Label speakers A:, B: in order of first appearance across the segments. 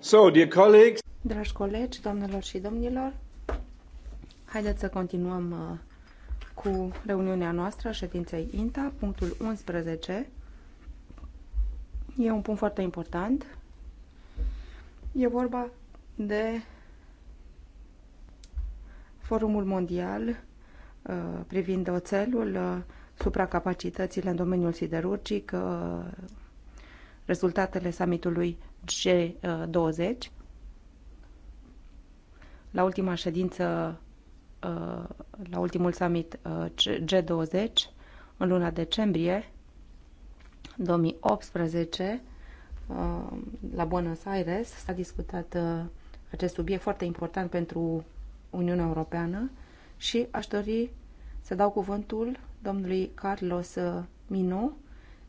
A: So, dear colleagues...
B: Dragi colegi, doamnelor și domnilor, haideți să continuăm uh, cu reuniunea noastră, ședinței INTA, punctul 11. E un punct foarte important. E vorba de Forumul Mondial uh, privind oțelul, uh, supracapacitățile în domeniul siderurgic, rezultatele summitului G20 la ultima ședință, uh, la ultimul summit uh, G20 în luna decembrie 2018 uh, la Buenos Aires s-a discutat acest subiect foarte important pentru Uniunea Europeană și aș dori să dau cuvântul domnului Carlos Minu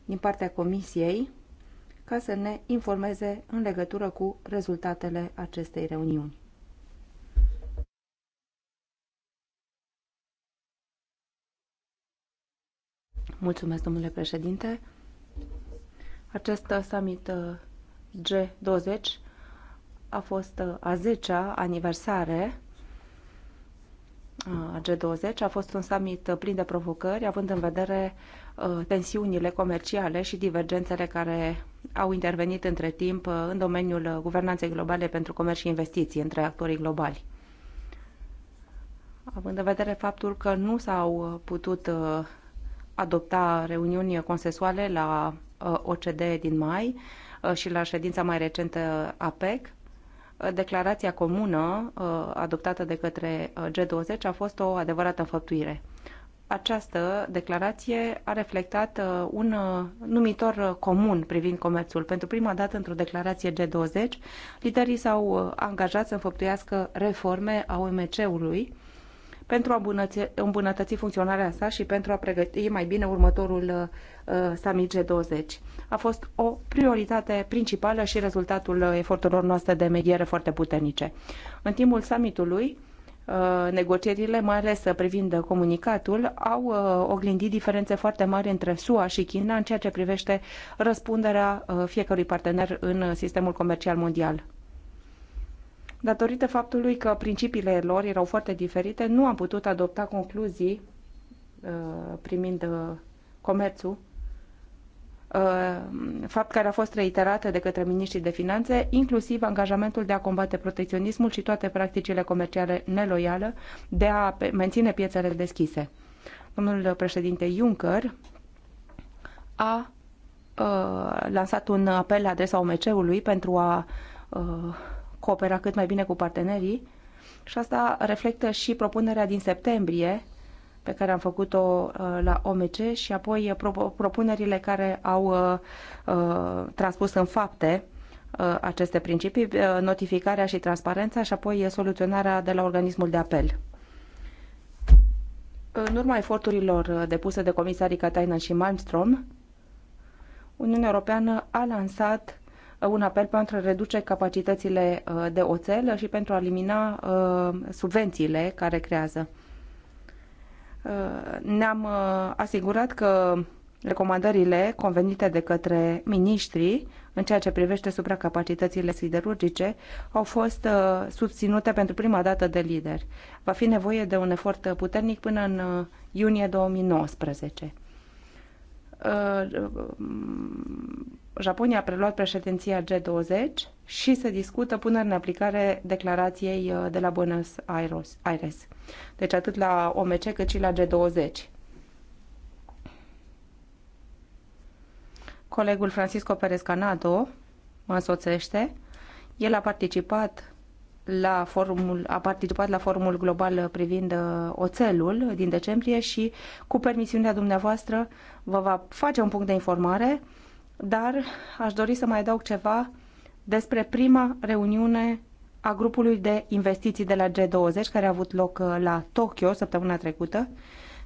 B: din partea Comisiei ca să ne informeze în legătură cu rezultatele acestei reuniuni. Mulțumesc, domnule președinte. Acest summit uh, G20 a fost uh, a 10-a aniversare uh, a G20. A fost un summit plin de provocări, având în vedere tensiunile comerciale și divergențele care au intervenit între timp uh, în domeniul uh, guvernanței globale pentru comerț și investiții între actorii globali. Având în vedere faptul că nu s-au uh, putut adopta reuniuni consensuale la OCDE din mai și la ședința mai recentă APEC, declarația comună adoptată de către G20 a fost o adevărată înfăptuire această declarație a reflectat uh, un uh, numitor uh, comun privind comerțul. Pentru prima dată într-o declarație G20, liderii s-au angajat să înfăptuiască reforme a OMC-ului pentru a îmbunătăți funcționarea sa și pentru a pregăti mai bine următorul summit G20. A fost o prioritate principală și rezultatul eforturilor noastre de mediere foarte puternice. În timpul summitului, Uh, negocierile, mai ales privind comunicatul, au uh, oglindit diferențe foarte mari între SUA și China în ceea ce privește răspunderea uh, fiecărui partener în sistemul comercial mondial. Datorită faptului că principiile lor erau foarte diferite, nu am putut adopta concluzii primind comerțul Uh, fapt care a fost reiterată de către miniștrii de finanțe, inclusiv angajamentul de a combate protecționismul și toate practicile comerciale neloiale, de a menține piețele deschise. Domnul președinte Juncker a uh, lansat un apel la adresa OMC-ului pentru a uh, coopera cât mai bine cu partenerii și asta reflectă și propunerea din septembrie pe care am făcut-o uh, la OMC și apoi uh, propunerile care au uh, transpus în fapte aceste principii, notificarea și transparența și apoi soluționarea de la organismul de apel. În urma eforturilor depuse de comisarii Katainen și Malmström, Uniunea Europeană a lansat un apel pentru a reduce capacitățile de oțel și pentru a elimina subvențiile care creează Uh, ne-am uh, asigurat că recomandările convenite de către miniștrii în ceea ce privește supracapacitățile siderurgice au fost uh, susținute pentru prima dată de lideri. Va fi nevoie de un efort puternic până în iunie 2019. Japonia a preluat președinția G20 și se discută până în aplicare declarației uh, de la Buenos Aires. Deci atât la OMC cât și la G20. Colegul Francisco Perez Canado mă însoțește. El a participat la forumul, a participat la forumul global privind uh, oțelul din decembrie și cu permisiunea dumneavoastră vă va face un punct de informare, dar aș dori să mai adaug ceva despre prima reuniune a grupului de investiții de la G20 care a avut loc uh, la Tokyo săptămâna trecută.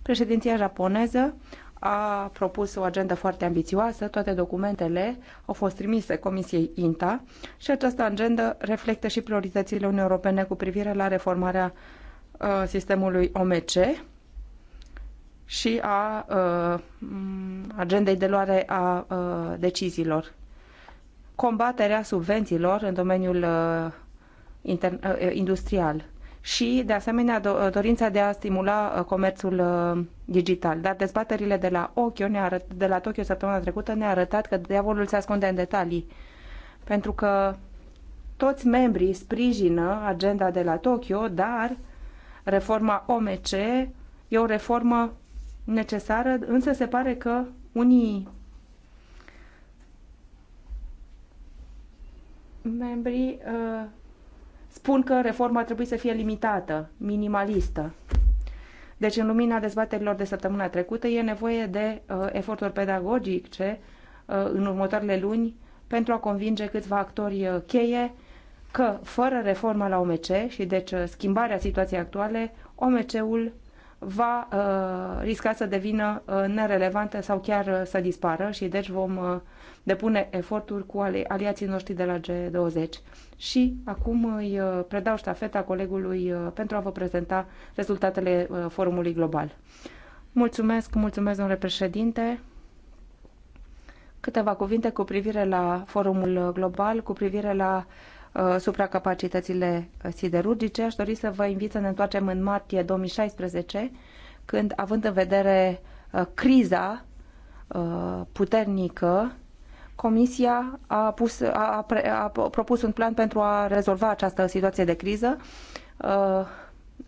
B: Președinția japoneză a propus o agendă foarte ambițioasă, toate documentele au fost trimise Comisiei INTA și această agendă reflectă și prioritățile Uniunii Europene cu privire la reformarea uh, sistemului OMC și a uh, agendei de luare a uh, deciziilor combaterea subvențiilor în domeniul uh, uh, uh, industrial și, de asemenea, dorința de a stimula comerțul digital. Dar dezbaterile de la, Ochio ne de la Tokyo săptămâna trecută ne-a arătat că diavolul se ascunde în detalii, pentru că toți membrii sprijină agenda de la Tokyo, dar reforma OMC e o reformă necesară, însă se pare că unii membrii uh, spun că reforma ar trebui să fie limitată, minimalistă. Deci, în lumina dezbaterilor de săptămâna trecută, e nevoie de uh, eforturi pedagogice uh, în următoarele luni pentru a convinge câțiva actori uh, cheie că, fără reforma la OMC și, deci, uh, schimbarea situației actuale, OMC-ul va uh, risca să devină uh, nerelevantă sau chiar uh, să dispară și, deci, vom uh, depune eforturi cu ali- aliații noștri de la G20. Și acum îi uh, predau ștafeta colegului uh, pentru a vă prezenta rezultatele uh, forumului global. Mulțumesc, mulțumesc, domnule președinte. Câteva cuvinte cu privire la forumul global, cu privire la uh, supracapacitățile siderurgice. Aș dori să vă invit să ne întoarcem în martie 2016, când, având în vedere uh, criza uh, puternică Comisia a, pus, a, a propus un plan pentru a rezolva această situație de criză. Uh,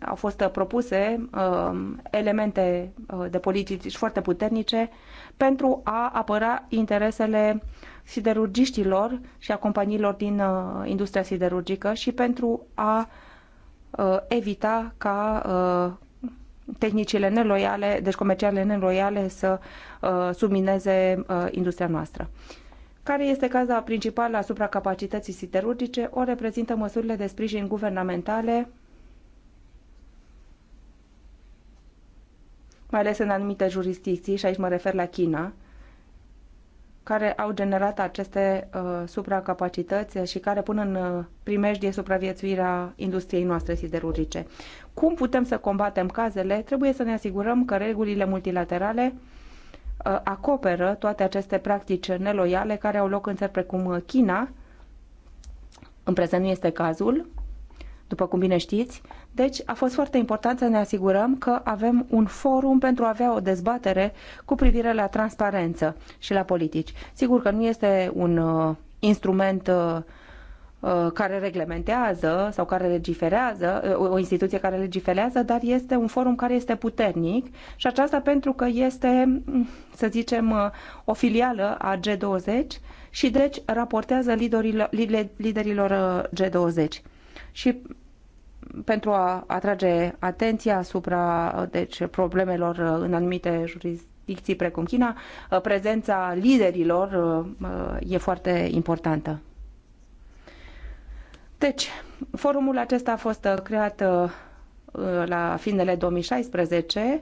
B: au fost propuse uh, elemente uh, de politici foarte puternice pentru a apăra interesele siderurgiștilor și a companiilor din uh, industria siderurgică și pentru a uh, evita ca uh, tehnicile neloiale, deci comerciale neloiale, să uh, submineze uh, industria noastră. Uh, care este caza principală asupra capacității siderurgice, o reprezintă măsurile de sprijin guvernamentale, mai ales în anumite jurisdicții, și aici mă refer la China, care au generat aceste uh, supracapacități și care pun în uh, primejdie supraviețuirea industriei noastre siderurgice. Cum putem să combatem cazele? Trebuie să ne asigurăm că regulile multilaterale uh, Uh, acoperă toate aceste practici neloiale care au loc în țări precum uh, China. În prezent nu este cazul, după cum bine știți. Deci a fost foarte important să ne asigurăm că avem un forum pentru a avea o dezbatere cu privire la transparență și la politici. Sigur că nu este un uh, instrument uh, Uh, care reglementează sau care legiferează, uh, o instituție care legiferează, dar este un forum care este puternic și aceasta pentru că este, mm, să zicem, uh, o filială a G20 și deci raportează liderilor, liderilor G20. Și pentru a atrage atenția asupra deci, problemelor în anumite jurisdicții precum China, prezența liderilor e foarte importantă. Deci, forumul acesta a fost uh, creat uh, uh, la finele 2016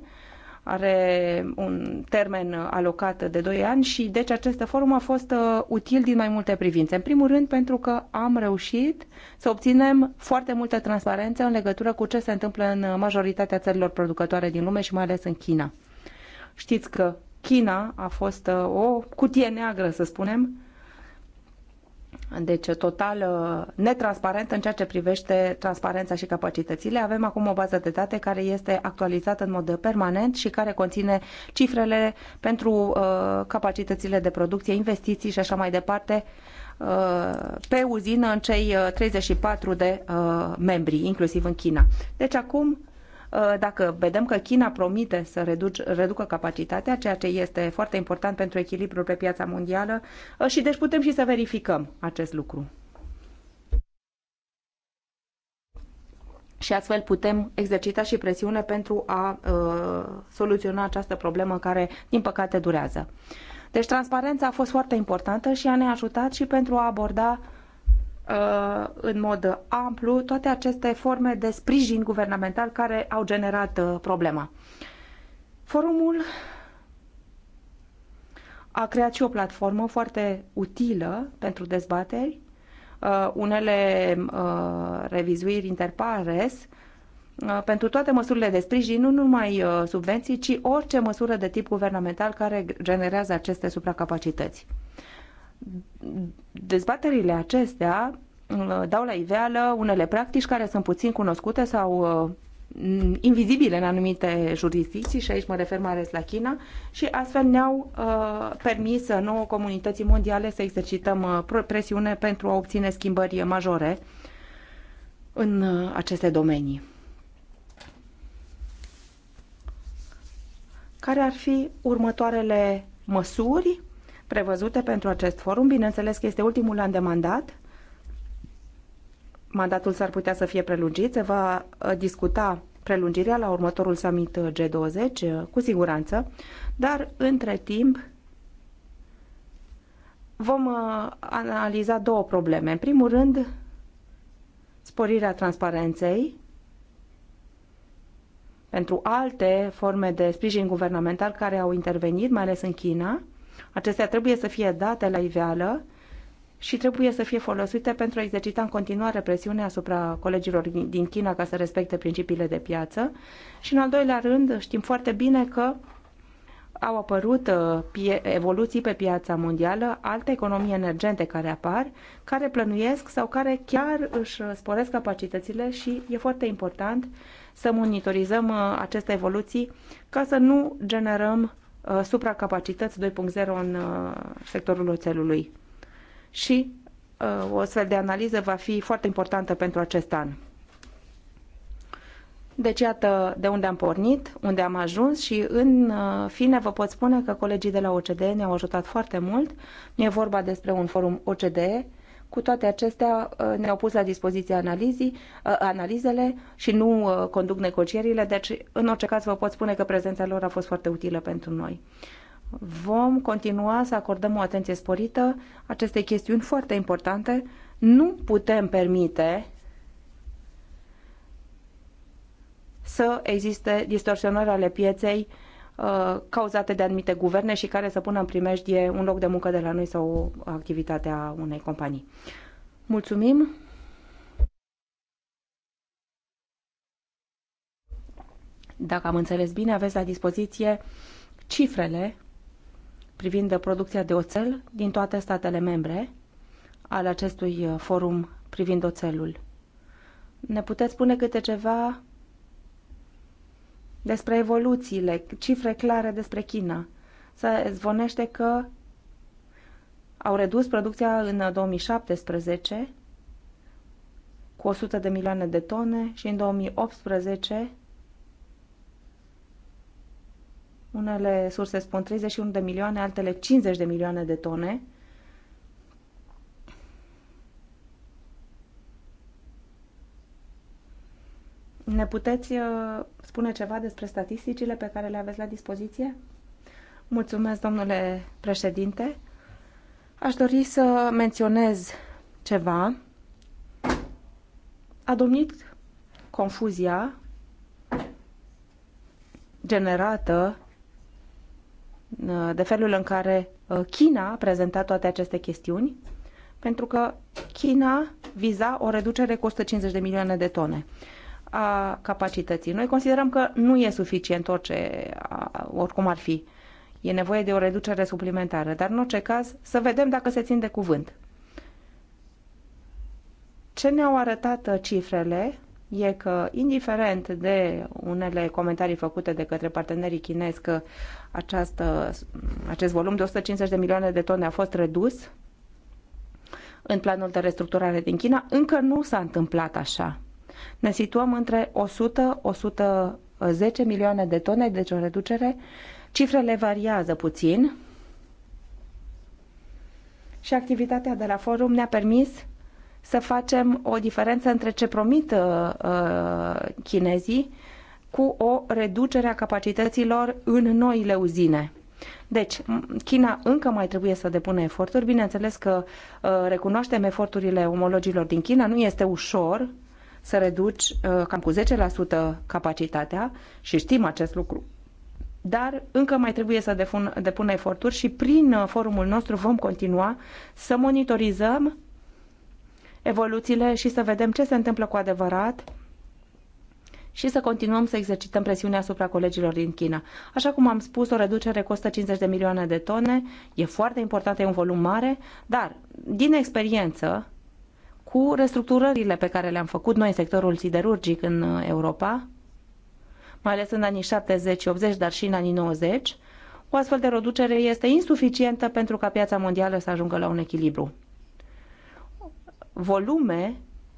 B: are un termen alocat de 2 ani și deci acest forum a fost util din mai multe privințe. În primul rând pentru că am reușit să obținem foarte multă transparență în legătură cu ce se întâmplă în majoritatea țărilor producătoare din lume și mai ales în China. Știți că China a fost o cutie neagră, să spunem, deci total uh, netransparent în ceea ce privește transparența și capacitățile. Avem acum o bază de date care este actualizată în mod permanent și care conține cifrele pentru uh, capacitățile de producție, investiții și așa mai departe uh, pe uzină în cei 34 de membri, inclusiv în China. Deci acum Uh, dacă vedem că China promite să reduc, reducă capacitatea, ceea ce este foarte important pentru echilibrul pe piața mondială, uh, și deci putem și să verificăm acest lucru. și astfel putem exercita și presiune pentru a uh, soluționa această problemă care, din păcate, durează. Deci transparența a fost foarte importantă și a ne ajutat și pentru a aborda Uh, în mod amplu toate aceste forme de sprijin guvernamental care au generat uh, problema. Forumul a creat și o platformă foarte utilă pentru dezbateri, uh, unele revizuiri interpares pentru toate măsurile de sprijin, nu numai subvenții, ci orice măsură de tip guvernamental care generează aceste supracapacități dezbaterile acestea uh, dau la iveală unele practici care sunt puțin cunoscute sau uh, invizibile în anumite jurisdicții și aici mă refer mai ales la China și astfel ne-au uh, permis nouă comunității mondiale să exercităm uh, presiune pentru a obține schimbări majore în uh, aceste domenii. Care ar fi următoarele măsuri prevăzute pentru acest forum. Bineînțeles că este ultimul an de mandat. Mandatul s-ar putea să fie prelungit. Se va uh, discuta prelungirea la următorul summit uh, G20, uh, cu siguranță, dar între timp vom analiza două probleme. În primul rând, sporirea transparenței pentru alte forme de sprijin guvernamental care au intervenit, mai ales în China, Acestea trebuie să fie date la iveală și trebuie să fie folosite pentru a exercita în continuare presiune asupra colegilor din China ca să respecte principiile de piață. Și în al doilea rând, știm foarte bine că au apărut uh, evoluții pe piața mondială, alte economii emergente care apar, care plănuiesc sau care chiar își sporesc capacitățile și e foarte important să monitorizăm uh, aceste evoluții ca să nu generăm Uh, supracapacități 2.0 în uh, sectorul oțelului. Și uh, o astfel de analiză va fi foarte importantă pentru acest an. Deci iată de unde am pornit, unde am ajuns și în fine vă pot spune că colegii de la OCDE ne-au ajutat foarte mult. E vorba despre un forum OCDE cu toate acestea, uh, ne-au pus la dispoziție analizii, uh, analizele și nu uh, conduc negocierile, deci în orice caz vă pot spune că prezența lor a fost foarte utilă pentru noi. Vom continua să acordăm o atenție sporită acestei chestiuni foarte importante. Nu putem permite să existe distorsionări ale pieței uh, Uh, cauzate de anumite guverne și care să pună în primejdie un loc de muncă de la noi sau activitatea unei companii. Mulțumim! Dacă am înțeles bine, aveți la dispoziție cifrele privind producția de oțel din toate statele membre al acestui forum privind oțelul. Ne puteți spune câte ceva despre evoluțiile, cifre clare despre China. Se zvonește că au redus producția în 2017 cu 100 de milioane de tone și în 2018 unele surse spun 31 de milioane, altele 50 de milioane de tone Ne puteți uh, spune ceva despre statisticile pe care le aveți la dispoziție? Mulțumesc, domnule președinte. Aș dori să menționez ceva. A domnit confuzia generată uh, de felul în care uh, China a prezentat toate aceste chestiuni, pentru că China viza o reducere cu 150 de milioane de tone a capacității. Noi considerăm că nu e suficient orice, oricum ar fi. E nevoie de o reducere suplimentară, dar în orice caz să vedem dacă se țin de cuvânt. Ce ne-au arătat uh, cifrele e că, indiferent de unele comentarii făcute de către partenerii chinezi că această, acest volum de 150 de milioane de tone a fost redus în planul de restructurare din China, încă nu s-a întâmplat așa. Ne situăm între 100-110 milioane de tone, deci o reducere. Cifrele variază puțin și activitatea de la forum ne-a permis să facem o diferență între ce promit uh, uh chinezii cu o reducere a capacităților în noile uzine. Deci, China încă mai trebuie să depună eforturi. Bineînțeles că uh, recunoaștem eforturile omologilor din China. Nu este ușor să reduci uh, cam cu 10% capacitatea și știm acest lucru. Dar încă mai trebuie să depun, depună eforturi și prin uh, forumul nostru vom continua să monitorizăm evoluțiile și să vedem ce se întâmplă cu adevărat și să continuăm să exercităm presiunea asupra colegilor din China. Așa cum am spus, o reducere costă 50 de milioane de tone, e foarte importantă, e un volum mare, dar din experiență cu restructurările pe care le-am făcut noi în sectorul siderurgic în uh, Europa, mai ales în anii 70-80, dar și în anii 90, o astfel de reducere este insuficientă pentru ca piața mondială să ajungă la un echilibru. Volume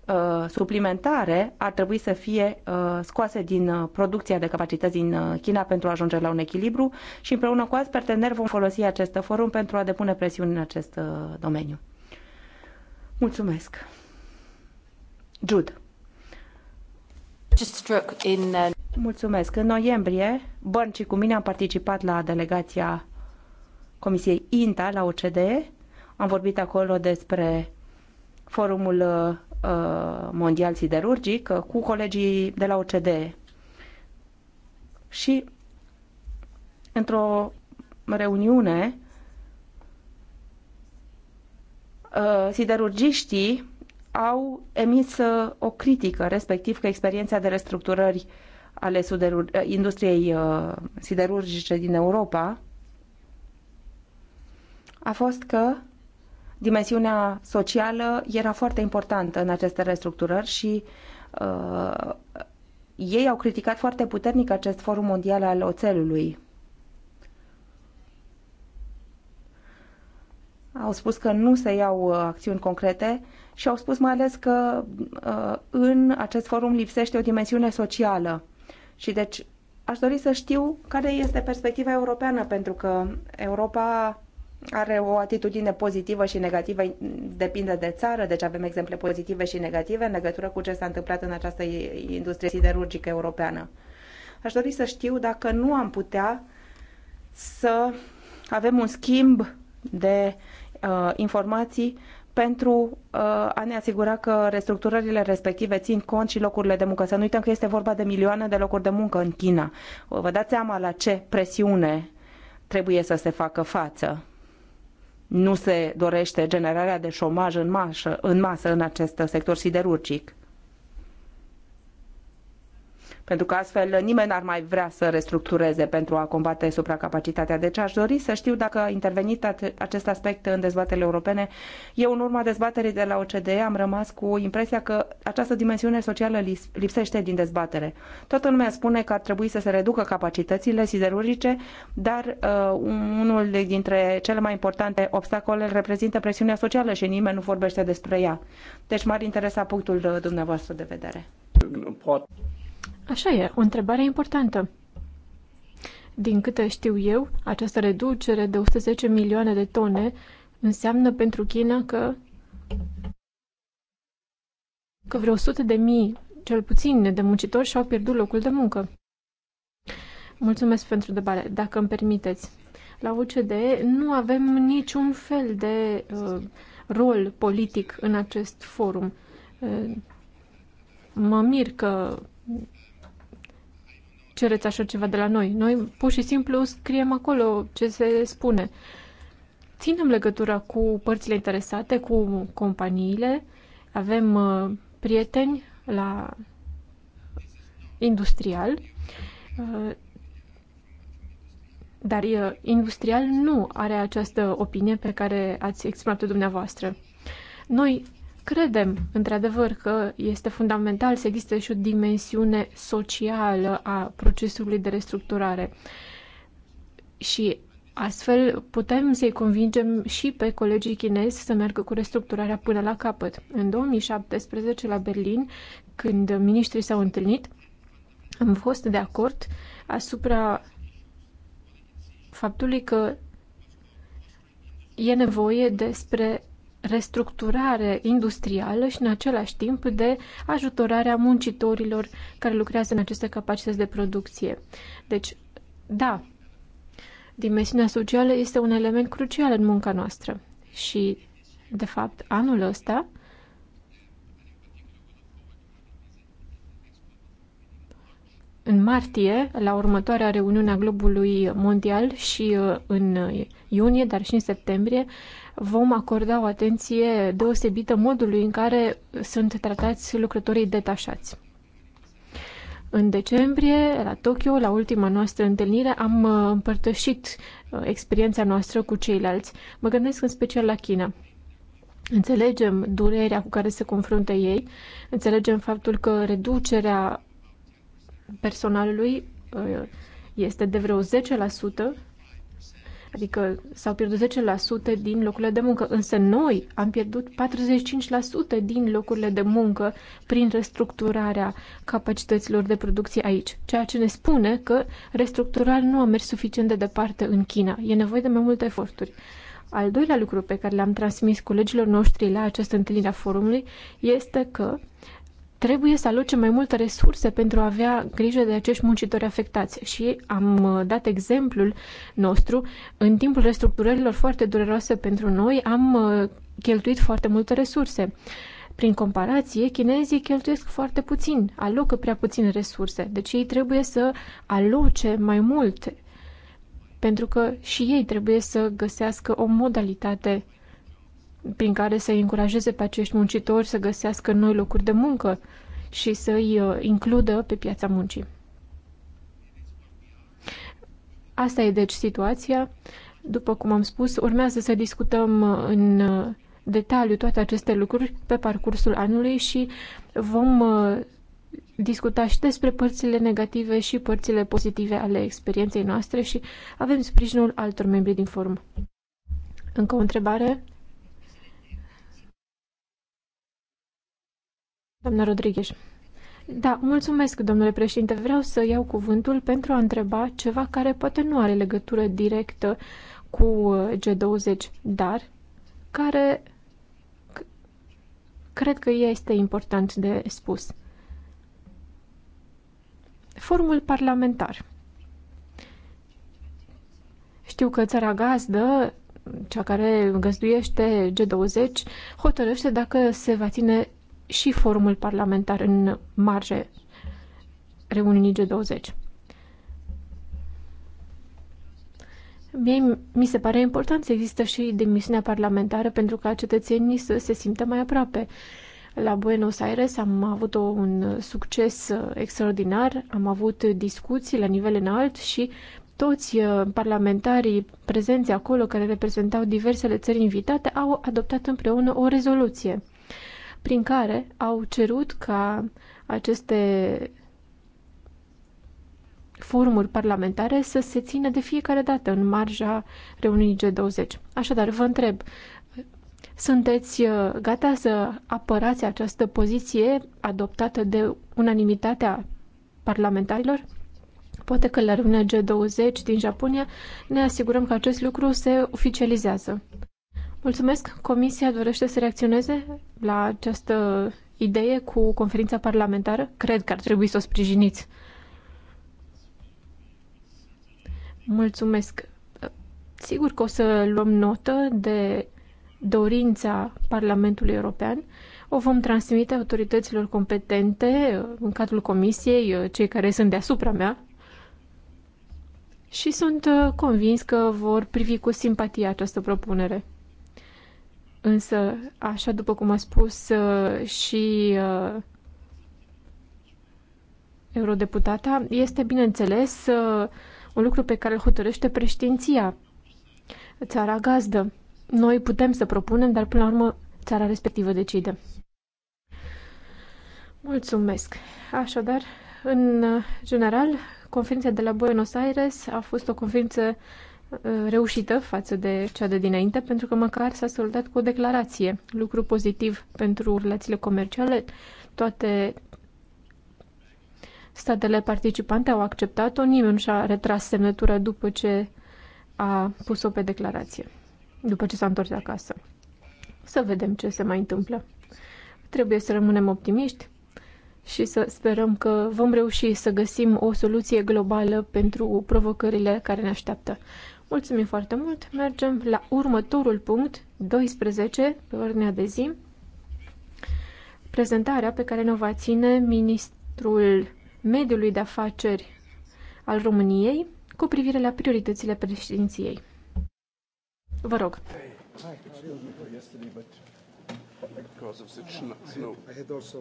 B: uh, suplimentare ar trebui să fie uh, scoase din uh, producția de capacități din uh, China pentru a ajunge la un echilibru și împreună cu alți parteneri vom folosi acest forum pentru a depune presiuni în acest uh, domeniu. Mulțumesc! Jude. Uh, Mulțumesc. În noiembrie, Bărn cu mine am participat la delegația Comisiei INTA la OCDE. Am vorbit acolo despre Forumul uh, Mondial Siderurgic uh, cu colegii de la OCDE. Și într-o reuniune, siderurgiștii au emis uh, o critică, respectiv că experiența de restructurări ale uh, industriei uh, siderurgice din Europa a fost că dimensiunea socială era foarte importantă în aceste restructurări și uh, ei au criticat foarte puternic acest forum mondial al oțelului. Au spus că nu se iau acțiuni concrete și au spus mai ales că uh, în acest forum lipsește o dimensiune socială. Și deci aș dori să știu care este perspectiva europeană, pentru că Europa are o atitudine pozitivă și negativă, depinde de țară, deci avem exemple pozitive și negative în legătură cu ce s-a întâmplat în această industrie siderurgică europeană. Aș dori să știu dacă nu am putea să avem un schimb de uh, informații pentru uh, a ne asigura că restructurările respective țin cont și locurile de muncă. Să nu uităm că este vorba de milioane de locuri de muncă în China. Vă dați seama la ce presiune trebuie să se facă față. Nu se dorește generarea de șomaj în, masă în acest sector siderurgic pentru că astfel nimeni n-ar mai vrea să restructureze pentru a combate supracapacitatea. Deci aș dori să știu dacă a intervenit acest aspect în dezbaterile europene. Eu, în urma dezbaterii de la OCDE, am rămas cu impresia că această dimensiune socială lipsește din dezbatere. Toată lumea spune că ar trebui să se reducă capacitățile siderurice, dar uh, unul dintre cele mai importante obstacole reprezintă presiunea socială și nimeni nu vorbește despre ea. Deci m-ar interesa punctul uh, dumneavoastră de vedere.
C: Așa e, o întrebare importantă. Din câte știu eu, această reducere de 110 milioane de tone înseamnă pentru China că că vreo 100 de mii, cel puțin, de muncitori și-au pierdut locul de muncă. Mulțumesc pentru întrebare, dacă îmi permiteți. La OCDE nu avem niciun fel de uh, rol politic în acest forum. Uh, mă mir că cereți așa ceva de la noi. Noi pur și simplu scriem acolo ce se spune. Ținem legătura cu părțile interesate, cu companiile, avem uh, prieteni la industrial, uh, dar uh, industrial nu are această opinie pe care ați exprimat-o dumneavoastră. Noi Credem, într-adevăr, că este fundamental să existe și o dimensiune socială a procesului de restructurare. Și astfel putem să-i convingem și pe colegii chinezi să meargă cu restructurarea până la capăt. În 2017, la Berlin, când ministrii s-au întâlnit, am fost de acord asupra faptului că e nevoie despre restructurare industrială și în același timp de ajutorarea muncitorilor care lucrează în aceste capacități de producție. Deci, da, dimensiunea socială este un element crucial în munca noastră și, de fapt, anul ăsta în martie, la următoarea reuniune a Globului Mondial și uh, în uh, iunie, dar și în septembrie, vom acorda o atenție deosebită modului în care sunt tratați lucrătorii detașați. În decembrie, la Tokyo, la ultima noastră întâlnire, am uh, împărtășit uh, experiența noastră cu ceilalți. Mă gândesc în special la China. Înțelegem durerea cu care se confruntă ei, înțelegem faptul că reducerea personalului uh, este de vreo 10%, Adică s-au pierdut 10% din locurile de muncă, însă noi am pierdut 45% din locurile de muncă prin restructurarea capacităților de producție aici, ceea ce ne spune că restructurarea nu a mers suficient de departe în China. E nevoie de mai multe eforturi. Al doilea lucru pe care l-am transmis colegilor noștri la această întâlnire a forumului este că Trebuie să aloce mai multe resurse pentru a avea grijă de acești muncitori afectați și am uh, dat exemplul nostru. În timpul restructurărilor foarte dureroase pentru noi am uh, cheltuit foarte multe resurse. Prin comparație, chinezii cheltuiesc foarte puțin, alocă prea puține resurse, deci ei trebuie să aloce mai multe, pentru că și ei trebuie să găsească o modalitate prin care să încurajeze pe acești muncitori să găsească noi locuri de muncă și să i uh, includă pe piața muncii. Asta e deci situația. După cum am spus, urmează să discutăm uh, în uh, detaliu toate aceste lucruri pe parcursul anului și vom discuta și despre părțile negative și părțile pozitive ale experienței noastre și avem sprijinul altor membri din forum. Încă o întrebare? Doamna Rodriguez. Da, mulțumesc, domnule președinte. Vreau să iau cuvântul pentru a întreba ceva care poate nu are legătură directă cu G20, dar care cred că este important de spus. Formul parlamentar. Știu că țara gazdă, cea care găzduiește G20, hotărăște dacă se va ține și forumul parlamentar în marge reuniunii G20. Mie mi se pare important să există și demisiunea parlamentară pentru ca cetățenii să se simtă mai aproape. La Buenos Aires am avut o, un succes uh, extraordinar, am avut discuții la nivel înalt și toți uh, parlamentarii prezenți acolo care reprezentau diversele țări invitate au adoptat împreună o rezoluție prin care au cerut ca aceste forumuri parlamentare să se țină de fiecare dată în marja reuniunii G20. Așadar, vă întreb, sunteți uh, gata să apărați această poziție adoptată de unanimitatea parlamentarilor? Poate că la reuniunea G20 din Japonia ne asigurăm că acest lucru se oficializează. Mulțumesc. Comisia dorește să reacționeze la această idee cu conferința parlamentară? Cred că ar trebui să o sprijiniți. Mulțumesc. Sigur că o să luăm notă de dorința Parlamentului European. O vom transmite autorităților competente în cadrul comisiei, cei care sunt deasupra mea, și sunt convins că vor privi cu simpatie această propunere. Însă, așa după cum a spus uh, și uh, eurodeputata, este, bineînțeles, uh, un lucru pe care îl hotărăște preștinția, țara gazdă. Noi putem să propunem, dar până la urmă țara respectivă decide. Mulțumesc. Așadar, în general, conferința de la Buenos Aires a fost o conferință Uh, reușită față de cea de dinainte, pentru că măcar s-a soldat cu o declarație, lucru pozitiv pentru relațiile comerciale. Toate statele participante au acceptat-o, nimeni nu și-a retras semnătura după ce a pus-o pe declarație, după ce s-a întors acasă. Să vedem ce se mai întâmplă. Trebuie să rămânem optimiști și să sperăm că vom reuși să găsim o soluție globală pentru provocările care ne așteaptă. Mulțumim foarte mult. Mergem la următorul punct, 12, pe ordinea de zi. Prezentarea pe care ne va ține ministrul mediului de afaceri al României cu privire la prioritățile președinției. Vă rog.
A: Because of snow. I had also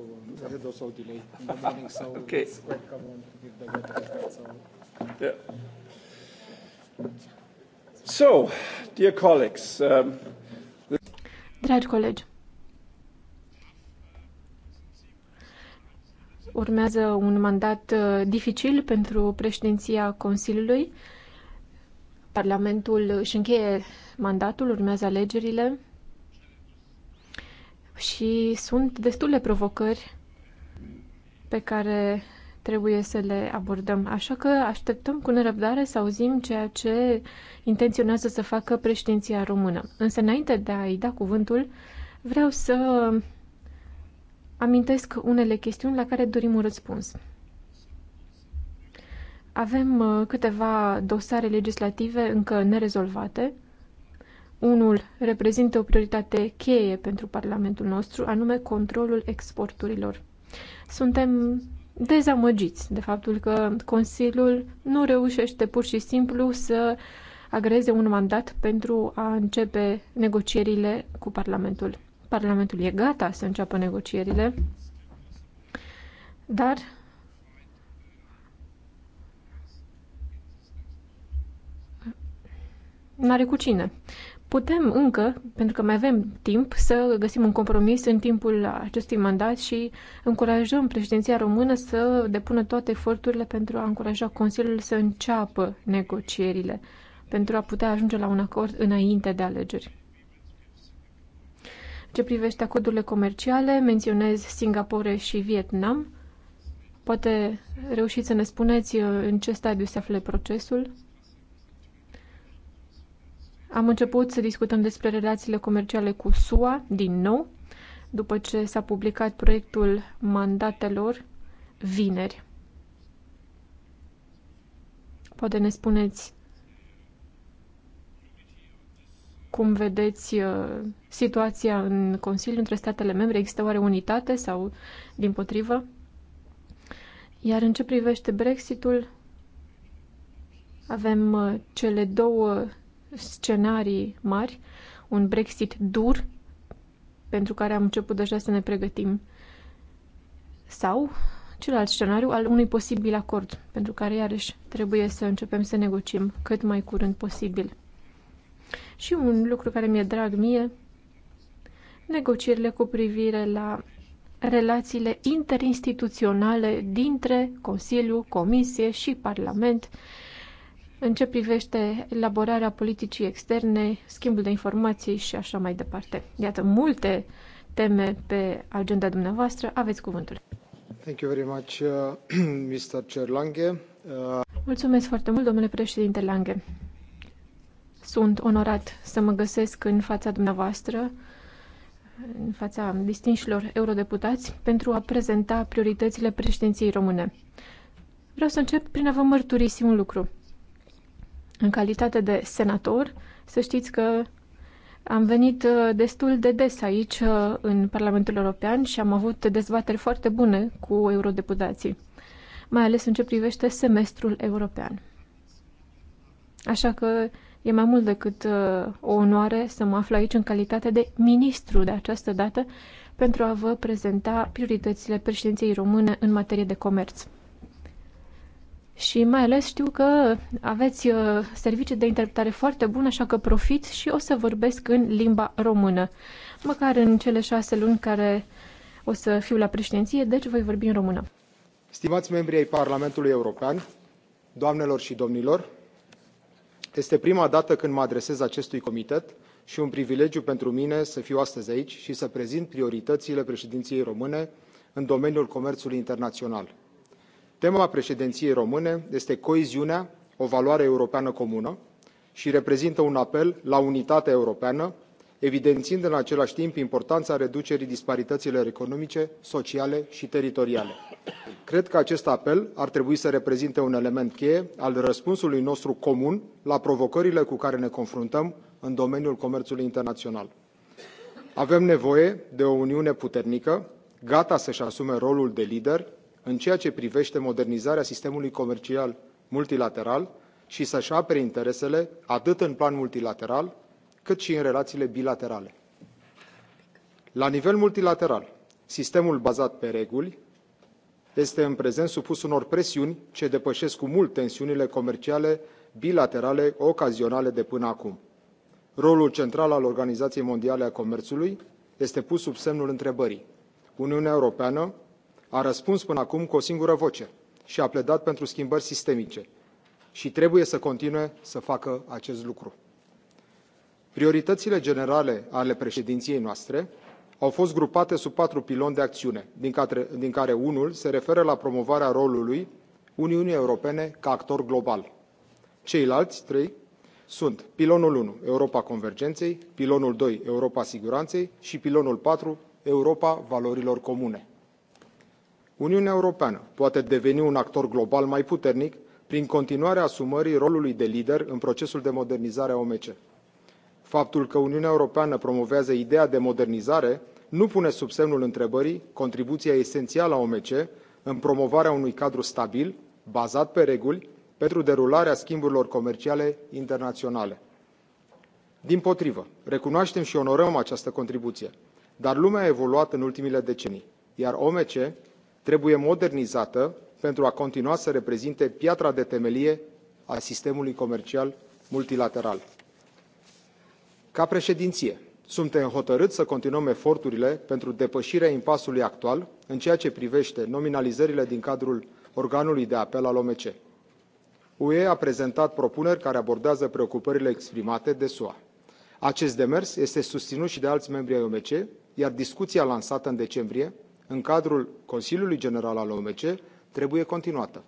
A: I had also delay in the morning, so okay.
D: the weather. So.
A: Yeah. So, dear colleagues, um...
C: Dragi colegi, urmează un mandat uh, dificil pentru președinția Consiliului. Parlamentul își încheie mandatul, urmează alegerile și sunt destule provocări pe care trebuie să le abordăm. Așa că așteptăm cu nerăbdare să auzim ceea ce intenționează să facă președinția română. Însă, înainte de a-i da cuvântul, vreau să amintesc unele chestiuni la care dorim un răspuns. Avem uh, câteva dosare legislative încă nerezolvate. Unul reprezintă o prioritate cheie pentru Parlamentul nostru, anume controlul exporturilor. Suntem dezamăgiți de faptul că Consiliul nu reușește pur și simplu să agreze un mandat pentru a începe negocierile cu Parlamentul. Parlamentul e gata să înceapă negocierile, dar n-are cu cine putem încă, pentru că mai avem timp, să găsim un compromis în timpul acestui mandat și încurajăm președinția română să depună toate eforturile pentru a încuraja Consiliul să înceapă negocierile, pentru a putea ajunge la un acord înainte de alegeri. Ce privește acordurile comerciale, menționez Singapore și Vietnam. Poate reușiți să ne spuneți în ce stadiu se află procesul? Am început să discutăm despre relațiile comerciale cu SUA din nou, după ce s-a publicat proiectul mandatelor vineri. Poate ne spuneți cum vedeți uh, situația în Consiliu între statele membre? Există oare unitate sau din potrivă? Iar în ce privește Brexitul, avem uh, cele două scenarii mari, un Brexit dur, pentru care am început deja să ne pregătim, sau celălalt scenariu al unui posibil acord, pentru care iarăși trebuie să începem să negociem cât mai curând posibil. Și un lucru care mi-e drag mie, negocierile cu privire la relațiile interinstituționale dintre Consiliu, Comisie și Parlament în ce privește elaborarea politicii externe, schimbul de informații și așa mai departe. Iată, multe teme pe agenda dumneavoastră. Aveți cuvântul.
D: Thank you very much, uh, Mr. Chair Lange. Uh...
C: Mulțumesc foarte mult, domnule președinte Lange. Sunt onorat să mă găsesc în fața dumneavoastră, în fața distinșilor eurodeputați, pentru a prezenta prioritățile președinției române. Vreau să încep prin a vă mărturisi un lucru. În calitate de senator, să știți că am venit uh, destul de des aici uh, în Parlamentul European și am avut dezbateri foarte bune cu eurodeputații, mai ales în ce privește semestrul european. Așa că e mai mult decât uh, o onoare să mă aflu aici în calitate de ministru de această dată pentru a vă prezenta prioritățile președinției române în materie de comerț și mai ales știu că aveți uh, servicii de interpretare foarte bun, așa că profit și o să vorbesc în limba română. Măcar în cele șase luni care o să fiu la președinție, deci voi vorbi în română.
D: Stimați membri ai Parlamentului European, doamnelor și domnilor, este prima dată când mă adresez acestui comitet și un privilegiu pentru mine să fiu astăzi aici și să prezint prioritățile președinției române în domeniul comerțului internațional – tema președinției române este coeziunea o valoare europeană comună și reprezintă un apel la unitatea europeană evidențiind în același timp importanța reducerii disparităților economice sociale și teritoriale. cred că acest apel ar trebui să reprezinte un element cheie al răspunsului nostru comun la provocările cu care ne confruntăm în domeniul comerțului internațional. avem nevoie de o uniune puternică gata să își asume rolul de lider în ceea ce privește modernizarea sistemului comercial multilateral și să-și apere interesele atât în plan multilateral, cât și în relațiile bilaterale. La nivel multilateral, sistemul bazat pe reguli este în prezent supus unor presiuni ce depășesc cu mult tensiunile comerciale bilaterale ocazionale de până acum. Rolul central al Organizației Mondiale a Comerțului este pus sub semnul întrebării. Uniunea Europeană a răspuns până acum cu o singură voce și a pledat pentru schimbări sistemice și trebuie să continue să facă acest lucru. Prioritățile generale ale președinției noastre au fost grupate sub patru piloni de acțiune, din care, din care unul se referă la promovarea rolului Uniunii Europene ca actor global. Ceilalți trei sunt pilonul 1, Europa Convergenței, pilonul 2, Europa Siguranței și pilonul 4, Europa Valorilor Comune uniunea europeană poate deveni un actor global mai puternic prin continuarea asumării rolului de lider în procesul de modernizare a omc. faptul că uniunea europeană promovează ideea de modernizare nu pune sub semnul întrebării contribuția esențială a omc în promovarea unui cadru stabil bazat pe reguli pentru derularea schimburilor comerciale internaționale. dimpotrivă recunoaștem și onorăm această contribuție dar lumea a evoluat în ultimele decenii iar omc trebuie modernizată pentru a continua să reprezinte piatra de temelie a sistemului comercial multilateral. Ca președinție, suntem hotărâți să continuăm eforturile pentru depășirea impasului actual în ceea ce privește nominalizările din cadrul organului de apel al OMC. UE a prezentat propuneri care abordează preocupările exprimate de SUA. Acest demers este susținut și de alți membri ai OMC, iar discuția lansată în decembrie în cadrul Consiliului General al OMC trebuie continuată.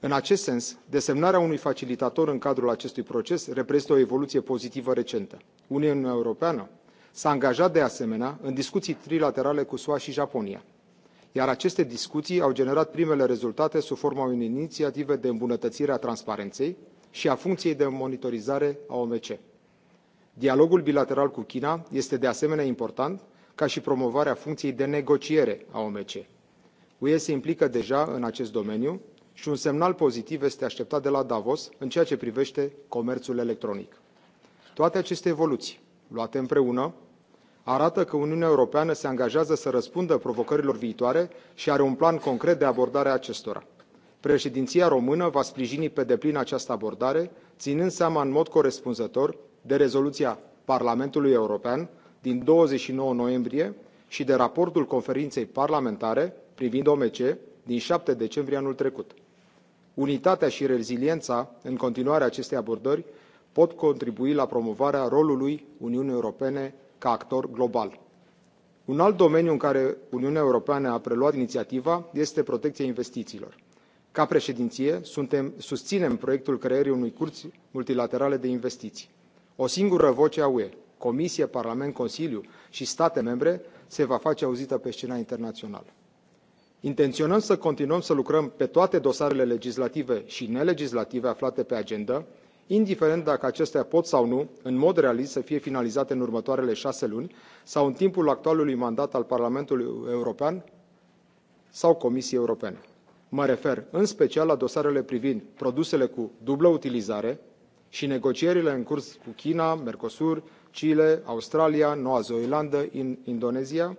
D: În acest sens, desemnarea unui facilitator în cadrul acestui proces reprezintă o evoluție pozitivă recentă. Uniunea Europeană s-a angajat de asemenea în discuții trilaterale cu SUA și Japonia, iar aceste discuții au generat primele rezultate sub forma unei inițiative de îmbunătățire a transparenței și a funcției de monitorizare a OMC. Dialogul bilateral cu China este de asemenea important ca și promovarea funcției de negociere a OMC. UE se implică deja în acest domeniu și un semnal pozitiv este așteptat de la Davos în ceea ce privește comerțul electronic. Toate aceste evoluții, luate împreună, arată că Uniunea Europeană se angajează să răspundă provocărilor viitoare și are un plan concret de abordare a acestora. Președinția română va sprijini pe deplin această abordare, ținând seama în mod corespunzător de rezoluția Parlamentului European din 29 noiembrie și de raportul conferinței parlamentare privind OMC din 7 decembrie anul trecut. Unitatea și reziliența în continuarea acestei abordări pot contribui la promovarea rolului Uniunii Europene ca actor global. Un alt domeniu în care Uniunea Europeană a preluat inițiativa este protecția investițiilor. Ca președinție, suntem, susținem proiectul creării unui curs multilaterale de investiții. O singură voce a UE, Comisie, Parlament, Consiliu și state membre se va face auzită pe scena internațională. Intenționăm să continuăm să lucrăm pe toate dosarele legislative și nelegislative aflate pe agenda, indiferent dacă acestea pot sau nu, în mod realist, să fie finalizate în următoarele șase luni sau în timpul actualului mandat al Parlamentului European sau Comisiei Europene. Mă refer în special la dosarele privind produsele cu dublă utilizare, și negocierile în curs cu China, Mercosur, Chile, Australia, Noua Zeelandă, in Indonezia,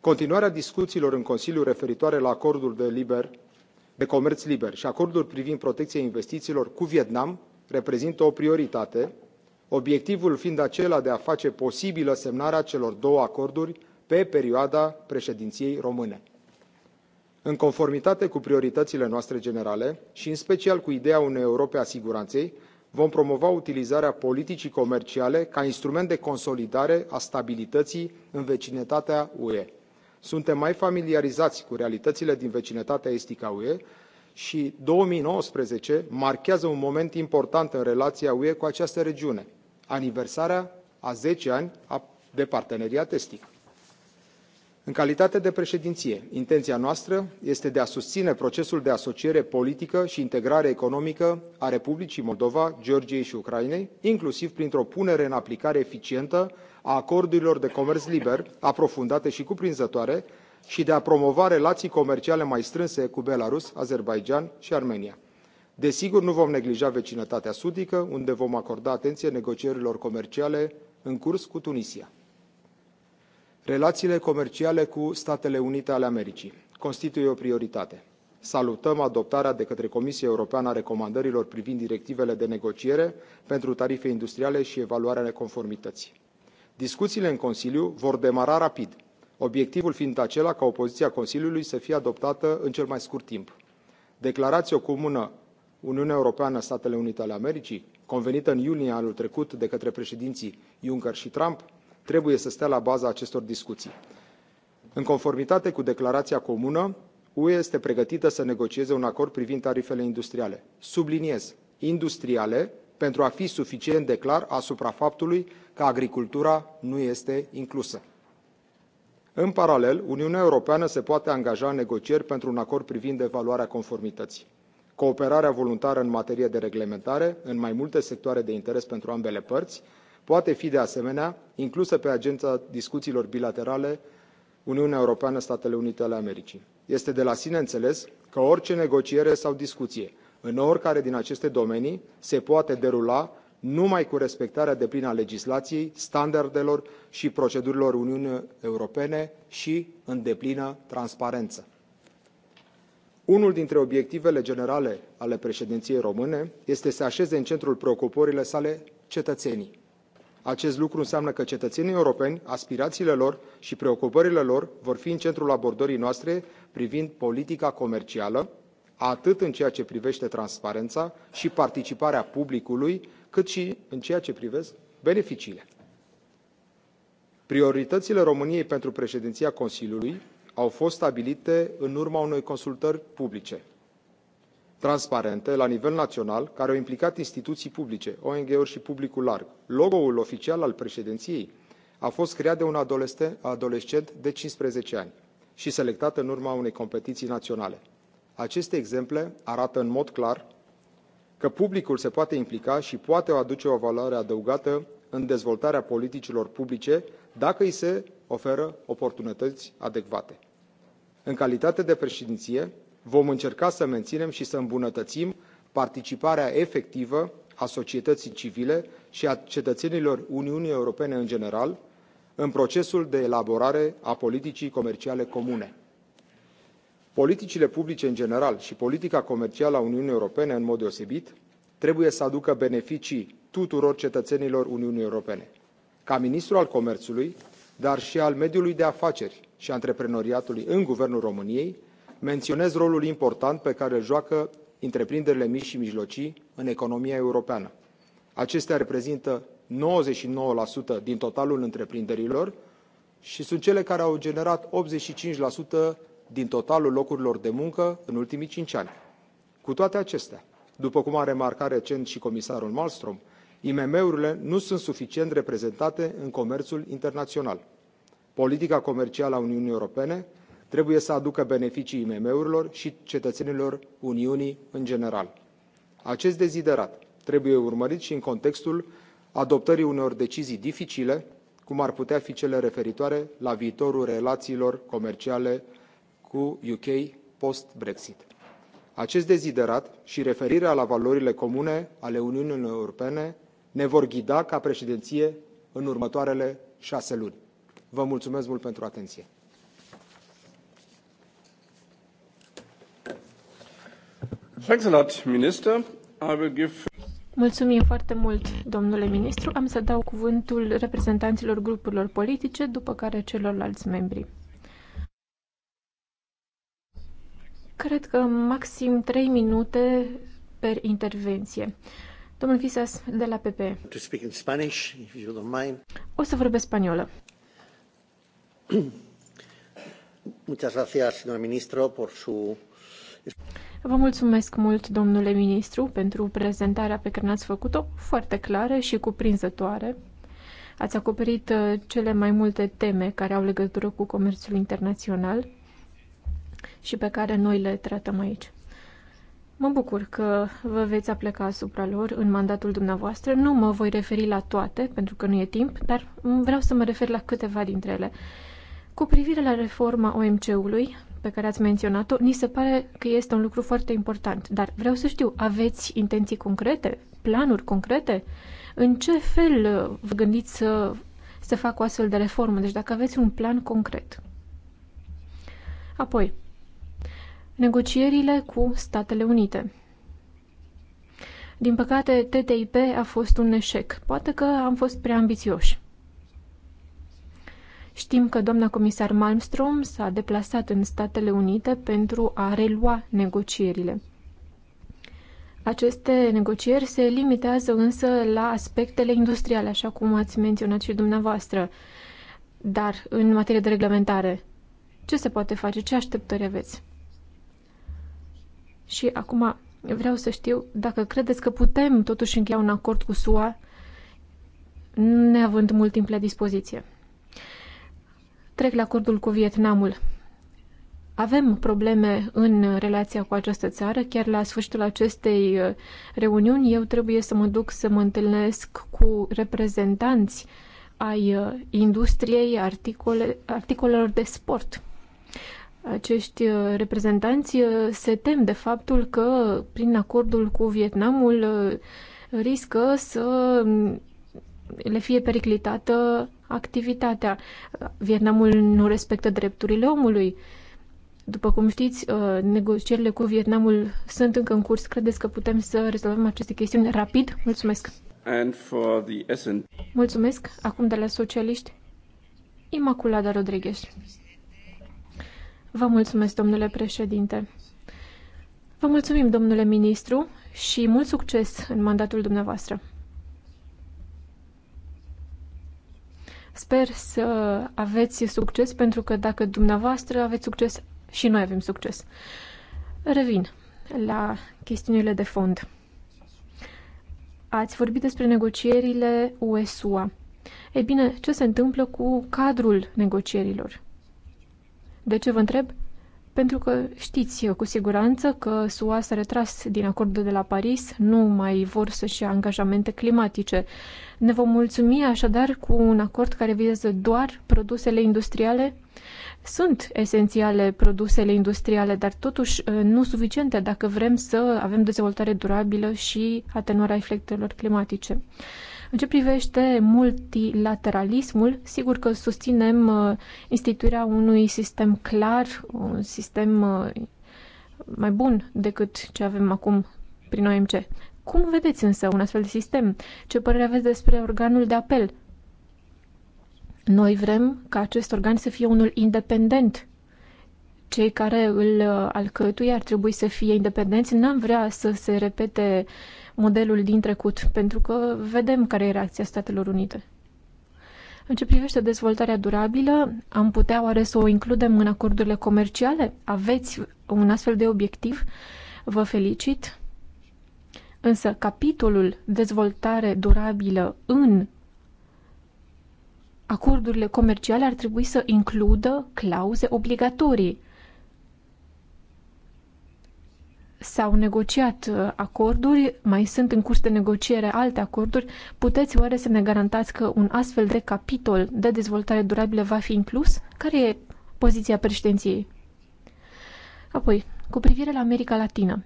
D: continuarea discuțiilor în Consiliu referitoare la acordul de, liber, de comerț liber și acordul privind protecția investițiilor cu Vietnam reprezintă o prioritate, obiectivul fiind acela de a face posibilă semnarea celor două acorduri pe perioada președinției române în conformitate cu prioritățile noastre generale și în special cu ideea unei europe a siguranței vom promova utilizarea politicii comerciale ca instrument de consolidare a stabilității în vecinătatea ue. suntem mai familiarizați cu realitățile din vecinătatea estică a ue și două mii nouăsprezece marchează un moment important în relația ue cu această regiune aniversarea a zece ani de parteneriat estic în calitate de președinție intenția noastră este de a susține procesul de asociere politică și integrare economică a republicii moldova georgiei și ucrainei inclusiv printr o punere în aplicare eficientă a acordurilor de comerț liber aprofundate și cuprinzătoare și de a promova relații comerciale mai strânse cu belarus azerbaidjan și armenia. desigur nu vom neglija vecinătatea sudică unde vom acorda atenție negocierilor comerciale în curs cu tunisia. Relațiile comerciale cu Statele Unite ale Americii constituie o prioritate. Salutăm adoptarea de către Comisia Europeană a recomandărilor privind directivele de negociere pentru tarife industriale și evaluarea conformității. Discuțiile în Consiliu vor demara rapid, obiectivul fiind acela ca opoziția Consiliului să fie adoptată în cel mai scurt timp. Declarația comună Uniunea Europeană-Statele Unite ale Americii, convenită în iunie anul trecut de către președinții Juncker și Trump, trebuie să stea la baza acestor discuții. În conformitate cu declarația comună, UE este pregătită să negocieze un acord privind tarifele industriale. Subliniez, industriale, pentru a fi suficient de clar asupra faptului că agricultura nu este inclusă. În paralel, Uniunea Europeană se poate angaja în negocieri pentru un acord privind evaluarea conformității, cooperarea voluntară în materie de reglementare în mai multe sectoare de interes pentru ambele părți, poate fi de asemenea inclusă pe agenda discuțiilor bilaterale Uniunea Europeană Statele Unite ale Americii. Este de la sine înțeles că orice negociere sau discuție în oricare din aceste domenii se poate derula numai cu respectarea deplină a legislației, standardelor și procedurilor Uniunii Europene și în deplină transparență. Unul dintre obiectivele generale ale președinției române este să așeze în centrul preocupărilor sale cetățenii, acest lucru înseamnă că cetățenii europeni, aspirațiile lor și preocupările lor vor fi în centrul abordării noastre privind politica comercială, atât în ceea ce privește transparența și participarea publicului, cât și în ceea ce privesc beneficiile. Prioritățile României pentru președinția Consiliului au fost stabilite în urma unei consultări publice transparente la nivel național care au implicat instituții publice ong uri și publicul larg. logo ul oficial al președinției a fost creat de un adolescent de 15 ani și selectat în urma unei competiții naționale. Aceste exemple arată în mod clar că publicul se poate implica și poate aduce o valoare adăugată în dezvoltarea politicilor publice dacă îi se oferă oportunități adecvate. În calitate de președinție, vom încerca să menținem și să îmbunătățim participarea efectivă a societății civile și a cetățenilor Uniunii Europene în general în procesul de elaborare a politicii comerciale comune. Politicile publice în general și politica comercială a Uniunii Europene în mod deosebit trebuie să aducă beneficii tuturor cetățenilor Uniunii Europene. Ca ministru al comerțului, dar și al mediului de afaceri și antreprenoriatului în Guvernul României, menționez rolul important pe care îl joacă întreprinderile mici și mijlocii în economia europeană. Acestea reprezintă 99% din totalul întreprinderilor și sunt cele care au generat 85% din totalul locurilor de muncă în ultimii cinci ani. Cu toate acestea, după cum a remarcat recent și comisarul Malmström, IMM-urile nu sunt suficient reprezentate în comerțul internațional. Politica comercială a Uniunii Europene trebuie să aducă beneficii imm urilor și cetățenilor uniunii în general. acest deziderat trebuie urmărit și în contextul adoptării unor decizii dificile cum ar putea fi cele referitoare la viitorul relațiilor comerciale cu uk post brexit. acest deziderat și referirea la valorile comune ale uniunii europene ne vor ghida ca președinție în următoarele șase luni. vă mulțumesc mult pentru atenție.
A: Thanks a lot, Minister. I will give...
C: Mulțumim foarte mult, domnule ministru. Am să dau cuvântul reprezentanților grupurilor politice, după care celorlalți membri. Cred că maxim 3 minute per intervenție. Domnul Fisas, de la PP.
E: To speak in Spanish, if you don't mind.
C: O să vorbesc spaniolă.
E: Muchas gracias, señor ministro, por su...
C: Vă mulțumesc mult, domnule ministru, pentru prezentarea pe care ne-ați făcut-o, foarte clară și cuprinzătoare. Ați acoperit uh, cele mai multe teme care au legătură cu comerțul internațional și pe care noi le tratăm aici. Mă bucur că vă veți apleca asupra lor în mandatul dumneavoastră. Nu mă voi referi la toate, pentru că nu e timp, dar vreau să mă refer la câteva dintre ele. Cu privire la reforma OMC-ului, pe care ați menționat-o, ni se pare că este un lucru foarte important. Dar vreau să știu, aveți intenții concrete, planuri concrete? În ce fel uh, vă gândiți să se facă o astfel de reformă? Deci dacă aveți un plan concret. Apoi, negocierile cu Statele Unite. Din păcate, TTIP a fost un eșec. Poate că am fost prea ambițioși. Știm că doamna comisar Malmström s-a deplasat în Statele Unite pentru a relua negocierile. Aceste negocieri se limitează însă la aspectele industriale, așa cum ați menționat și dumneavoastră. Dar, în materie de reglementare, ce se poate face? Ce așteptări aveți? Și acum vreau să știu dacă credeți că putem totuși încheia un acord cu SUA, neavând mult timp la dispoziție. Trec la acordul cu Vietnamul. Avem probleme în relația cu această țară. Chiar la sfârșitul acestei uh, reuniuni eu trebuie să mă duc să mă întâlnesc cu reprezentanți ai uh, industriei articole, articolelor de sport. Acești uh, reprezentanți se tem de faptul că prin acordul cu Vietnamul riscă să le fie periclitată activitatea. Vietnamul nu respectă drepturile omului. După cum știți, uh, negocierile cu Vietnamul sunt încă în curs. Credeți că putem să rezolvăm aceste chestiuni rapid? Mulțumesc!
A: And for the SN...
C: Mulțumesc! Acum de la socialiști, Imaculada Rodriguez. Vă mulțumesc, domnule președinte. Vă mulțumim, domnule ministru, și mult succes în mandatul dumneavoastră. Sper să aveți succes, pentru că dacă dumneavoastră aveți succes, și noi avem succes. Revin la chestiunile de fond. Ați vorbit despre negocierile USUA. Ei bine, ce se întâmplă cu cadrul negocierilor? De ce vă întreb? Pentru că știți cu siguranță că SUA s-a retras din acordul de la Paris, nu mai vor să-și ia angajamente climatice. Ne vom mulțumi așadar cu un acord care vizează doar produsele industriale? Sunt esențiale produsele industriale, dar totuși uh, nu suficiente dacă vrem să avem dezvoltare durabilă și atenuarea efectelor climatice. În ce privește multilateralismul, sigur că susținem uh, instituirea unui sistem clar, un sistem uh, mai bun decât ce avem acum prin OMC. Cum vedeți însă un astfel de sistem? Ce părere aveți despre organul de apel? Noi vrem ca acest organ să fie unul independent. Cei care îl uh, alcătuie ar trebui să fie independenți. N-am vrea să se repete uh, modelul din trecut, pentru că vedem care e reacția Statelor Unite. În ce privește dezvoltarea durabilă, am putea oare să o includem în acordurile comerciale? Aveți un astfel de obiectiv? Vă felicit! Însă, capitolul dezvoltare durabilă în acordurile comerciale ar trebui să includă clauze obligatorii S-au negociat uh, acorduri, mai sunt în curs de negociere alte acorduri. Puteți oare să ne garantați că un astfel de capitol de dezvoltare durabilă va fi inclus? Care e poziția președinției? Apoi, cu privire la America Latină.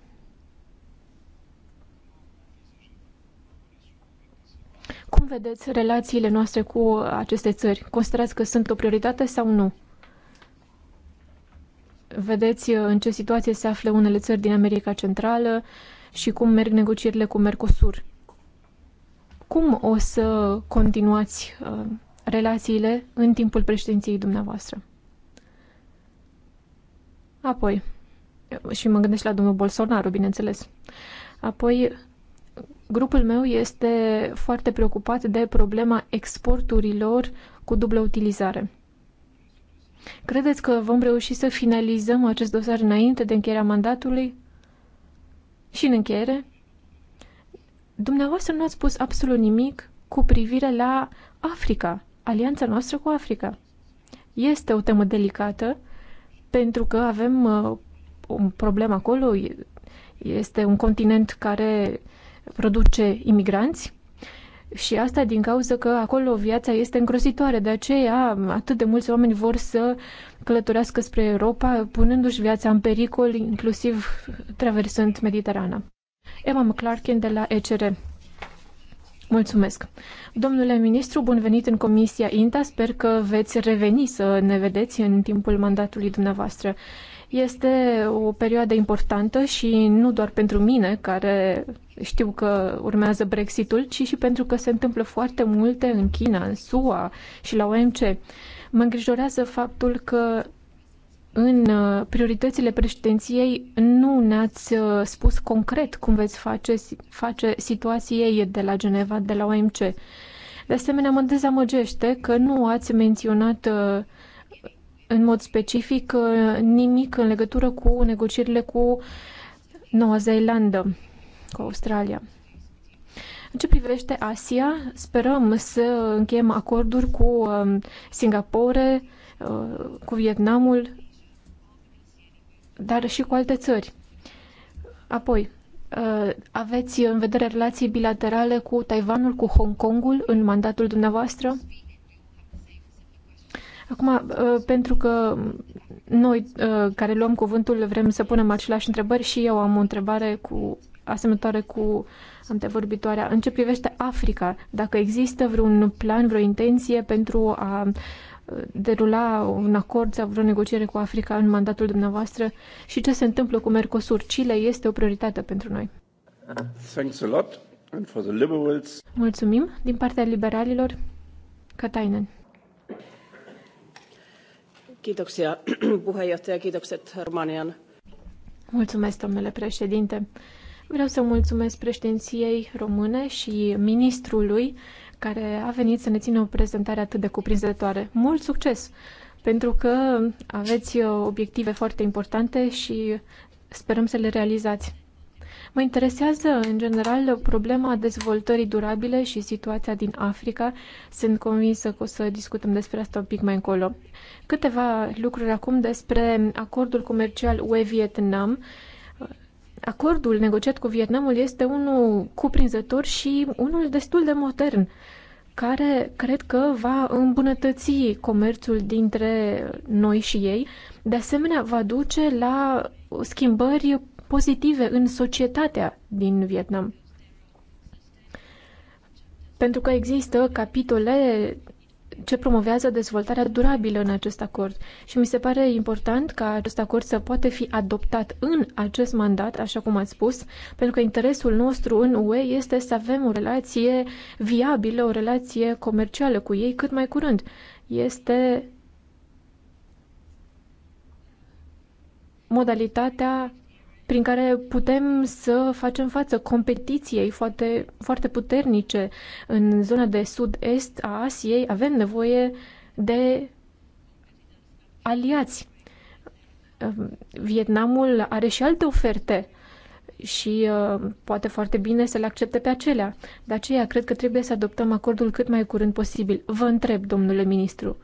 C: Cum vedeți relațiile noastre cu aceste țări? Considerați că sunt o prioritate sau nu? vedeți uh, în ce situație se află unele țări din America Centrală și cum merg negocierile cu Mercosur. Cum o să continuați uh, relațiile în timpul președinției dumneavoastră? Apoi, uh, și mă gândesc la domnul Bolsonaro, bineînțeles. Apoi, grupul meu este foarte preocupat de problema exporturilor cu dublă utilizare. Credeți că vom reuși să finalizăm acest dosar înainte de încheierea mandatului? Și în încheiere, dumneavoastră nu ați spus absolut nimic cu privire la Africa, alianța noastră cu Africa. Este o temă delicată pentru că avem uh, un problem acolo. Este un continent care produce imigranți și asta din cauza că acolo viața este îngrozitoare, de aceea atât de mulți oameni vor să călătorească spre Europa, punându-și viața în pericol, inclusiv traversând Mediterana. Emma McClarkin de la ECR. Mulțumesc. Domnule ministru, bun venit în Comisia INTA. Sper că veți reveni să ne vedeți în timpul mandatului dumneavoastră. Este o perioadă importantă și nu doar pentru mine, care știu că urmează Brexitul, ci și pentru că se întâmplă foarte multe în China, în SUA și la OMC. Mă îngrijorează faptul că în uh, prioritățile președinției nu ne-ați uh, spus concret cum veți face, face situației de la Geneva, de la OMC. De asemenea, mă dezamăgește că nu ați menționat uh, în mod specific uh, nimic în legătură cu negocierile cu Noua Zeelandă, cu Australia. În ce privește Asia, sperăm să încheiem acorduri cu um, Singapore, uh, cu Vietnamul, dar și cu alte țări. Apoi, uh, aveți în vedere relații bilaterale cu Taiwanul, cu Hong Kongul în mandatul dumneavoastră? Acum, uh, pentru că noi uh, care luăm cuvântul vrem să punem aceleași întrebări și eu am o întrebare cu asemănătoare cu antevorbitoarea. În ce privește Africa, dacă există vreun plan, vreo intenție pentru a uh, derula un acord sau vreo negociere cu Africa în mandatul dumneavoastră și ce se întâmplă cu Mercosur? Chile este o prioritate pentru noi.
A: Thanks a lot. And for the liberals.
C: Mulțumim din partea liberalilor. Katainen.
E: Kiitoksia puheenjohtaja, kiitokset
C: Romanian. Mulțumesc, domnule președinte. Vreau să mulțumesc președinției române și ministrului care a venit să ne țină o prezentare atât de cuprinzătoare. Mult succes! Pentru că aveți uh, obiective foarte importante și sperăm să le realizați. Mă interesează, în general, problema dezvoltării durabile și situația din Africa. Sunt convinsă că o să discutăm despre asta un pic mai încolo. Câteva lucruri acum despre acordul comercial UE-Vietnam. Acordul negociat cu Vietnamul este unul cuprinzător și unul destul de modern care cred că va îmbunătăți comerțul dintre noi și ei. De asemenea, va duce la schimbări pozitive în societatea din Vietnam. Pentru că există capitole ce promovează dezvoltarea durabilă în acest acord. Și mi se pare important ca acest acord să poată fi adoptat în acest mandat, așa cum ați spus, pentru că interesul nostru în UE este să avem o relație viabilă, o relație comercială cu ei cât mai curând. Este modalitatea prin care putem să facem față competiției foarte, foarte puternice în zona de sud-est a Asiei. Avem nevoie de aliați. Ehm, Vietnamul are și alte oferte și uh, poate foarte bine să le accepte pe acelea. De aceea, cred că trebuie să adoptăm acordul cât mai curând posibil. Vă întreb, domnule ministru,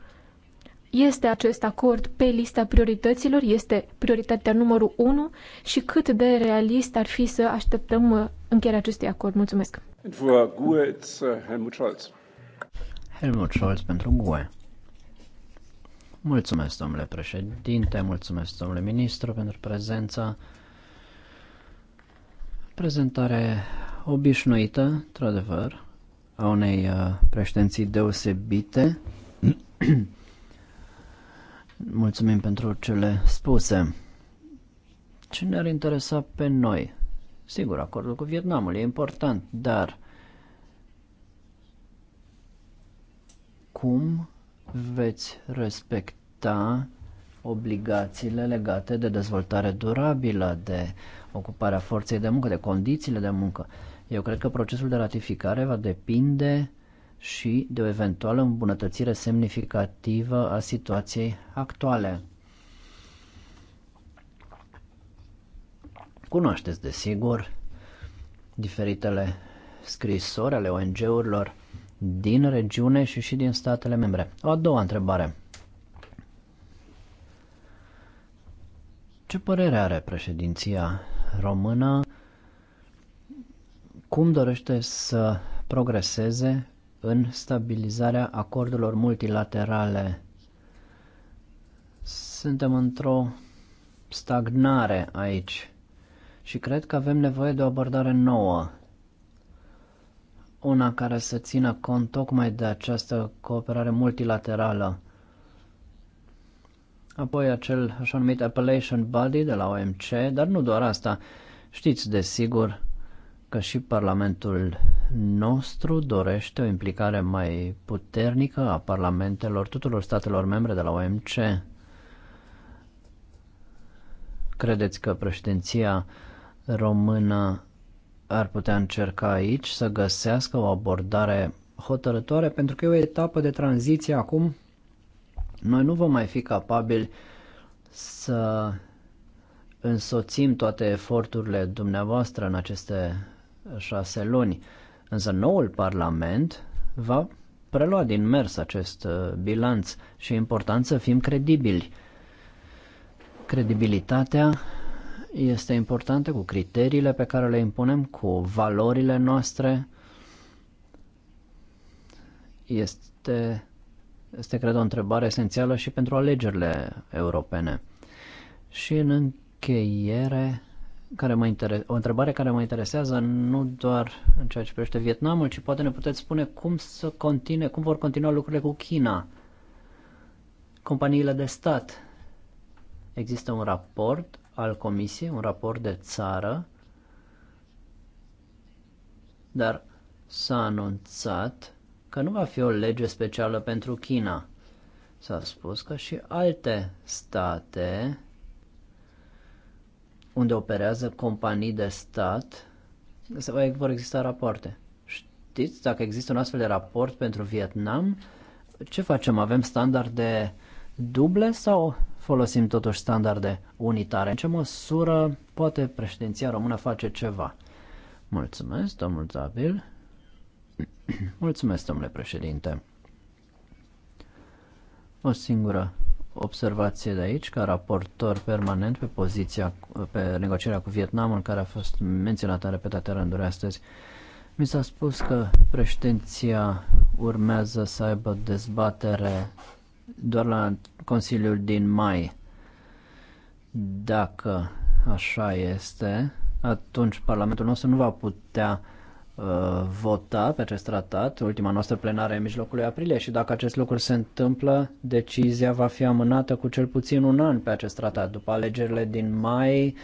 C: este acest acord pe lista priorităților? Este prioritatea numărul 1? Și cât de realist ar fi să așteptăm uh, încheierea acestui acord? Mulțumesc!
A: Uh, Helmut Scholz.
E: Helmut Scholz pentru GUE. Mulțumesc, domnule președinte, mulțumesc, domnule ministru, pentru prezența. Prezentare obișnuită, într-adevăr, a unei uh, președinții deosebite. Mulțumim pentru cele spuse. Ce ne-ar interesa pe noi? Sigur, acordul cu Vietnamul e important, dar cum veți respecta obligațiile legate de dezvoltare durabilă, de ocuparea forței de muncă, de condițiile de muncă? Eu cred că procesul de ratificare va depinde și de o eventuală îmbunătățire semnificativă a situației actuale. Cunoașteți, desigur, diferitele scrisori ale ONG-urilor din regiune și și din statele membre. O a doua întrebare. Ce părere are președinția română? Cum dorește să progreseze în stabilizarea acordurilor multilaterale. Suntem într-o stagnare aici și cred că avem nevoie de o abordare nouă. Una care să țină cont tocmai de această cooperare multilaterală. Apoi acel așa numit Appellation Body de la OMC, dar nu doar asta. Știți desigur că și Parlamentul nostru dorește o implicare mai puternică a parlamentelor tuturor statelor membre de la OMC. Credeți că președinția română ar putea încerca aici să găsească o abordare hotărătoare pentru că e o etapă de tranziție acum. Noi nu vom mai fi capabili să însoțim toate eforturile dumneavoastră în aceste șase luni. Însă noul Parlament va prelua din mers acest uh, bilanț și e important să fim credibili. Credibilitatea este importantă cu criteriile pe care le impunem, cu valorile noastre. Este, este cred, o întrebare esențială și pentru alegerile europene. Și în încheiere, care mă inter- o întrebare care mă interesează nu doar în ceea ce privește Vietnamul, ci poate ne puteți spune cum să continue, cum vor continua lucrurile cu China, companiile de stat. Există un raport al Comisiei, un raport de țară, dar s-a anunțat că nu va fi o lege specială pentru China. S-a spus că și alte state unde operează companii de stat, se vor exista rapoarte. Știți dacă există un astfel de raport pentru Vietnam? Ce facem? Avem standarde duble sau folosim totuși standarde unitare? În ce măsură poate președinția română face ceva? Mulțumesc, domnul Zabil. Mulțumesc, domnule președinte. O singură observație de aici, ca raportor permanent pe poziția, pe negocierea cu Vietnamul, care a fost menționată în repetate rânduri astăzi. Mi s-a spus că președinția urmează să aibă dezbatere doar la Consiliul din mai. Dacă așa este, atunci Parlamentul nostru nu va putea Uh, vota pe acest tratat, ultima noastră plenară în mijlocul aprilie și dacă acest lucru se întâmplă, decizia va fi amânată cu cel puțin un an pe acest tratat. După alegerile din mai,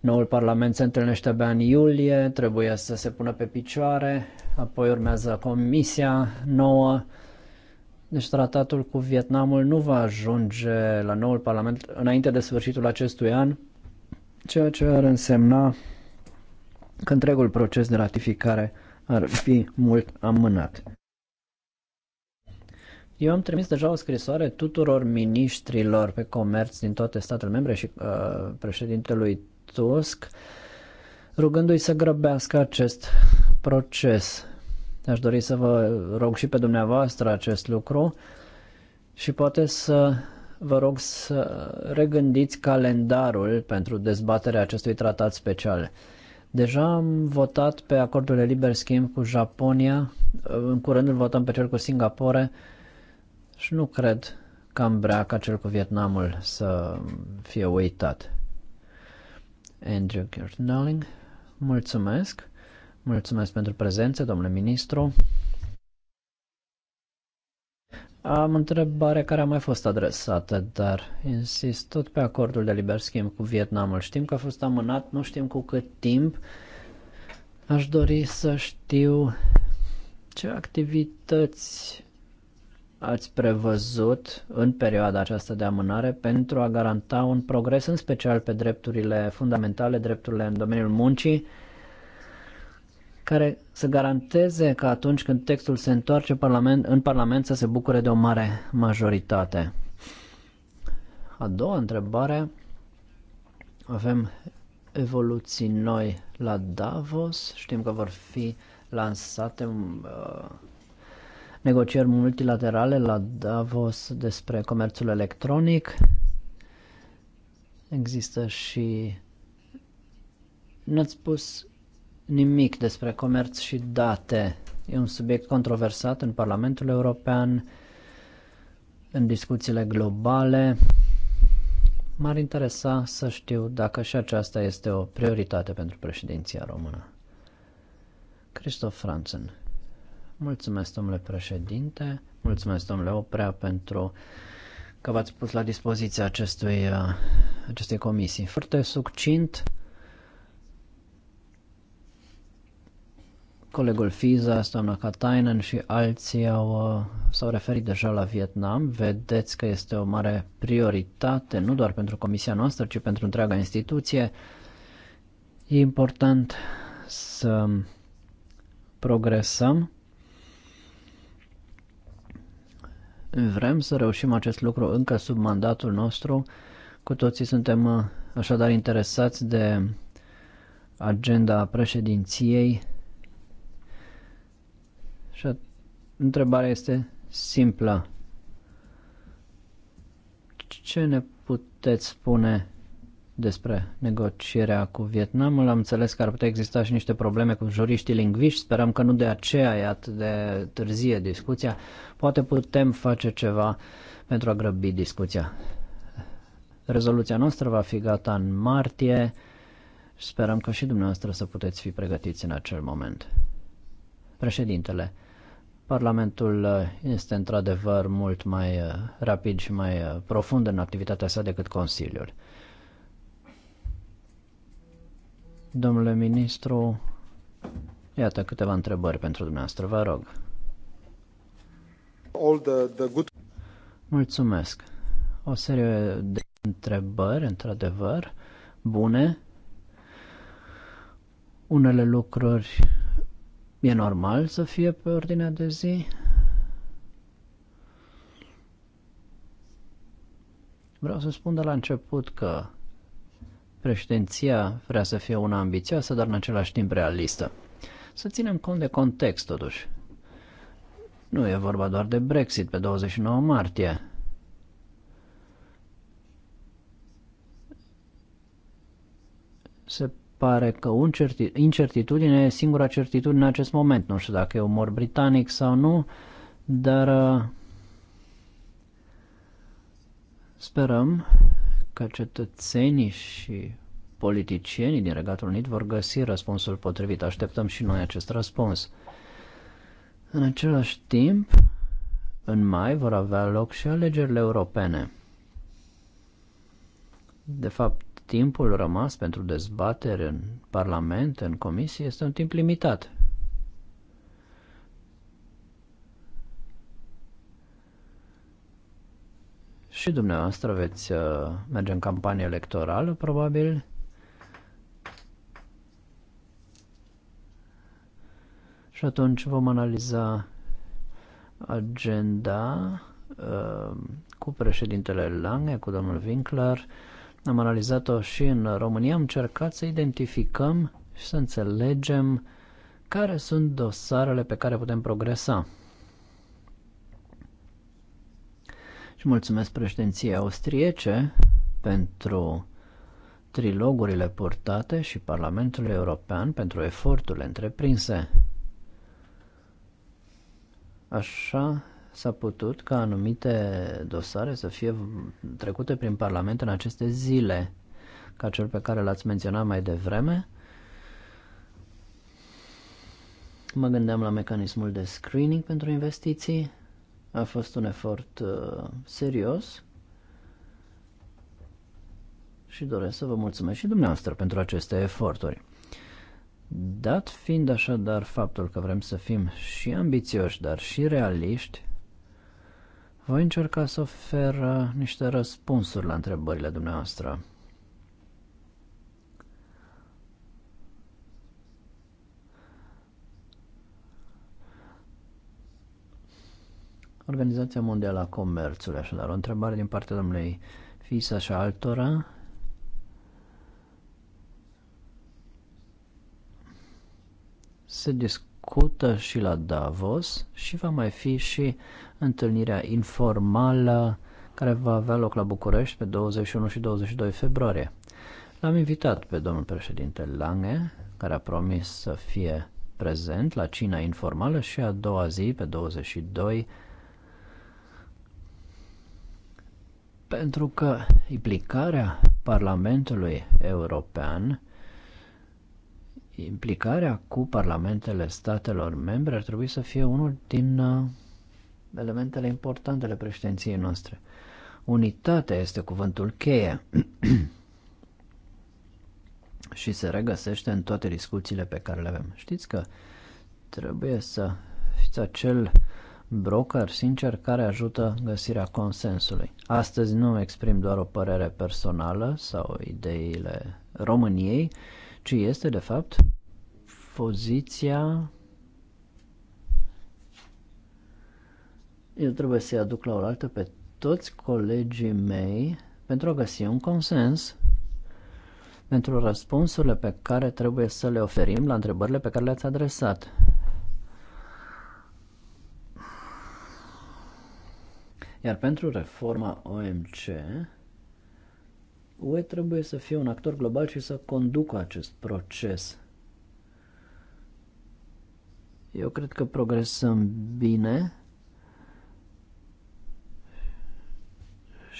E: noul parlament se întâlnește abia în iulie, trebuie să se pună pe picioare, apoi urmează comisia nouă. Deci tratatul cu Vietnamul nu va ajunge la noul parlament înainte de sfârșitul acestui an, ceea ce ar însemna că întregul proces de ratificare ar fi mult amânat. Eu am trimis deja o scrisoare tuturor miniștrilor pe comerț din toate statele membre și uh, președintelui Tusk, rugându-i să grăbească acest proces. Aș dori să vă rog și pe dumneavoastră acest lucru și poate să vă rog să regândiți calendarul pentru dezbaterea acestui tratat special. Deja am votat pe acordul de liber schimb cu Japonia, în curând îl votăm pe cel cu Singapore și nu cred că am vrea ca cel cu Vietnamul să fie uitat. Andrew Kirtnelling, mulțumesc. Mulțumesc pentru prezență, domnule ministru. Am întrebare care a mai fost adresată, dar insist tot pe acordul de liber schimb cu Vietnamul. Știm că a fost amânat, nu știm cu cât timp. Aș dori să știu ce activități ați prevăzut în perioada aceasta de amânare pentru a garanta un progres, în special pe drepturile fundamentale, drepturile în domeniul muncii care să garanteze că atunci când textul se întoarce parlament, în Parlament să se bucure de o mare majoritate. A doua întrebare. Avem evoluții noi la Davos. Știm că vor fi lansate uh, negocieri multilaterale la Davos despre comerțul electronic. Există și. Nu-ați spus nimic despre comerț și date. E un subiect controversat în Parlamentul European, în discuțiile globale. M-ar interesa să știu dacă și aceasta este o prioritate pentru președinția română. Christoph Franzen. Mulțumesc, domnule președinte, mulțumesc, domnule Oprea, pentru că v-ați pus la dispoziția acestui, uh, acestei comisii. Foarte succint, Colegul Fiza, doamna Katainen și alții au, uh, s-au referit deja la Vietnam. Vedeți că este o mare prioritate, nu doar pentru comisia noastră, ci pentru întreaga instituție. E important să progresăm. Vrem să reușim acest lucru încă sub mandatul nostru. Cu toții suntem uh, așadar interesați de agenda președinției și întrebarea este simplă. Ce ne puteți spune despre negocierea cu Vietnamul? Am înțeles că ar putea exista și niște probleme cu juriștii lingviști. Sperăm că nu de aceea e atât de târzie discuția. Poate putem face ceva pentru a grăbi discuția. Rezoluția noastră va fi gata în martie. Sperăm că și dumneavoastră să puteți fi pregătiți în acel moment. Președintele, Parlamentul uh, este într-adevăr mult mai uh, rapid și mai uh, profund în activitatea sa decât Consiliul. Domnule ministru, iată câteva întrebări pentru dumneavoastră, vă rog.
D: All the, the good...
E: Mulțumesc. O serie de întrebări, într-adevăr, bune. Unele lucruri E normal să fie pe ordinea de zi? Vreau să spun de la început că președinția vrea să fie una ambițioasă, dar în același timp realistă. Să ținem cont de context, totuși. Nu e vorba doar de Brexit pe 29 martie. Se pare că incertitudine e singura certitudine în acest moment. Nu știu dacă e umor britanic sau nu, dar uh, sperăm că cetățenii și politicienii din Regatul Unit vor găsi răspunsul potrivit. Așteptăm și noi acest răspuns. În același timp, în mai vor avea loc și alegerile europene. De fapt, timpul rămas pentru dezbatere în Parlament, în Comisie, este un timp limitat. Și dumneavoastră veți uh, merge în campanie electorală, probabil. Și atunci vom analiza agenda uh, cu președintele Lange, cu domnul Winkler, am analizat-o și în România, am încercat să identificăm și să înțelegem care sunt dosarele pe care putem progresa. Și mulțumesc președinției austriece pentru trilogurile purtate și Parlamentul European pentru eforturile întreprinse. Așa s-a putut ca anumite dosare să fie trecute prin Parlament în aceste zile, ca cel pe care l-ați menționat mai devreme. Mă gândeam la mecanismul de screening pentru investiții. A fost un efort uh, serios și doresc să vă mulțumesc și dumneavoastră pentru aceste eforturi. Dat fiind așadar faptul că vrem să fim și ambițioși, dar și realiști, voi încerca să ofer uh, niște răspunsuri la întrebările dumneavoastră. Organizația Mondială a Comerțului, așadar, o întrebare din partea domnului Fisa și altora. Se discută și la Davos și va mai fi și uh, întâlnirea informală care va avea loc la București pe 21 și 22 februarie. L-am invitat pe domnul președinte Lange, care a promis să fie prezent la cina informală și a doua zi, pe 22, pentru că implicarea Parlamentului European, implicarea cu parlamentele statelor membre ar trebui să fie unul din uh, elementele importante ale președinției noastre. Unitatea este cuvântul cheie și se regăsește în toate discuțiile pe care le avem. Știți că trebuie să fiți acel broker sincer care ajută găsirea consensului. Astăzi nu exprim doar o părere personală sau ideile României, ci este de fapt poziția eu trebuie să-i aduc la oaltă pe toți colegii mei pentru a găsi un consens pentru răspunsurile pe care trebuie să le oferim la întrebările pe care le-ați adresat. Iar pentru reforma OMC, UE trebuie să fie un actor global și să conducă acest proces. Eu cred că progresăm bine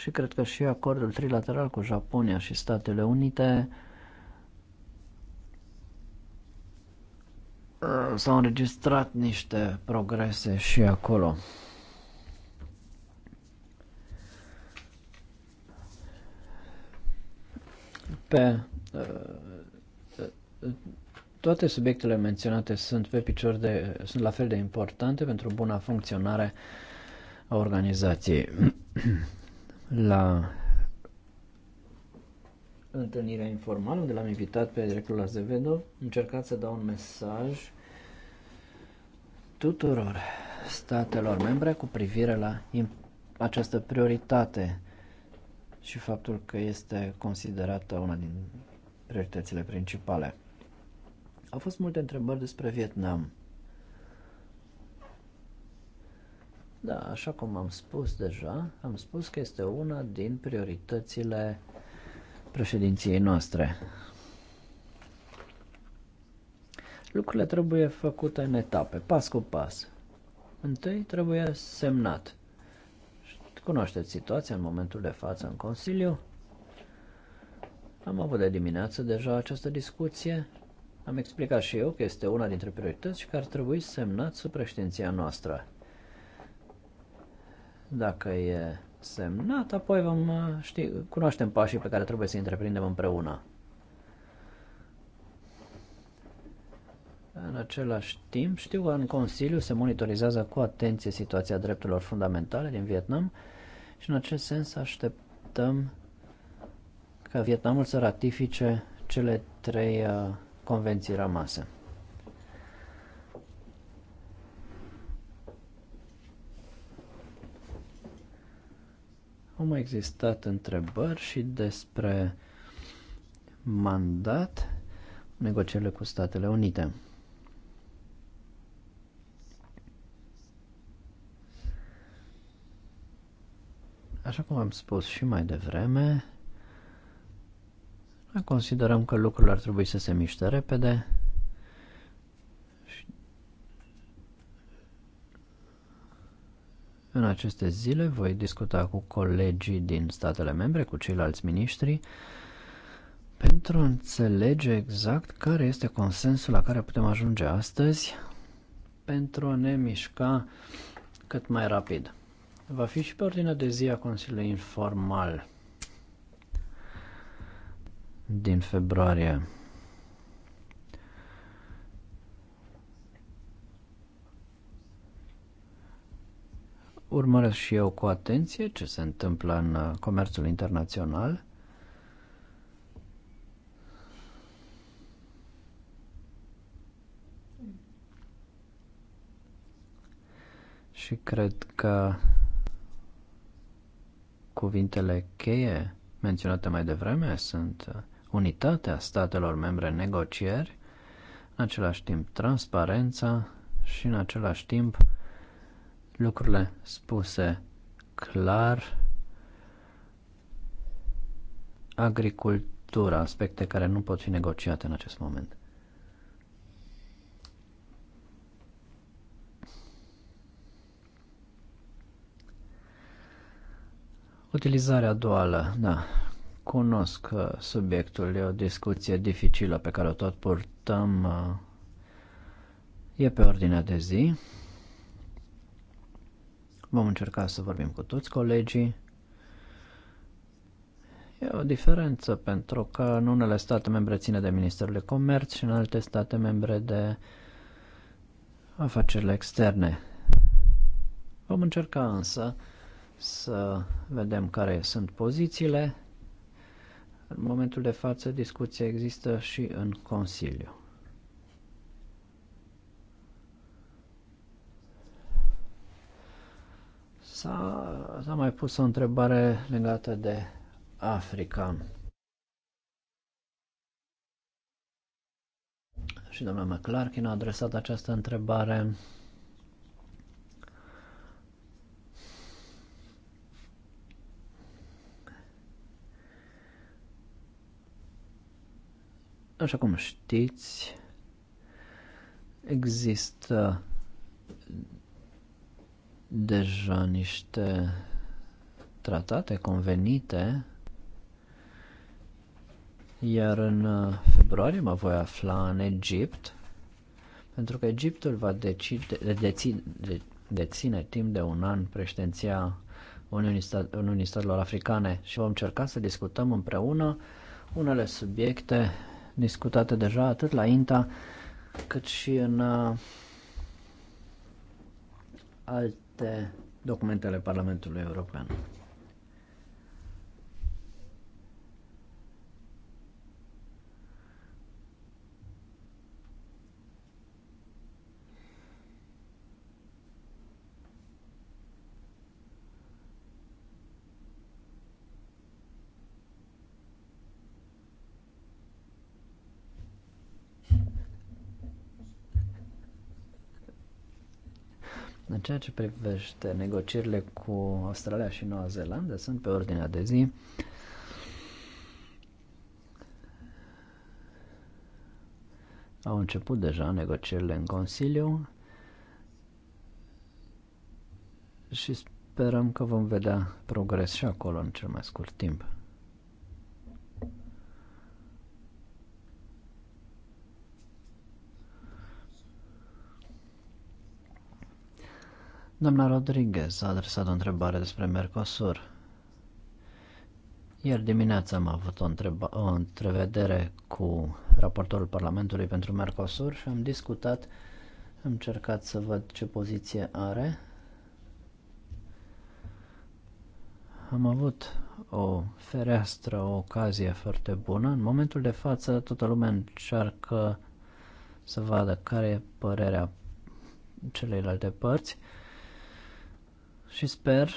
E: și cred că și acordul trilateral cu Japonia și Statele Unite uh, s-au înregistrat niște progrese și acolo. Pe uh, toate subiectele menționate sunt pe picior de sunt la fel de importante pentru buna funcționare a organizației. la întâlnirea informală, unde l-am invitat pe directorul Azevedo, încercat să dau un mesaj tuturor statelor membre cu privire la această prioritate și faptul că este considerată una din prioritățile principale. Au fost multe întrebări despre Vietnam. Da, așa cum am spus deja, am spus că este una din prioritățile președinției noastre. Lucrurile trebuie făcute în etape, pas cu pas. Întâi trebuie semnat. Cunoașteți situația în momentul de față în Consiliu. Am avut de dimineață deja această discuție. Am explicat și eu că este una dintre priorități și că ar trebui semnat sub președinția noastră. Dacă e semnat, apoi vom uh, ști, cunoaștem pașii pe care trebuie să-i întreprindem împreună. În același timp, știu că în Consiliu se monitorizează cu atenție situația drepturilor fundamentale din Vietnam și în acest sens așteptăm ca Vietnamul să ratifice cele trei uh, convenții rămase. Au mai existat întrebări și despre mandat negocierile cu Statele Unite. Așa cum am spus și mai devreme, noi considerăm că lucrurile ar trebui să se miște repede, În aceste zile voi discuta cu colegii din statele membre, cu ceilalți miniștri, pentru a înțelege exact care este consensul la care putem ajunge astăzi pentru a ne mișca cât mai rapid. Va fi și pe ordinea de zi a Consiliului Informal din februarie. urmăresc și eu cu atenție ce se întâmplă în uh, comerțul internațional. Și cred că cuvintele cheie menționate mai devreme sunt uh, unitatea statelor membre în negocieri, în același timp transparența și în același timp lucrurile spuse clar, agricultura, aspecte care nu pot fi negociate în acest moment. Utilizarea duală, da, cunosc uh, subiectul, e o discuție dificilă pe care o tot purtăm, uh, e pe ordinea de zi. Vom încerca să vorbim cu toți colegii. E o diferență pentru că în unele state membre ține de Ministerul de Comerț și în alte state membre de afacerile externe. Vom încerca însă să vedem care sunt pozițiile. În momentul de față discuția există și în Consiliu. S-a, s-a mai pus o întrebare legată de Africa. Și doamna McClarkin a adresat această întrebare. Așa cum știți, există deja niște tratate convenite, iar în uh, februarie mă voi afla în Egipt, pentru că Egiptul va decide, deține, deține timp de un an președinția Uniunii Statelor Africane și vom încerca să discutăm împreună unele subiecte discutate deja atât la INTA cât și în uh, alt documentele Parlamentului European. ceea ce privește negocierile cu Australia și Noua Zeelandă, sunt pe ordinea de zi. Au început deja negocierile în Consiliu și sperăm că vom vedea progres și acolo în cel mai scurt timp. Doamna Rodriguez a adresat o întrebare despre Mercosur. Ieri dimineața am avut o, întreba- o întrevedere cu raportorul Parlamentului pentru Mercosur și am discutat, am încercat să văd ce poziție are. Am avut o fereastră, o ocazie foarte bună. În momentul de față, toată lumea încearcă să vadă care e părerea celeilalte părți și sper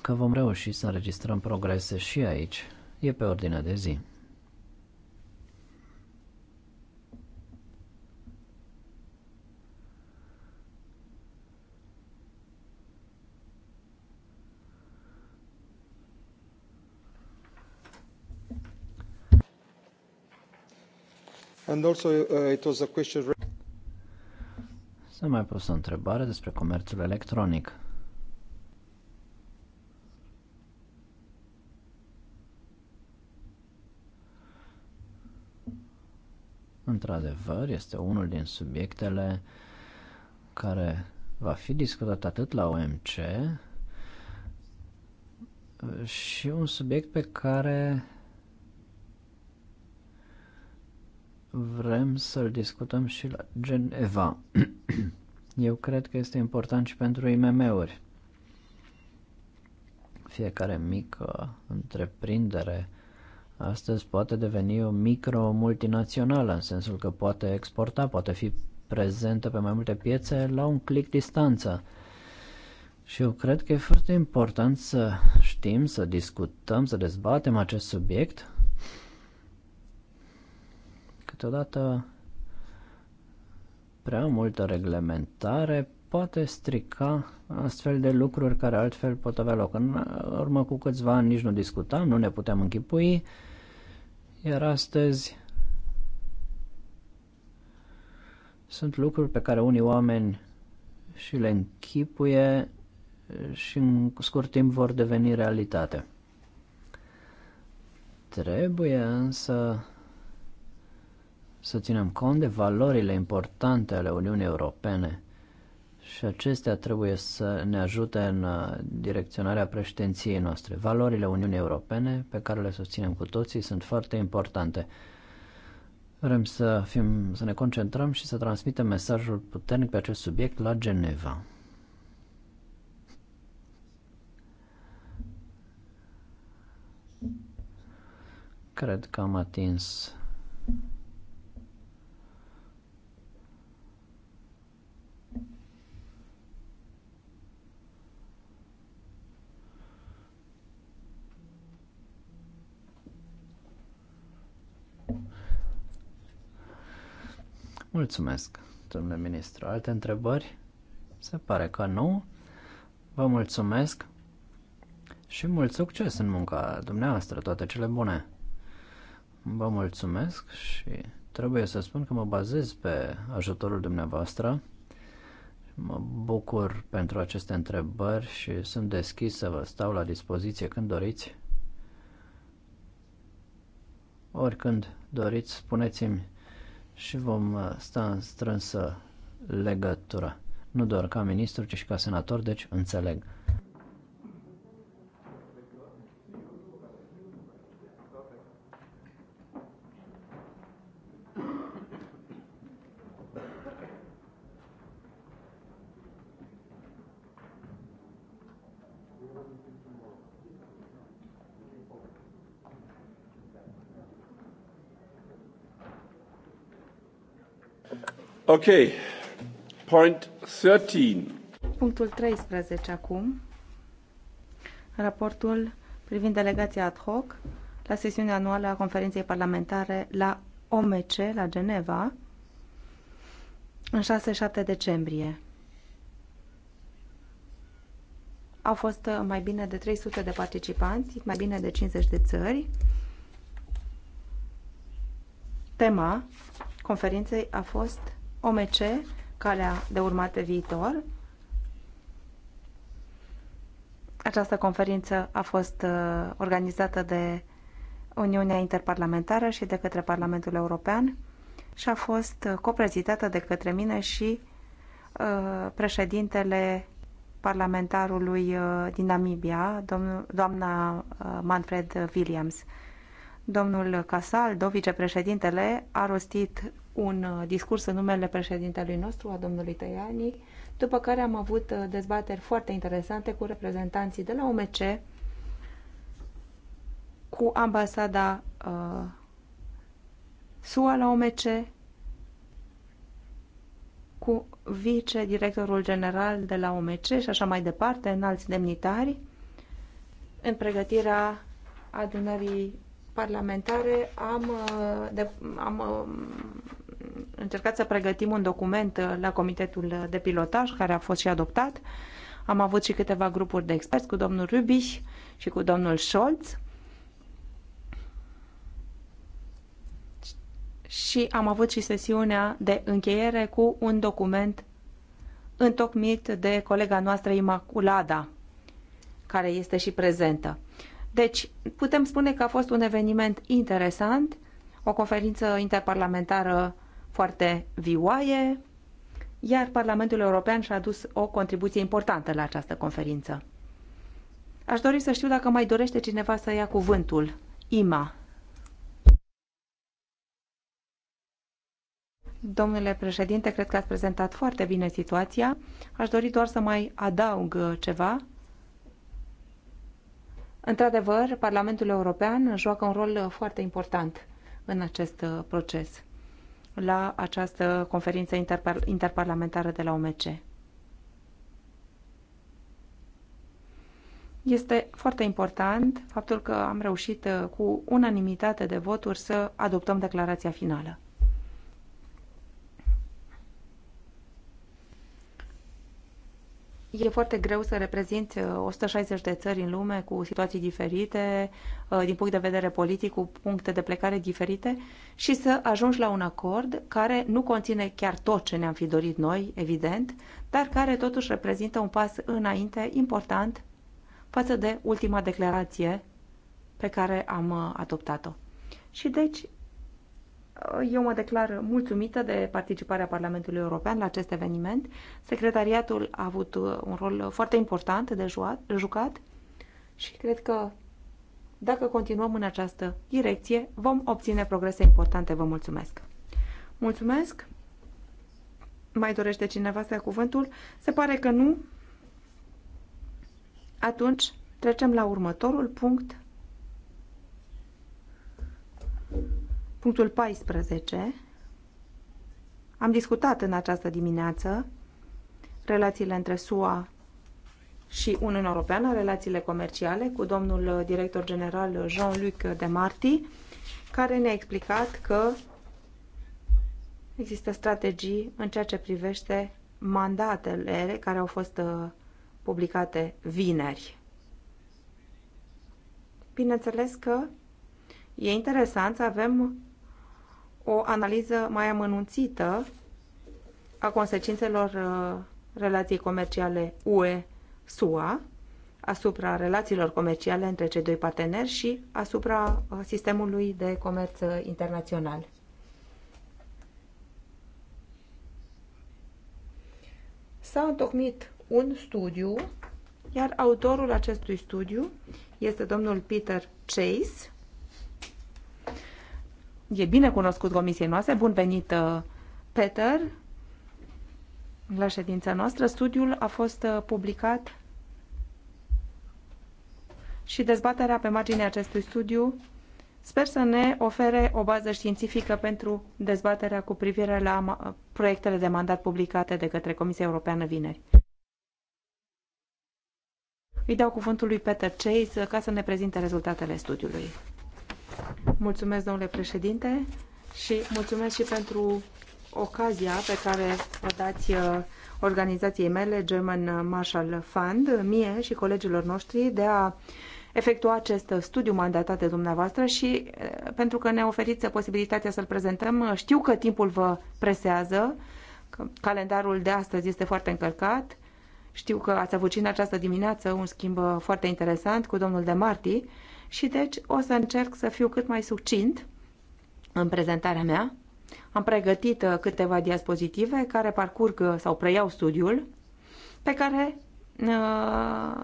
E: că vom reuși să înregistrăm progrese și aici. E pe ordinea de zi.
D: And also uh, it was a question...
E: S-a mai pus o întrebare despre comerțul electronic. Într-adevăr, este unul din subiectele care va fi discutat atât la OMC și un subiect pe care vrem să-l discutăm și la Geneva. Eu cred că este important și pentru IMM-uri. Fiecare mică întreprindere astăzi poate deveni o micro-multinațională, în sensul că poate exporta, poate fi prezentă pe mai multe piețe la un click distanță. Și eu cred că e foarte important să știm, să discutăm, să dezbatem acest subiect. Câteodată prea multă reglementare poate strica astfel de lucruri care altfel pot avea loc. În urmă cu câțiva ani nici nu discutam, nu ne puteam închipui iar astăzi sunt lucruri pe care unii oameni și le închipuie și în scurt timp vor deveni realitate. Trebuie însă să ținem cont de valorile importante ale Uniunii Europene și acestea trebuie să ne ajute în uh, direcționarea președinției noastre. Valorile Uniunii Europene, pe care le susținem cu toții, sunt foarte importante. Vrem să, fim, să ne concentrăm și să transmitem mesajul puternic pe acest subiect la Geneva. Cred că am atins Mulțumesc, domnule ministru. Alte întrebări? Se pare că nu. Vă mulțumesc și mult succes în munca dumneavoastră, toate cele bune. Vă mulțumesc și trebuie să spun că mă bazez pe ajutorul dumneavoastră. Mă bucur pentru aceste întrebări și sunt deschis să vă stau la dispoziție când doriți. Oricând doriți, spuneți-mi și vom uh, sta în strânsă legătură, nu doar ca ministru, ci și ca senator, deci înțeleg.
A: Ok. Point 13.
B: Punctul 13 acum. Raportul privind delegația ad hoc la sesiunea anuală a conferinței parlamentare la OMC, la Geneva, în 6-7 decembrie. Au fost mai bine de 300 de participanți, mai bine de 50 de țări. Tema conferinței a fost OMC, calea de urmat pe viitor. Această conferință a fost uh, organizată de Uniunea Interparlamentară și de către Parlamentul European și a fost uh, coprezitată de către mine și uh, președintele parlamentarului din Namibia, doamna Manfred Williams. Domnul Casal, do vicepreședintele, a rostit un uh, discurs în numele președintelui nostru, a domnului Tăiani, după care am avut uh, dezbateri foarte interesante cu reprezentanții de la OMC, cu ambasada uh, SUA la OMC, cu vice directorul general de la OMC și așa mai departe, în alți demnitari, în pregătirea adunării parlamentare am, uh, de, am încercat să pregătim un document uh, la Comitetul de Pilotaj, care a fost și adoptat. Am avut și câteva grupuri de experți cu domnul Rubiș și cu domnul Scholz. Și am avut și sesiunea de încheiere cu un document întocmit de colega noastră Imaculada, care este și prezentă. Deci, putem spune că a fost un eveniment interesant, o conferință interparlamentară foarte vioaie, iar Parlamentul European și-a adus o contribuție importantă la această conferință. Aș dori să știu dacă mai dorește cineva să ia cuvântul. Ima. Domnule președinte, cred că ați prezentat foarte bine situația. Aș dori doar să mai adaug ceva. Într-adevăr, Parlamentul European joacă un rol foarte important în acest proces la această conferință interpar interparlamentară de la OMC. Este foarte important faptul că am reușit uh, cu unanimitate de voturi să adoptăm declarația finală. E foarte greu să reprezinți 160 uh, de țări în lume cu situații diferite, uh, din punct de vedere politic, cu puncte de plecare diferite și să ajungi la un acord care nu conține chiar tot ce ne-am fi dorit noi, evident, dar care totuși reprezintă un pas înainte important față de ultima declarație pe care am uh, adoptat-o. Și deci eu mă declar mulțumită de participarea Parlamentului European la acest eveniment. Secretariatul a avut un rol foarte important de jucat și cred că dacă continuăm în această direcție, vom obține progrese importante. Vă mulțumesc! Mulțumesc! Mai dorește cineva să ia cuvântul? Se pare că nu. Atunci trecem la următorul punct. Punctul 14. Am discutat în această dimineață relațiile între SUA și Uniunea Europeană, relațiile comerciale, cu domnul director general Jean-Luc Demarti, care ne-a explicat că există strategii în ceea ce privește mandatele care au fost uh, publicate vineri. Bineînțeles că e interesant să avem o analiză mai amănunțită a consecințelor uh, relației comerciale UE-SUA asupra relațiilor comerciale între cei doi parteneri și asupra uh, sistemului de comerț uh, internațional. S-a întocmit un studiu, iar autorul acestui studiu este domnul Peter Chase, e bine cunoscut comisiei noastre. Bun venit, uh, Peter, la ședința noastră. Studiul a fost uh, publicat și dezbaterea pe marginea acestui studiu sper să ne ofere o bază științifică pentru dezbaterea cu privire la uh, proiectele de mandat publicate de către Comisia Europeană vineri. Îi dau cuvântul lui Peter Chase ca să ne prezinte rezultatele studiului. Mulțumesc, domnule președinte, și mulțumesc și pentru ocazia pe care o dați uh, organizației mele, German Marshall Fund, mie și colegilor noștri, de a efectua acest studiu mandatat de dumneavoastră și uh, pentru că ne oferiți posibilitatea să-l prezentăm. Uh, știu că timpul vă presează, că calendarul de astăzi este foarte încărcat. Știu că ați avut și în această dimineață un schimb foarte interesant cu domnul de Marti și deci o să încerc să fiu cât mai succint în prezentarea mea. Am pregătit uh, câteva diapozitive care parcurg uh, sau preiau studiul pe care uh,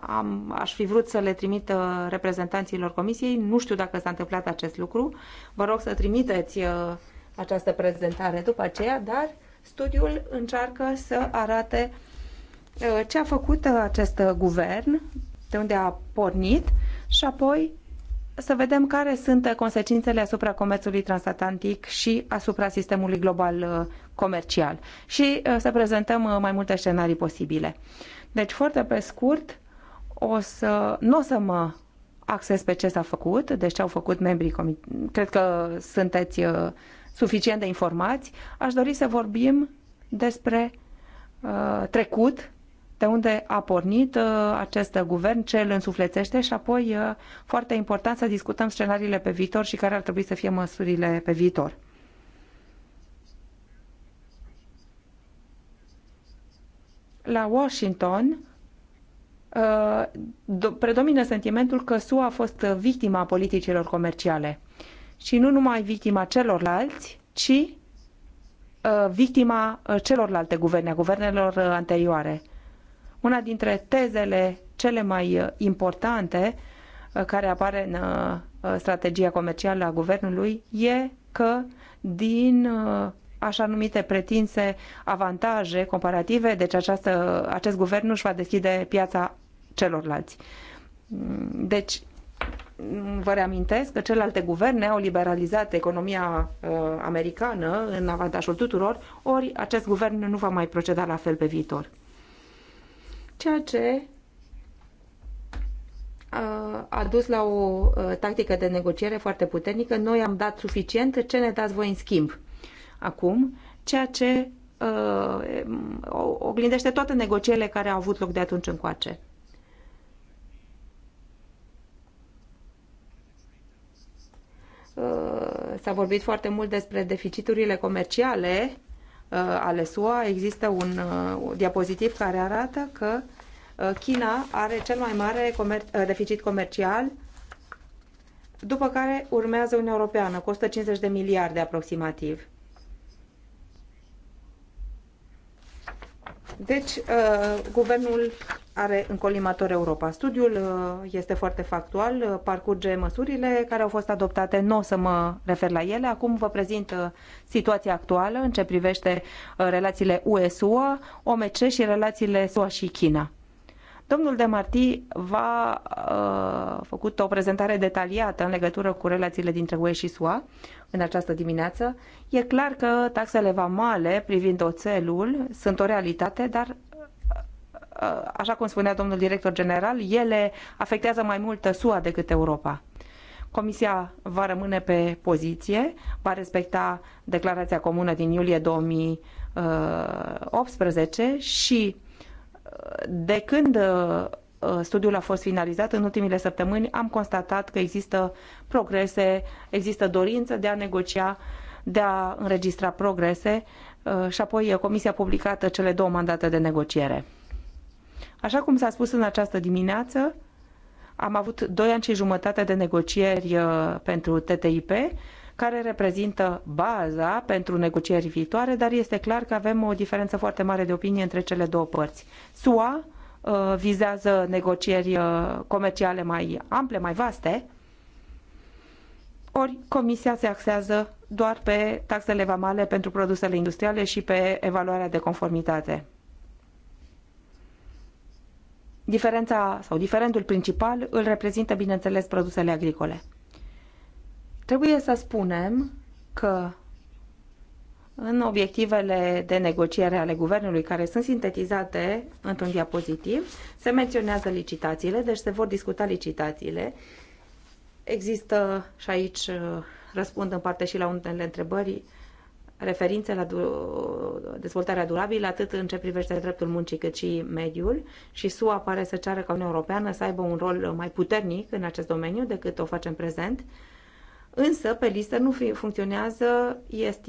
B: am, aș fi vrut să le trimit reprezentanților comisiei. Nu știu dacă s-a întâmplat acest lucru. Vă rog să trimiteți această prezentare după aceea, dar studiul încearcă să arate ce a făcut acest guvern, de unde a pornit și apoi să vedem care sunt consecințele asupra comerțului transatlantic și asupra sistemului global uh, comercial și uh, să prezentăm uh, mai multe scenarii posibile. Deci, foarte pe scurt, o să, nu o să mă acces pe ce s-a făcut, deci ce au făcut membrii comitetului. Cred că sunteți suficient de informați. Aș dori să vorbim despre uh, trecut, de unde a pornit uh, acest guvern, ce îl însuflețește și apoi, uh, foarte important, să discutăm scenariile pe viitor și care ar trebui să fie măsurile pe viitor. La Washington, uh, predomină sentimentul că SUA a fost victima politicilor comerciale. Și nu numai victima celorlalți, ci victima celorlalte guverne, guvernelor anterioare. Una dintre tezele cele mai uh, importante uh, care apare în uh, strategia comercială a guvernului e că din așa numite pretinse avantaje comparative, deci această, acest guvern își va deschide piața celorlalți. Mm, deci, mm, vă reamintesc că celelalte guverne au liberalizat economia uh, americană în avantajul tuturor, ori acest guvern nu va mai proceda la fel pe viitor ceea ce uh, a dus la o uh, tactică de negociere foarte puternică. Noi am dat suficient, ce ne dați voi în schimb acum, ceea ce uh, oglindește toate negocierile care au avut loc de atunci încoace. Uh, S-a vorbit foarte mult despre deficiturile comerciale Uh, ale SUA există uh, un diapozitiv care arată că uh, China are cel mai mare comer- deficit comercial, după care urmează Uniunea Europeană, costă 50 de miliarde aproximativ. Deci, uh, guvernul are în colimator Europa. Studiul uh, este foarte factual, uh, parcurge măsurile care au fost adoptate, nu o să mă refer la ele. Acum vă prezint situația actuală în ce privește relațiile USUA, OMC și relațiile SUA și China. Domnul de Marti va uh, făcut o prezentare detaliată în legătură cu relațiile dintre UE și SUA în această dimineață. E clar că taxele vamale privind oțelul sunt o realitate, dar uh, așa cum spunea domnul director general, ele afectează mai mult SUA decât Europa. Comisia va rămâne pe poziție, va respecta declarația comună din iulie 2018 uh, și de când uh, uh, studiul a fost finalizat în ultimile săptămâni, am constatat că există progrese, există dorință de a negocia, de a înregistra progrese uh, și apoi Comisia a publicat cele două mandate de negociere. Așa cum s-a spus în această dimineață, am avut doi ani și jumătate de negocieri pentru TTIP, care reprezintă baza pentru negocieri viitoare, dar este clar că avem o diferență foarte mare de opinie între cele două părți. SUA uh, vizează negocieri uh, comerciale mai ample, mai vaste, ori Comisia se axează doar pe taxele vamale pentru produsele industriale și pe evaluarea de conformitate. Diferența sau diferendul principal îl reprezintă, bineînțeles, produsele agricole. Trebuie să spunem că în obiectivele de negociere ale guvernului, care sunt sintetizate într-un diapozitiv, se menționează licitațiile, deci se vor discuta licitațiile. Există și aici uh, răspund în parte și la unele întrebări referințe la du dezvoltarea durabilă, atât în ce privește dreptul muncii, cât și mediul. Și SUA pare să ceară ca Uniunea Europeană să aibă un rol uh, mai puternic în acest domeniu decât o facem prezent. Însă, pe listă nu funcționează ISTS,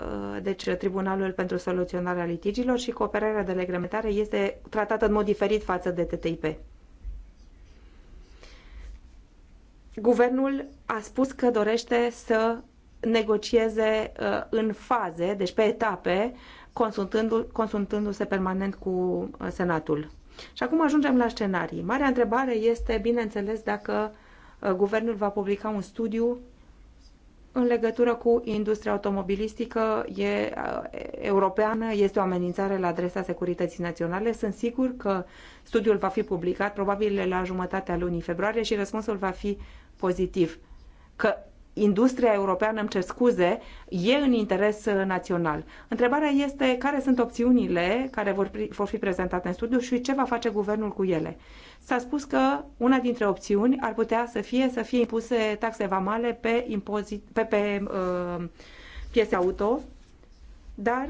B: uh, deci Tribunalul pentru Soluționarea Litigilor și cooperarea de reglementare este tratată în mod diferit față de TTIP. Guvernul a spus că dorește să negocieze uh, în faze, deci pe etape, consultându-se consultându permanent cu uh, Senatul. Și acum ajungem la scenarii. Marea întrebare este, bineînțeles, dacă uh, Uh, guvernul va publica un studiu în legătură cu industria automobilistică e, uh, europeană, este o amenințare la adresa securității naționale. Sunt sigur că studiul va fi publicat probabil la jumătatea lunii februarie și răspunsul va fi pozitiv. Că industria europeană, îmi cer scuze, e în interes uh, național. Întrebarea este care sunt opțiunile care vor, vor fi prezentate în studiu și ce va face guvernul cu ele. S-a spus că una dintre opțiuni ar putea să fie să fie impuse taxe vamale pe, impozit, pe, pe uh, piese auto, dar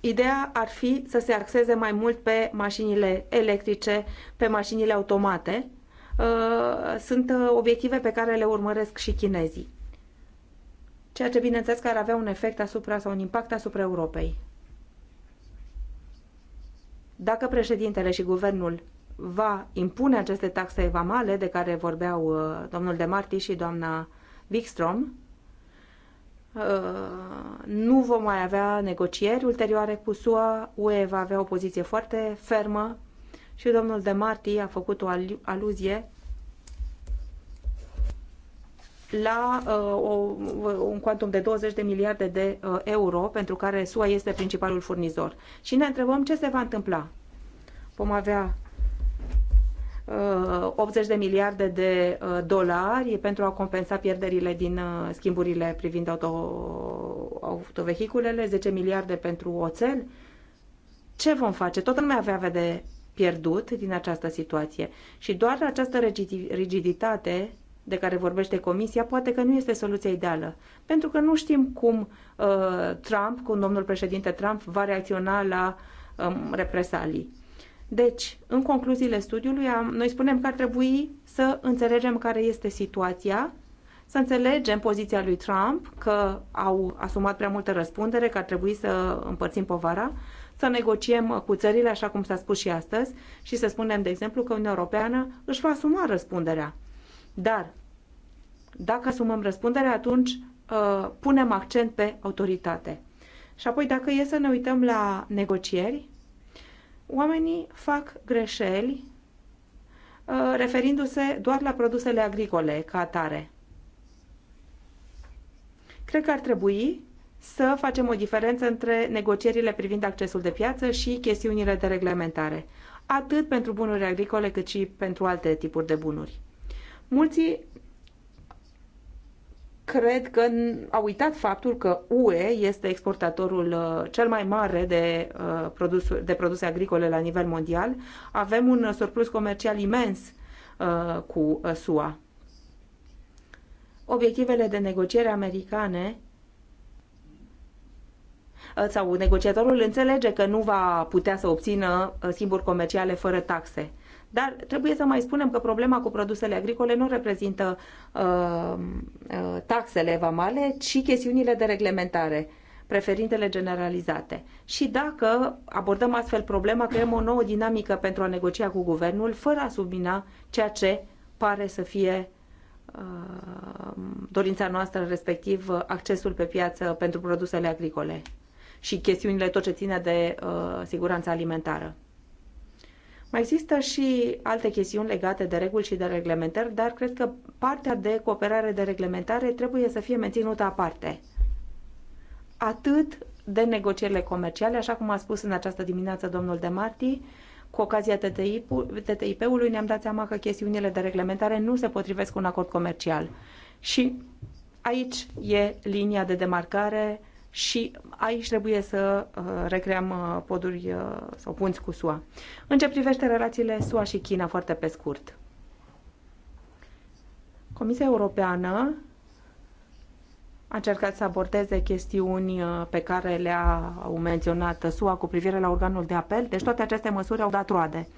B: Ideea ar fi să se axeze mai mult pe mașinile electrice, pe mașinile automate, Uh, sunt uh, obiective pe care le urmăresc și chinezii. Ceea ce, bineînțeles, că ar avea un efect asupra sau un impact asupra Europei. Dacă președintele și guvernul va impune aceste taxe vamale de care vorbeau uh, domnul de Marti și doamna Wikstrom, nu vom mai avea negocieri ulterioare cu SUA, UE va avea o poziție foarte fermă și domnul de Marti a făcut o aluzie la uh, o, un quantum de 20 de miliarde de uh, euro pentru care SUA este principalul furnizor. Și ne întrebăm ce se va întâmpla. Vom avea uh, 80 de miliarde de uh, dolari pentru a compensa pierderile din uh, schimburile privind auto, autovehiculele, 10 miliarde pentru oțel. Ce vom face? Toată lumea avea de pierdut din această situație și doar această rigiditate de care vorbește Comisia poate că nu este soluția ideală, pentru că nu știm cum uh, Trump, cum domnul președinte Trump va reacționa la um, represalii. Deci, în concluziile studiului, am, noi spunem că ar trebui să înțelegem care este situația, să înțelegem poziția lui Trump, că au asumat prea multă răspundere, că ar trebui să împărțim povara, să negociem cu țările, așa cum s-a spus și astăzi, și să spunem, de exemplu, că Uniunea Europeană își va asuma răspunderea. Dar, dacă asumăm răspunderea, atunci uh, punem accent pe autoritate. Și apoi, dacă e să ne uităm la negocieri, oamenii fac greșeli uh, referindu-se doar la produsele agricole ca atare. Cred că ar trebui să facem o diferență între negocierile privind accesul de piață și chestiunile de reglementare, atât pentru bunuri agricole cât și pentru alte tipuri de bunuri. Mulți cred că au uitat faptul că UE este exportatorul uh, cel mai mare de, uh, produs, de produse agricole la nivel mondial. Avem un surplus comercial imens uh, cu SUA. Obiectivele de negociere americane Uh, sau negociatorul înțelege că nu va putea să obțină uh, schimburi comerciale fără taxe. Dar trebuie să mai spunem că problema cu produsele agricole nu reprezintă uh, uh taxele vamale, ci chestiunile de reglementare, preferintele generalizate. Și dacă abordăm astfel problema, creăm o nouă dinamică pentru a negocia cu guvernul, fără a submina ceea ce pare să fie uh, dorința noastră, respectiv accesul pe piață pentru produsele agricole și chestiunile tot ce ține de uh, siguranța alimentară. Mai există și alte chestiuni legate de reguli și de reglementări, dar cred că partea de cooperare de reglementare trebuie să fie menținută aparte. Atât de negocierile comerciale, așa cum a spus în această dimineață domnul de Marti, cu ocazia TTIP-ului ne-am dat seama că chestiunile de reglementare nu se potrivesc cu un acord comercial. Și aici e linia de demarcare și aici trebuie să uh, recreăm uh, poduri uh, sau punți cu SUA. În ce privește relațiile SUA și China, foarte pe scurt. Comisia Europeană a încercat să abordeze chestiuni pe care le-au menționat SUA cu privire la organul de apel, deci toate aceste măsuri au dat roade.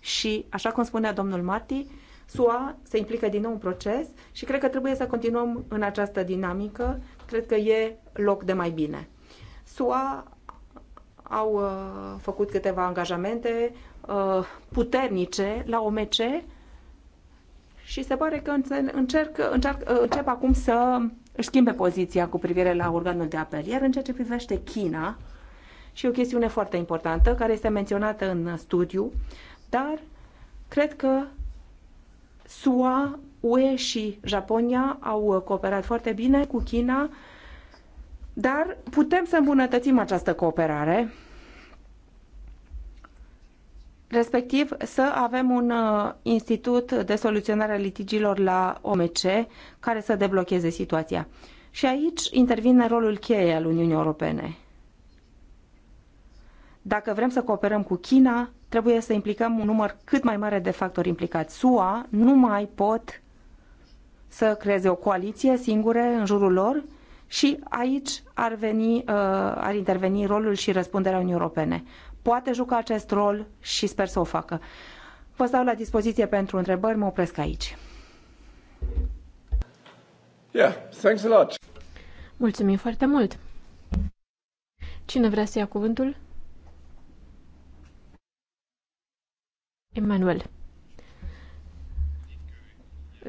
B: Și, așa cum spunea domnul Marti, SUA se implică din nou în proces și cred că trebuie să continuăm în această dinamică cred că e loc de mai bine. SUA au uh, făcut câteva angajamente uh, puternice la OMC și se pare că încerc, încerc, uh, încep acum să își schimbe poziția cu privire la organul de apel. Iar în ceea ce privește China, și o chestiune foarte importantă care este menționată în studiu, dar cred că SUA UE și Japonia au uh, cooperat foarte bine cu China, dar putem să îmbunătățim această cooperare, respectiv să avem un uh, institut de soluționare a litigilor la OMC care să deblocheze situația. Și aici intervine rolul cheie al Uniunii Europene. Dacă vrem să cooperăm cu China, trebuie să implicăm un număr cât mai mare de factori implicați. SUA nu mai pot să creeze o coaliție singure în jurul lor și aici ar, veni, uh, ar interveni rolul și răspunderea Uniunii Europene. Poate juca acest rol și sper să o facă. Vă stau la dispoziție
C: pentru întrebări, mă opresc aici. Yeah, thanks a lot. Mulțumim foarte mult. Cine vrea să ia cuvântul? Emmanuel.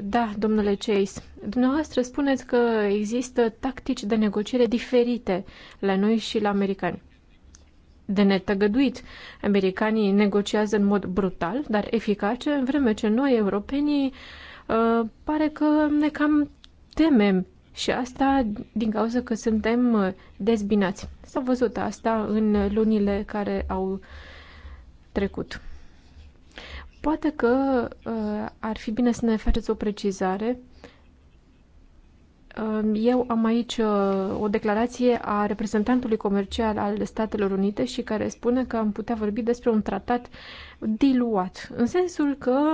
C: Da, domnule Chase, dumneavoastră spuneți că există tactici de negociere diferite la noi și la americani. De netăgăduit, americanii negociază în mod brutal, dar eficace, în vreme ce noi, europenii, uh, pare că ne cam temem și asta din cauza că suntem uh, dezbinați. S-a văzut asta în lunile care au trecut. Poate că uh, ar fi bine să ne faceți o precizare. Uh, eu am aici uh, o declarație a reprezentantului comercial al Statelor Unite și care spune că am putea vorbi despre un tratat diluat, în sensul că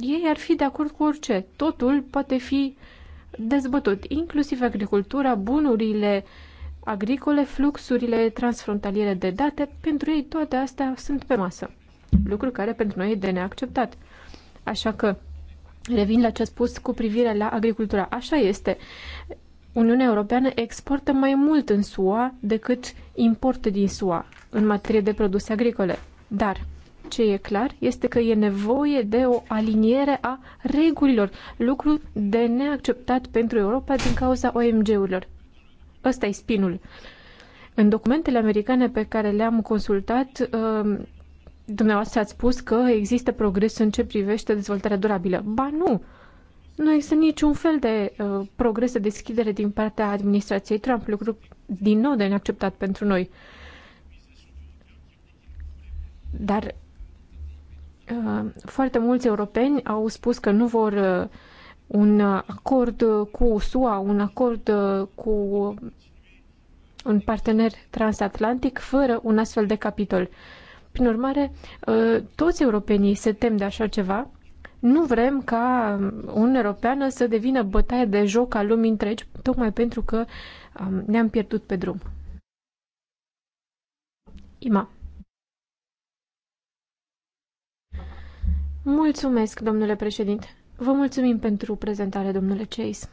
C: ei ar fi de acord cu orice. Totul poate fi dezbătut, inclusiv agricultura, bunurile agricole, fluxurile transfrontaliere de date, pentru ei toate astea sunt pe masă lucru care pentru noi e de neacceptat. Așa că revin la ce a spus cu privire la agricultura. Așa este. Uniunea Europeană exportă mai mult în SUA decât importă din SUA în materie de produse agricole. Dar ce e clar este că e nevoie de o aliniere a regulilor, lucru de neacceptat pentru Europa din cauza OMG-urilor. Ăsta e spinul. În documentele americane pe care le-am consultat, um, Dumneavoastră ați spus că există progres în ce privește dezvoltarea durabilă. Ba nu! Nu există niciun fel de uh, progres de deschidere din partea administrației Trump, lucru din nou de neacceptat pentru noi. Dar uh, foarte mulți europeni au spus că nu vor uh, un acord cu SUA, un acord uh, cu un partener transatlantic fără un astfel de capitol. Uh, prin urmare, ă, toți europenii se tem de așa ceva. Nu vrem ca un Europeană să devină bătaie de joc al lumii întregi, tocmai pentru că ne-am pierdut pe drum. Ima. Mulțumesc, domnule președinte. Vă mulțumim pentru prezentare, domnule Chase.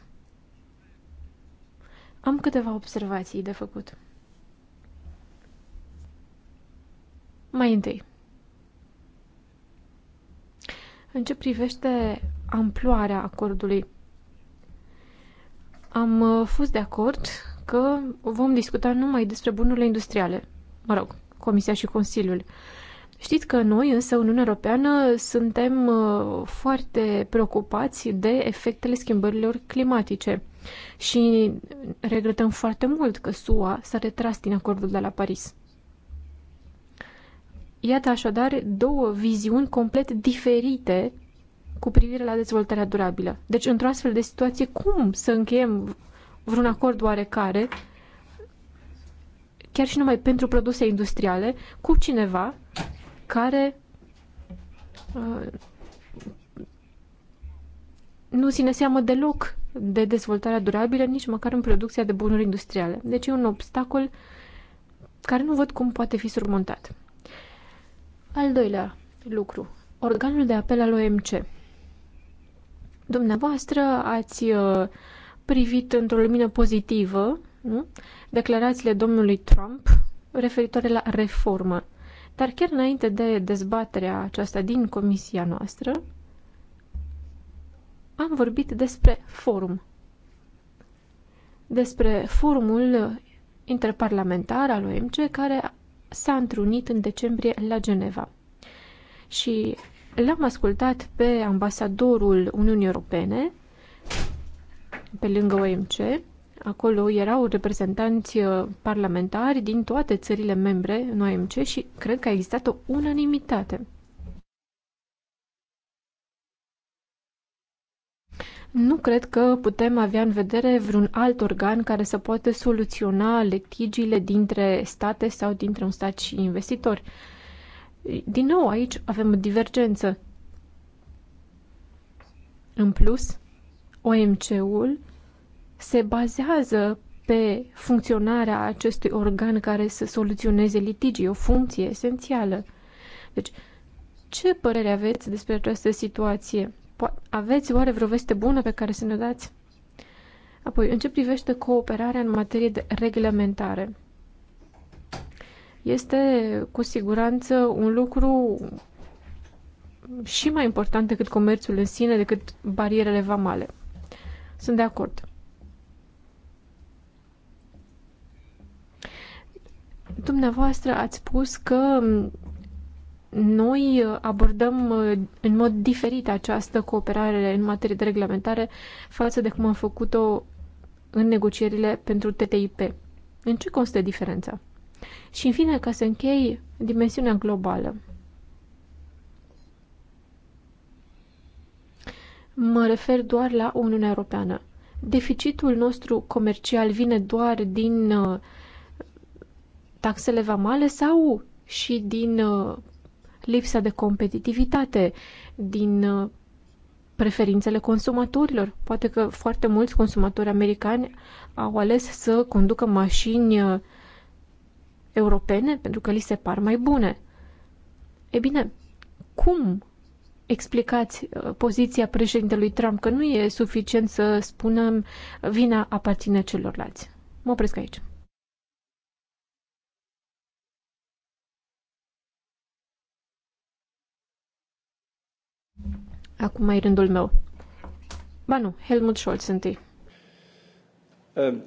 C: Am câteva observații de făcut. Mai întâi, în ce privește amploarea acordului, am uh, fost de acord că vom discuta numai despre bunurile industriale. Mă rog, Comisia și Consiliul. Știți că noi, însă, în Uniunea Europeană, suntem uh, foarte preocupați de efectele schimbărilor climatice și regretăm foarte mult că SUA s-a retras din acordul de la Paris. Iată așadar două viziuni complet diferite cu privire la dezvoltarea durabilă. Deci, într-o astfel de situație, cum să încheiem vreun acord oarecare, chiar și numai pentru produse industriale, cu cineva care uh, nu ține seamă deloc de dezvoltarea durabilă, nici măcar în producția de bunuri industriale. Deci e un obstacol care nu văd cum poate fi surmontat. Al doilea lucru, organul de apel al OMC. Dumneavoastră ați uh, privit într-o lumină pozitivă nu? declarațiile domnului Trump referitoare la reformă. Dar chiar înainte de dezbaterea aceasta din comisia noastră, am vorbit despre forum. Despre forumul interparlamentar al OMC care s-a întrunit în decembrie la Geneva. Și l-am ascultat pe ambasadorul Uniunii Europene, pe lângă OMC. Acolo erau reprezentanți uh, parlamentari din toate țările membre în OMC și cred că a existat o unanimitate. Nu cred că putem avea în vedere vreun alt organ care să poată soluționa litigiile dintre state sau dintre un stat și investitori. Din nou, aici avem o divergență. În plus, OMC-ul se bazează pe funcționarea acestui organ care să soluționeze litigii, o funcție esențială. Deci, ce părere aveți despre această situație? aveți oare vreo veste bună pe care să ne dați? Apoi, în ce privește cooperarea în materie de reglementare? Este cu siguranță un lucru și mai important decât comerțul în sine, decât barierele vamale. Sunt de acord. Dumneavoastră ați spus că noi uh, abordăm uh, în mod diferit această cooperare în materie de reglementare față de cum am făcut-o în negocierile pentru TTIP. În ce constă diferența? Și în fine, ca să închei, dimensiunea globală. Mă refer doar la Uniunea Europeană. Deficitul nostru comercial vine doar din uh, taxele vamale sau și din lipsa de competitivitate, din uh, preferințele consumatorilor. Poate că foarte mulți consumatori americani au ales să conducă mașini uh, europene pentru că li se par mai bune. E bine, cum explicați uh, poziția președintelui Trump că nu e suficient să spunem vina aparține celorlalți? Mă opresc aici. Acum mai rândul meu. Ba nu, Helmut Scholz întâi.
A: Um,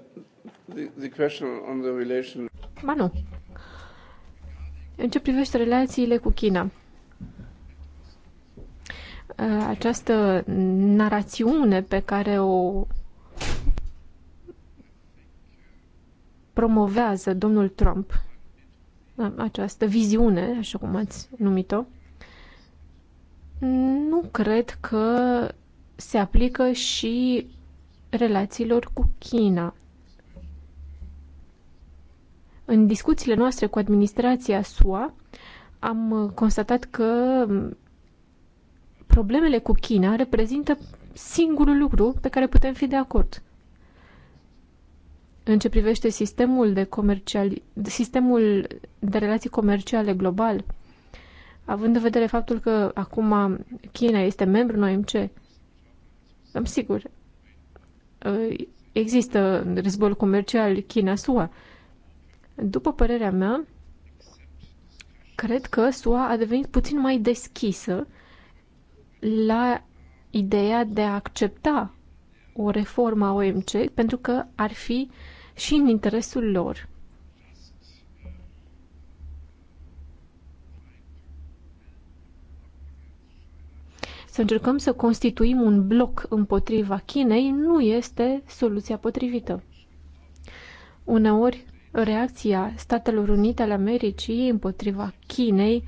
A: the, the question on the relation...
C: Ba nu. În ce privește relațiile cu China? Uh, această narațiune pe care o promovează domnul Trump, uh, această viziune, așa cum ați numit-o, nu cred că se aplică și relațiilor cu China. În discuțiile noastre cu administrația SUA, am constatat că problemele cu China reprezintă singurul lucru pe care putem fi de acord. În ce privește sistemul de, comerciali- sistemul de relații comerciale global, având în vedere faptul că acum China este membru în OMC, am sigur, există războiul comercial China-SUA. După părerea mea, cred că SUA a devenit puțin mai deschisă la ideea de a accepta o reformă a OMC pentru că ar fi și în interesul lor. să încercăm să constituim un bloc împotriva Chinei nu este soluția potrivită. Uneori, reacția Statelor Unite ale Americii împotriva Chinei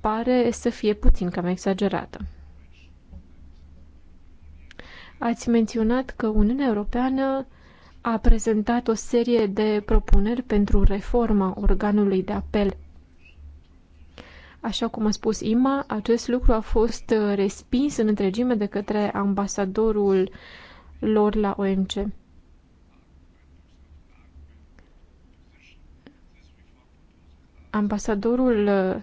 C: pare să fie puțin cam exagerată. Ați menționat că Uniunea Europeană a prezentat o serie de propuneri pentru reforma organului de apel Așa cum a spus Ima, acest lucru a fost uh, respins în întregime de către ambasadorul lor la OMC. Ambasadorul uh,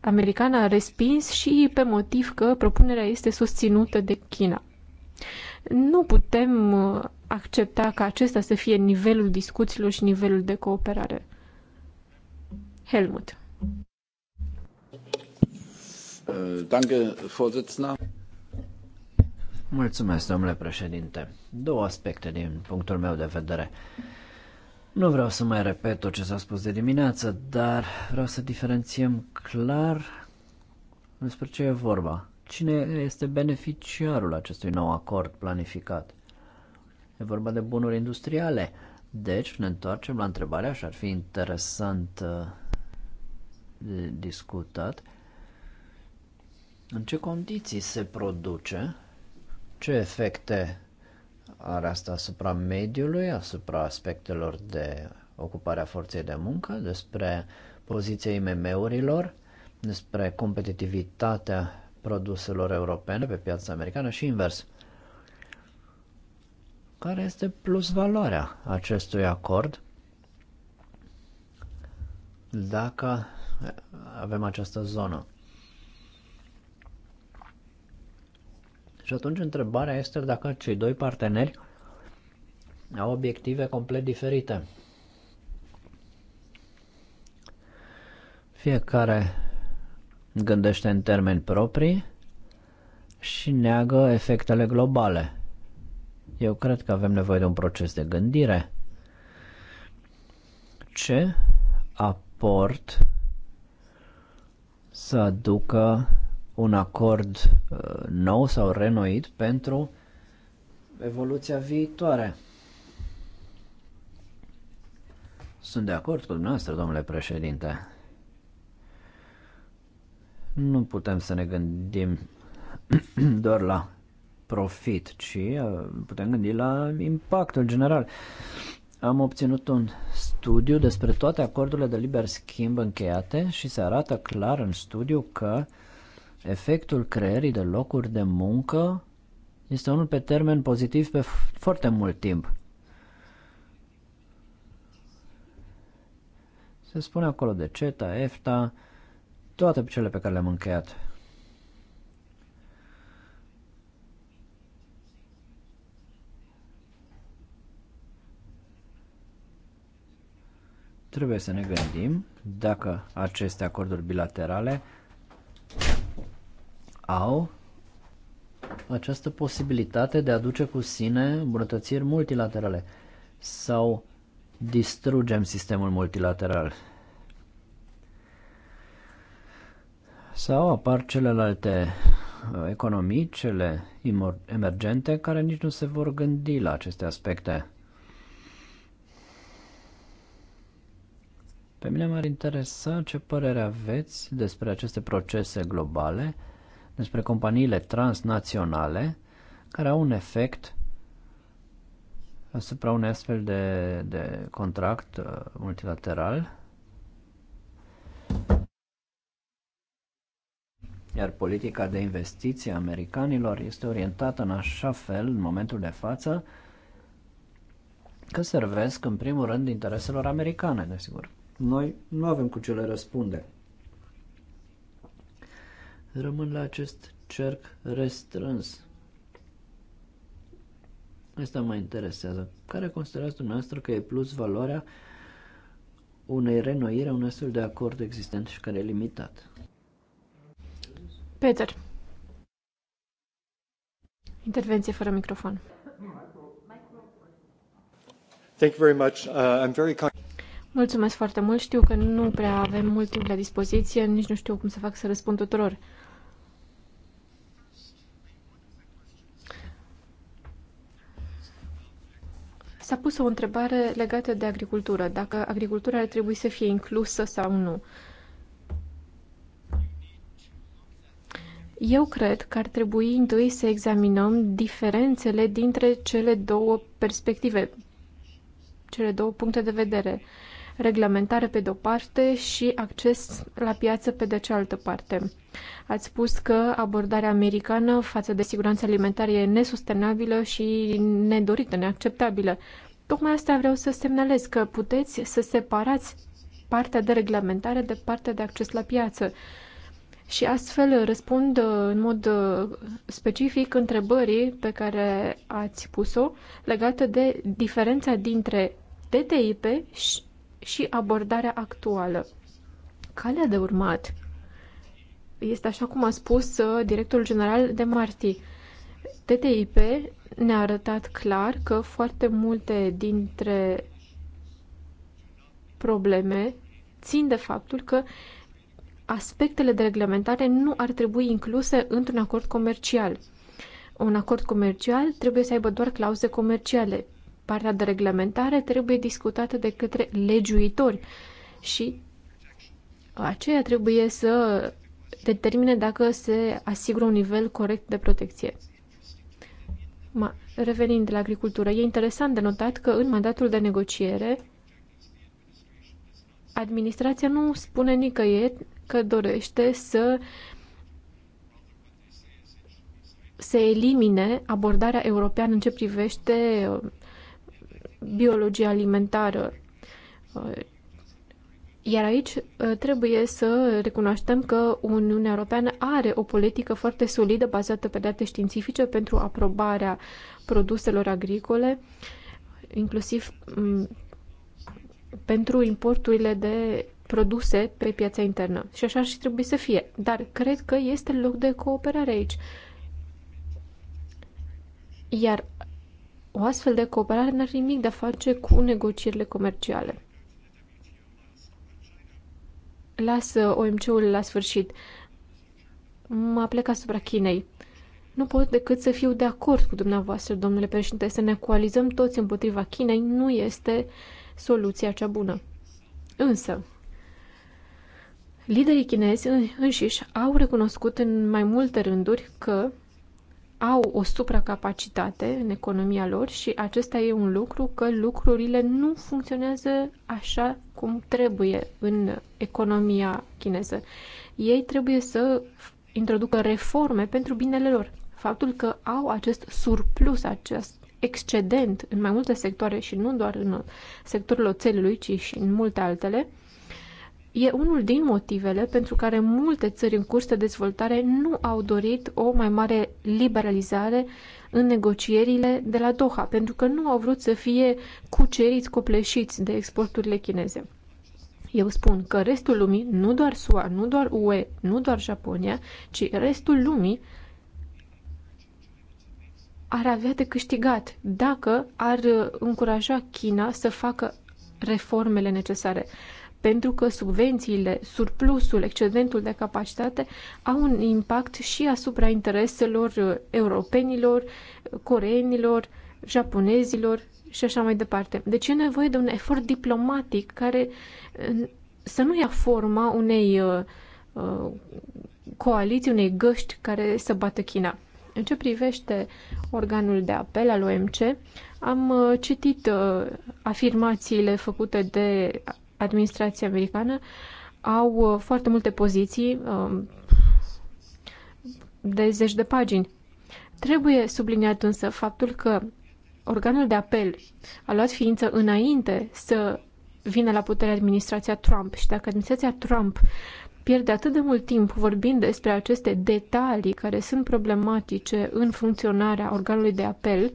C: american a respins și pe motiv că propunerea este susținută de China. Nu putem uh, accepta ca acesta să fie nivelul discuțiilor și nivelul de cooperare. Helmut.
A: Äh,
E: Mulțumesc, domnule președinte. Două aspecte din punctul meu de vedere. Nu vreau să mai repet tot ce s-a spus de dimineață, dar vreau să diferențiem clar despre ce e vorba. Cine este beneficiarul acestui nou acord planificat? E vorba de bunuri industriale. Deci ne întoarcem la întrebarea și ar fi interesant uh, discutat în ce condiții se produce? Ce efecte are asta asupra mediului, asupra aspectelor de ocuparea forței de muncă, despre poziția IMM-urilor, despre competitivitatea produselor europene pe piața americană și invers. Care este plus valoarea acestui acord dacă avem această zonă? Și atunci întrebarea este dacă cei doi parteneri au obiective complet diferite. Fiecare gândește în termeni proprii și neagă efectele globale. Eu cred că avem nevoie de un proces de gândire. Ce aport să aducă un acord uh, nou sau renoit pentru evoluția viitoare. Sunt de acord cu dumneavoastră, domnule președinte. Nu putem să ne gândim doar la profit, ci uh, putem gândi la impactul general. Am obținut un studiu despre toate acordurile de liber schimb încheiate și se arată clar în studiu că uh, efectul creierii de locuri de muncă este unul pe termen pozitiv pe foarte mult timp. Se spune acolo de CETA, EFTA, toate cele pe care le-am încheiat. Trebuie să ne gândim dacă aceste acorduri bilaterale au această posibilitate de a duce cu sine îmbunătățiri multilaterale sau distrugem sistemul multilateral. Sau apar celelalte uh, economii, cele emergente, care nici nu se vor gândi la aceste aspecte. Pe mine m-ar interesa ce părere aveți despre aceste procese globale despre companiile transnaționale care au un efect asupra unui astfel de, de contract uh, multilateral. Iar politica de investiții a americanilor este orientată în așa fel, în momentul de față, că servesc în primul rând intereselor americane, desigur. Noi nu avem cu ce le răspunde rămân la acest cerc restrâns. Asta mă interesează. Care considerați dumneavoastră că e plus valoarea unei renoire a unui astfel de acord existent și care e limitat?
C: Peter. Intervenție fără microfon.
D: Thank you very much. Uh, I'm very
C: Mulțumesc foarte mult. Știu că nu prea avem mult timp la dispoziție, nici nu știu cum să fac să răspund tuturor. Uh, S-a pus o întrebare legată de agricultură, dacă agricultura ar trebui să fie inclusă sau nu. Eu cred că ar trebui întâi să examinăm diferențele dintre cele două perspective, cele două puncte de vedere. Uh, reglementare pe de-o parte și acces la piață pe de cealaltă parte. Ați spus că abordarea americană față de siguranța alimentară e nesustenabilă și nedorită, neacceptabilă. Tocmai asta vreau să semnalez, că puteți să separați partea de reglementare de partea de acces la piață. Și astfel răspund uh, în mod uh, specific întrebării pe care ați pus-o legată de diferența dintre TTIP și și abordarea actuală. Calea de urmat este, așa cum a spus uh, directorul general de Marti. TTIP ne-a arătat clar că foarte multe dintre probleme țin de faptul că aspectele de reglementare nu ar trebui incluse într-un acord comercial. Un acord comercial trebuie să aibă doar clauze comerciale partea de reglementare trebuie discutată de către legiuitori și aceea trebuie să determine dacă se asigură un nivel corect de protecție. Ma, revenind la agricultură, e interesant de notat că în mandatul de negociere administrația nu spune nicăieri că dorește să se elimine abordarea europeană în ce privește biologie alimentară. Uh, iar aici uh, trebuie să recunoaștem că Uniunea Europeană are o politică foarte solidă bazată pe date științifice pentru aprobarea produselor agricole, inclusiv mm, pentru importurile de produse pe piața internă. Și așa și trebuie să fie. Dar cred că este loc de cooperare aici. Iar o astfel de cooperare n-are nimic de a face cu negocierile comerciale. Lasă uh, OMC-ul la sfârșit. M-a plecat asupra Chinei. Nu pot decât să fiu de acord cu dumneavoastră, domnule președinte, să ne coalizăm toți împotriva Chinei nu este soluția cea bună. Însă, liderii chinezi înșiși au recunoscut în mai multe rânduri că au o supracapacitate în economia lor și acesta e un lucru că lucrurile nu funcționează așa cum trebuie în economia chineză. Ei trebuie să introducă reforme pentru binele lor. Faptul că au acest surplus, acest excedent în mai multe sectoare și nu doar în sectorul oțelului, ci și în multe altele, E unul din motivele pentru care multe țări în curs de dezvoltare nu au dorit o mai mare liberalizare în negocierile de la Doha, pentru că nu au vrut să fie cuceriți, copleșiți de exporturile chineze. Eu spun că restul lumii, nu doar SUA, nu doar UE, nu doar Japonia, ci restul lumii ar avea de câștigat dacă ar încuraja China să facă reformele necesare pentru că subvențiile, surplusul, excedentul de capacitate au un impact și asupra intereselor uh, europenilor, uh, coreenilor, japonezilor și așa mai departe. Deci e nevoie de un efort diplomatic care uh, să nu ia forma unei coaliții, unei găști care să bată China. În ce privește organul de apel al OMC, am citit afirmațiile făcute de administrația americană au uh, foarte multe poziții um, de zeci de pagini. Trebuie subliniat însă faptul că organul de apel a luat ființă înainte să vină la putere administrația Trump și dacă administrația Trump pierde atât de mult timp vorbind despre aceste detalii care sunt problematice în funcționarea organului de apel,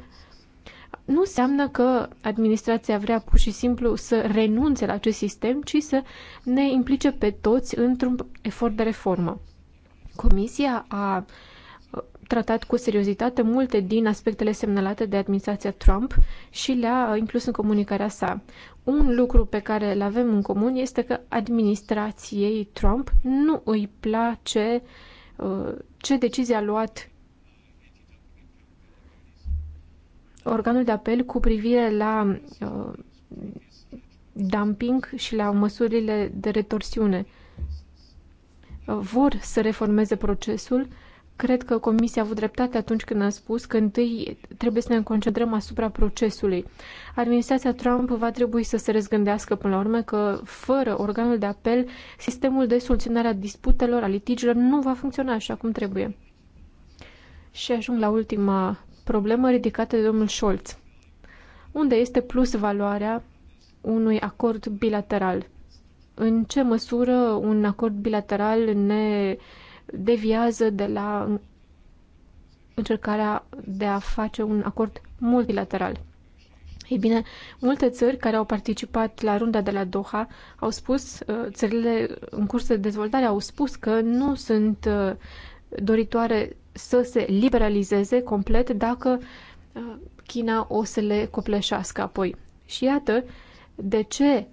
C: nu înseamnă că administrația vrea pur și simplu să renunțe la acest sistem, ci să ne implice pe toți într-un efort de reformă. Comisia a uh, tratat cu seriozitate multe din aspectele semnalate de administrația Trump și le-a uh, inclus în comunicarea sa. Un lucru pe care îl avem în comun este că administrației Trump nu îi place uh, ce decizie a luat organul de apel cu privire la uh, dumping și la măsurile de retorsiune. Uh, vor să reformeze procesul. Cred că Comisia a avut dreptate atunci când a spus că întâi trebuie să ne concentrăm asupra procesului. Administrația Trump va trebui să se răzgândească până la urmă că fără organul de apel, sistemul de soluționare a disputelor, a litigilor, nu va funcționa așa cum trebuie. Și ajung la ultima problemă ridicată de domnul Scholz. Unde este plus valoarea unui acord bilateral? În ce măsură un acord bilateral ne deviază de la încercarea de a face un acord multilateral? Ei bine, multe țări care au participat la runda de la Doha au spus, uh, țările în curs de dezvoltare au spus că nu sunt uh, doritoare să se liberalizeze complet dacă uh, China o să le copleșească apoi. Și iată de ce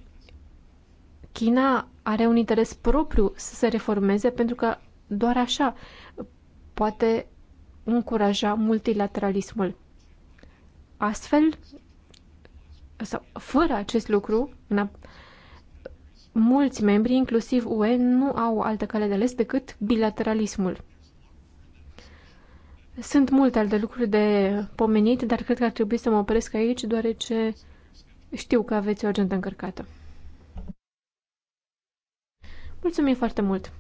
C: China are un interes propriu să se reformeze, pentru că doar așa poate încuraja multilateralismul. Astfel, sau fără acest lucru, mulți membri, inclusiv UE, nu au altă cale de ales decât bilateralismul. Sunt multe alte lucruri de pomenit, dar cred că ar trebui să mă opresc aici, deoarece știu că aveți o agendă încărcată. Mulțumim foarte mult!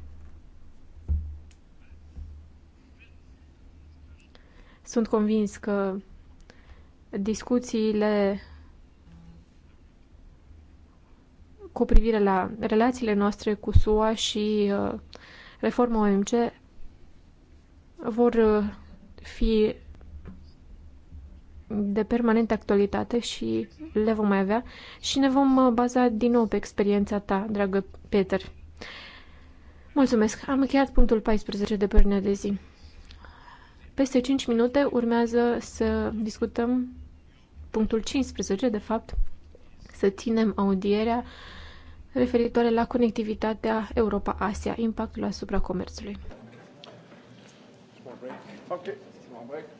C: Sunt convins că discuțiile cu privire la relațiile noastre cu SUA și uh, reforma OMC vor uh, fi de permanentă actualitate și le vom mai avea și ne vom uh, baza din nou pe experiența ta, dragă Peter. Mulțumesc. Am încheiat punctul 14 de pe de zi. Peste 5 minute urmează să discutăm punctul 15, de fapt, să ținem audierea referitoare la conectivitatea Europa-Asia, impactul asupra comerțului.
A: Okay. Lambrecht.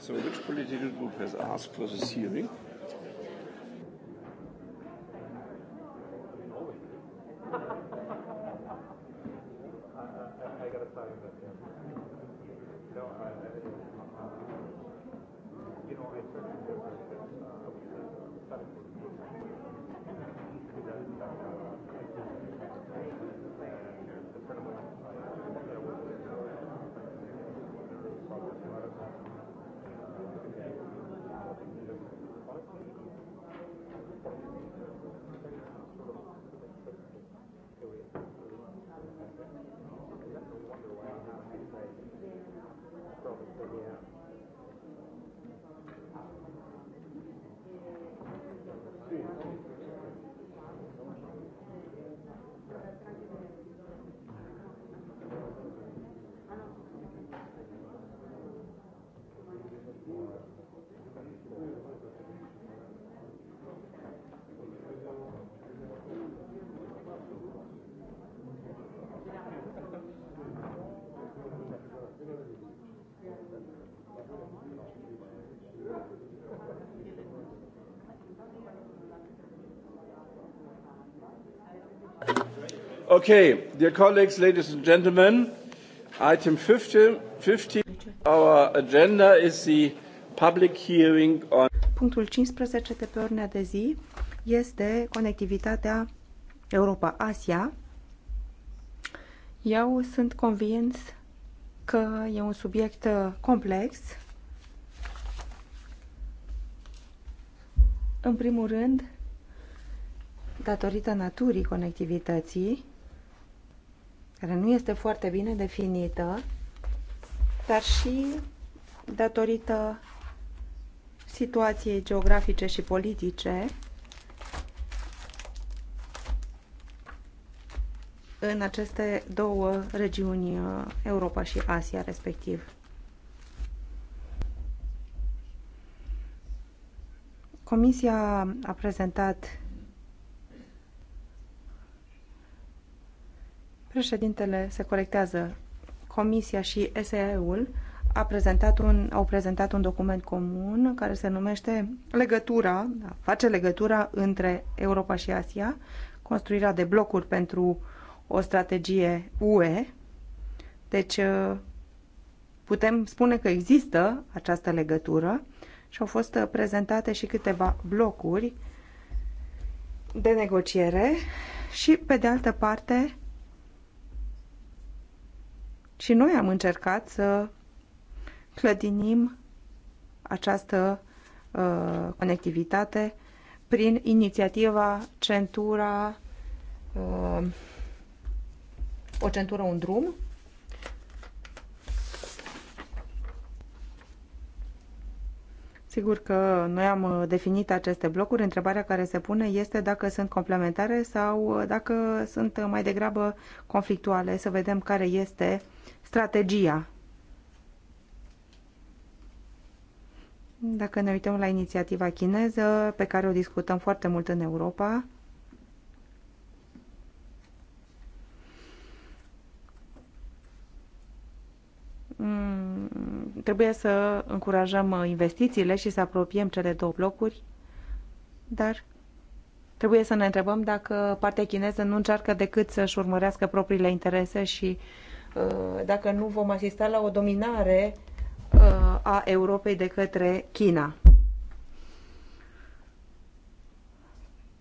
A: So which political group has asked for this hearing? No,
C: I, I, you know, I certainly
A: Okay, dear colleagues, ladies and gentlemen, item 15, 50 our agenda is the public hearing on
B: Punctul 15 de pe ordinea de zi este conectivitatea Europa-Asia. Eu sunt convins că e un subiect uh, complex. În primul rând, datorită naturii conectivității, care nu este foarte bine definită, dar și datorită situației geografice și politice în aceste două regiuni, uh, Europa și Asia, respectiv. Comisia a prezentat Președintele se corectează. Comisia și SAE-ul a prezentat un, au prezentat un document comun care se numește Legătura, da, face legătura între Europa și Asia, construirea de blocuri pentru o strategie UE. Deci uh, putem spune că există această legătură și au fost uh, prezentate și câteva blocuri de negociere și, pe de altă parte, și noi am încercat să clădinim această uh, conectivitate prin inițiativa Centura, uh, o centură, un drum, Sigur că noi am uh, definit aceste blocuri. Întrebarea care se pune este dacă sunt complementare sau uh, dacă sunt uh, mai degrabă conflictuale, să vedem care este strategia. Dacă ne uităm la inițiativa chineză, pe care o discutăm foarte mult în Europa, Mm, trebuie să încurajăm uh, investițiile și să apropiem cele două blocuri, dar trebuie să ne întrebăm dacă partea chineză nu încearcă decât să-și urmărească propriile interese și uh, dacă nu vom asista la o dominare uh, a Europei de către China.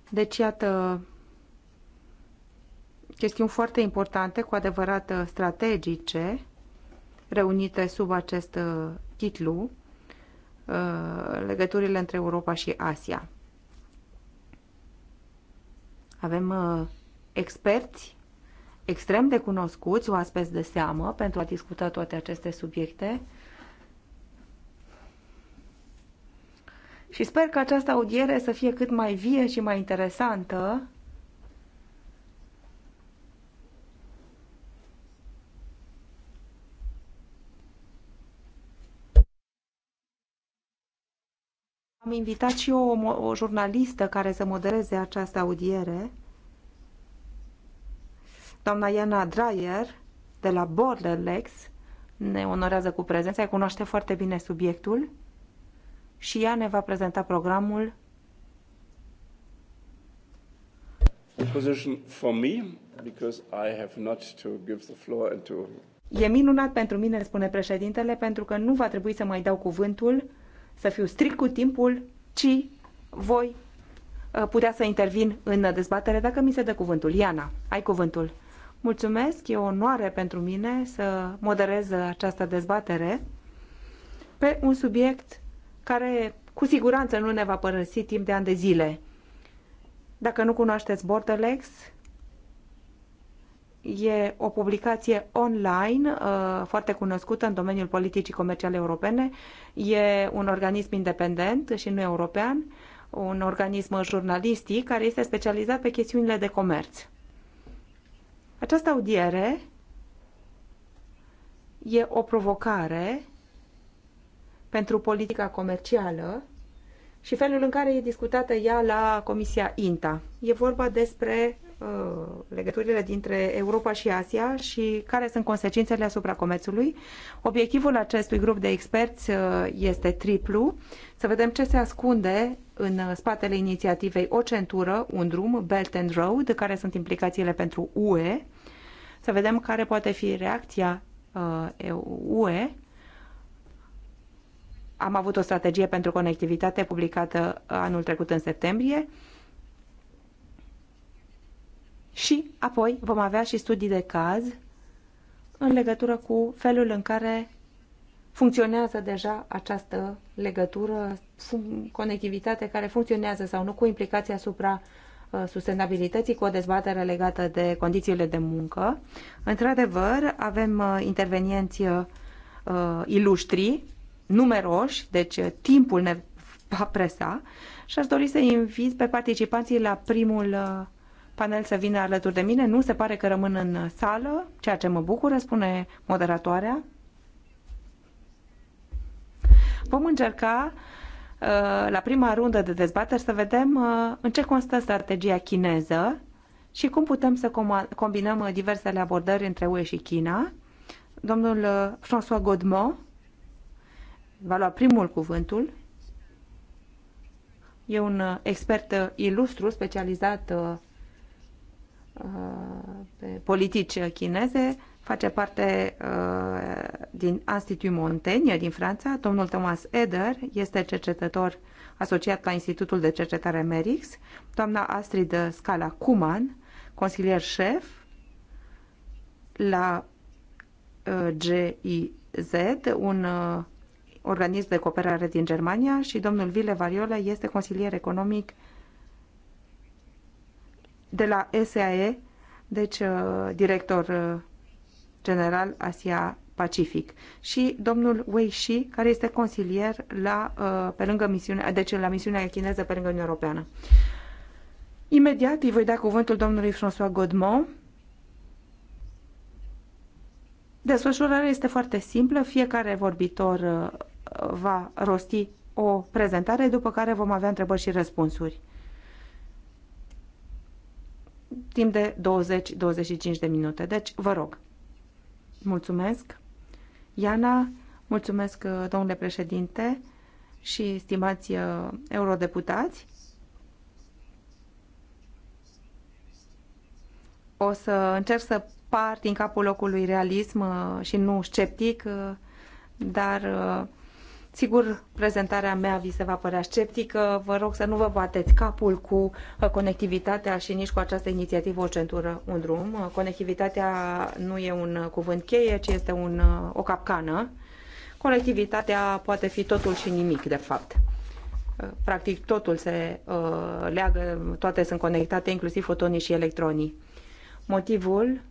B: Deci, iată, chestiuni foarte importante, cu adevărat strategice, reunite sub acest uh, titlu, uh, legăturile între Europa și Asia. Avem uh, experți extrem de cunoscuți, oaspeți de seamă, pentru a discuta toate aceste subiecte. Și sper că această audiere să fie cât mai vie și mai interesantă Am invitat și eu o, o jurnalistă care să modereze această audiere, doamna Iana Dreyer, de la Borderlex, ne onorează cu prezența, ea cunoaște foarte bine subiectul și ea ne va prezenta programul E minunat pentru mine, spune președintele, pentru că nu va trebui să mai dau cuvântul să fiu strict cu timpul, ci voi uh, putea să intervin în dezbatere dacă mi se dă cuvântul. Iana, ai cuvântul. Mulțumesc, e o onoare pentru mine să moderez această dezbatere pe un subiect care cu siguranță nu ne va părăsi timp de ani de zile. Dacă nu cunoașteți Borderlex, E o publicație online uh, foarte cunoscută în domeniul politicii comerciale europene. E un organism independent și nu european, un organism jurnalistic care este specializat pe chestiunile de comerț. Această audiere e o provocare pentru politica comercială și felul în care e discutată ea la Comisia INTA. E vorba despre Uh, legăturile dintre Europa și Asia și care sunt consecințele asupra comerțului. Obiectivul acestui grup de experți uh, este triplu, să vedem ce se ascunde în spatele inițiativei O Centură, un drum, Belt and Road, care sunt implicațiile pentru UE, să vedem care poate fi reacția uh, UE am avut o strategie pentru conectivitate publicată anul trecut în septembrie și apoi vom avea și studii de caz în legătură cu felul în care funcționează deja această legătură, conectivitate care funcționează sau nu cu implicații asupra uh, sustenabilității cu o dezbatere legată de condițiile de muncă. Într-adevăr, avem uh, intervenienți uh, ilustri, numeroși, deci timpul ne va presa și aș dori să invit pe participanții la primul panel să vină alături de mine. Nu se pare că rămân în sală, ceea ce mă bucură, spune moderatoarea. Vom încerca uh, la prima rundă de dezbateri să vedem uh, în ce constă strategia chineză și cum putem să combinăm uh, diversele abordări între UE și China. Domnul François Godemont va lua primul cuvântul. E un expert ilustru specializat politici chineze, face parte uh, din Institut Montaigne din Franța. Domnul Thomas Eder este cercetător asociat la Institutul de Cercetare Merix, doamna Astrid Scala Cuman, consilier șef la uh, GIZ, un uh, organism de cooperare din Germania și domnul Vile Variola este consilier economic de la SAE, deci uh, director uh, general Asia Pacific și domnul Wei Shi, care este consilier la, uh, pe lângă misiunea, deci la misiunea chineză pe lângă Uniunea Europeană. Imediat îi voi da cuvântul domnului François Godmont. Desfășurarea este foarte simplă, fiecare vorbitor va rosti o prezentare, după care vom avea întrebări și răspunsuri timp de 20-25 de minute. Deci, vă rog. Mulțumesc. Iana, mulțumesc, uh, domnule președinte și stimați uh, eurodeputați. O să încerc să par din capul locului realism uh, și nu sceptic, dar Sigur, prezentarea mea vi se va părea sceptică. Vă rog să nu vă bateți capul cu uh, conectivitatea și nici cu această inițiativă O centură, un drum. Uh, conectivitatea nu e un uh, cuvânt cheie, ci este un, o capcană. Conectivitatea poate fi totul și nimic, de fapt. Practic totul se uh, leagă, toate sunt conectate, inclusiv fotonii și electronii. Motivul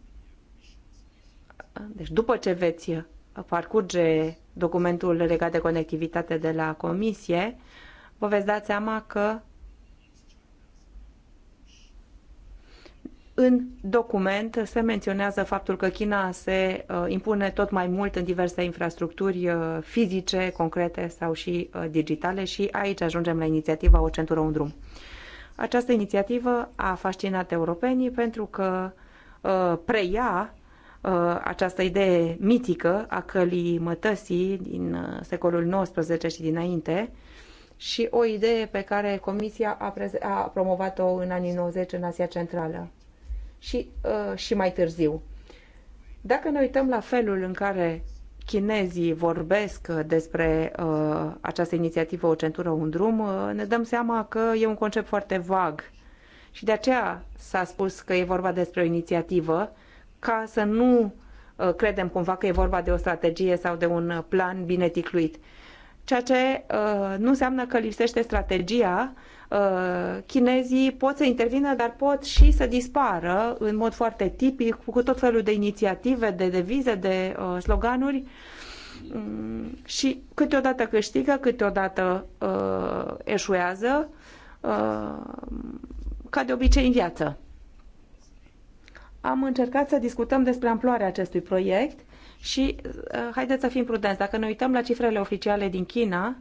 B: deci după ce veți parcurge documentul legat de conectivitate de la Comisie, vă veți da seama că În document se menționează faptul că China se uh, impune tot mai mult în diverse infrastructuri uh, fizice, concrete sau și uh, digitale și aici ajungem la inițiativa O centură, un drum. Această inițiativă a fascinat europenii pentru că preia Uh, această idee mitică a călii mătăsii din uh, secolul XIX și dinainte și o idee pe care Comisia a, a promovat-o în anii 90 în Asia Centrală și, uh, și mai târziu. Dacă ne uităm la felul în care chinezii vorbesc despre uh, această inițiativă O centură, un drum, uh, ne dăm seama că e un concept foarte vag. Și de aceea s-a spus că e vorba despre o inițiativă ca să nu uh, credem cumva că e vorba de o strategie sau de un uh, plan bine ticluit. Ceea ce uh, nu înseamnă că lipsește strategia, chinezii pot să intervină, dar pot și să dispară în mod foarte tipic, cu tot felul de inițiative, de devize, de sloganuri mm, și câteodată câștigă, câteodată eșuează, ca de obicei în viață am încercat să discutăm despre amploarea acestui proiect și uh, haideți să fim prudenți. Dacă ne uităm la cifrele oficiale din China,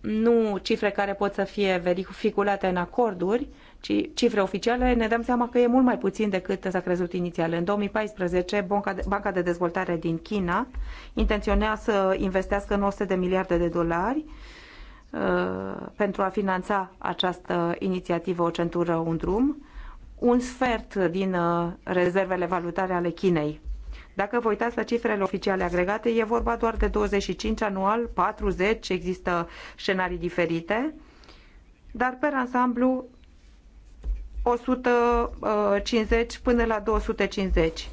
B: nu cifre care pot să fie verificulate în acorduri, ci cifre oficiale, ne dăm seama că e mult mai puțin decât s-a crezut inițial. În 2014, Banca de, Banca de Dezvoltare din China intenționa să investească 900 de miliarde de dolari uh, pentru a finanța această inițiativă O Centură, Un Drum un sfert din uh, rezervele valutare ale Chinei. Dacă vă uitați la cifrele oficiale agregate, e vorba doar de 25 anual, 40, există scenarii diferite, dar pe ansamblu 150 până la 250.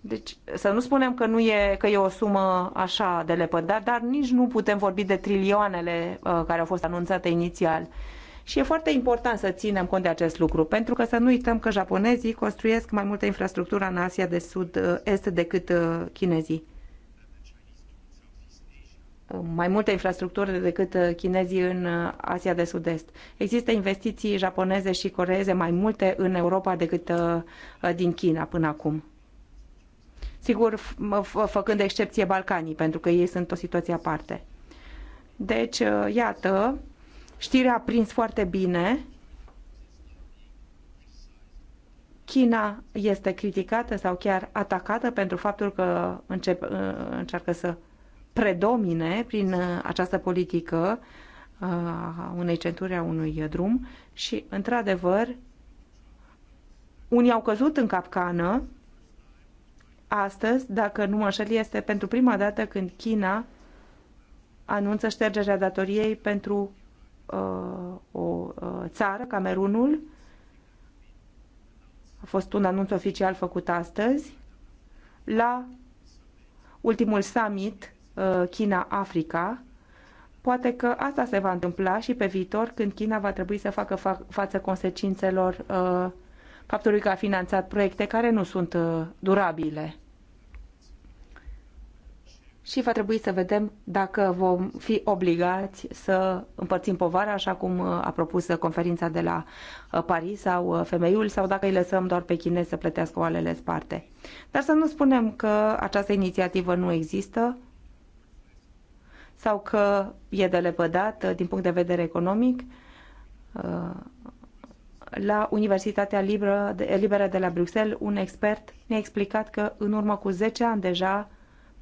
B: Deci să nu spunem că nu e, că e o sumă așa de lepădat, dar nici nu putem vorbi de trilioanele uh, care au fost anunțate inițial. Uh, și e foarte important să ținem cont de acest lucru, pentru că să nu uităm că japonezii construiesc mai multă infrastructură în Asia de Sud-Est eh, decât eh, chinezii. Mai multă infrastructură decât eh, chinezii în Asia de Sud-Est. Există investiții japoneze și coreeze mai multe în Europa decât din China până acum. Sigur, făcând excepție Balcanii, pentru că ei sunt o situație aparte. Deci, iată, Știrea a prins foarte bine. China este criticată sau chiar atacată pentru faptul că încep, uh, încearcă să predomine prin uh, această politică uh, a unei centuri a unui drum și, într-adevăr, unii au căzut în capcană. Astăzi, dacă nu mă înșel, este pentru prima dată când China anunță ștergerea datoriei pentru Uh, o uh, țară, Camerunul. A fost un anunț oficial făcut astăzi la ultimul summit uh, China-Africa. Poate că asta se va întâmpla și pe viitor când China va trebui să facă fa- față consecințelor faptului că a finanțat proiecte care nu sunt durabile și va trebui să vedem dacă vom fi obligați să împărțim povara, așa cum uh, a propus conferința de la uh, Paris sau uh, femeiul, sau dacă îi lăsăm doar pe chinezi să plătească oalele sparte. Dar să nu spunem că această inițiativă nu există sau că e de lepădat din punct de vedere economic. La Universitatea Liberă de la Bruxelles, un expert ne-a explicat că în urmă cu 10 ani deja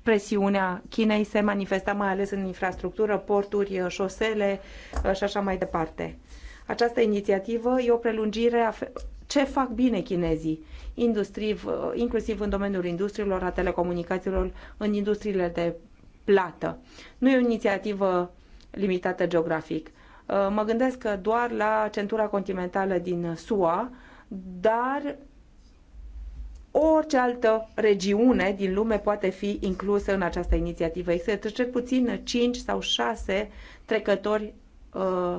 B: presiunea Chinei se manifesta mai ales în infrastructură, porturi, uh, șosele uh, și așa mai departe. Această inițiativă e o prelungire a ce fac bine chinezii, industriv, uh, inclusiv în domeniul industriilor, a telecomunicațiilor, în industriile de plată. Nu e o inițiativă limitată geografic. Mă gândesc doar la centura continentală din SUA, dar orice altă regiune din lume poate fi inclusă în această inițiativă. Există cel puțin 5 sau 6 trecători uh,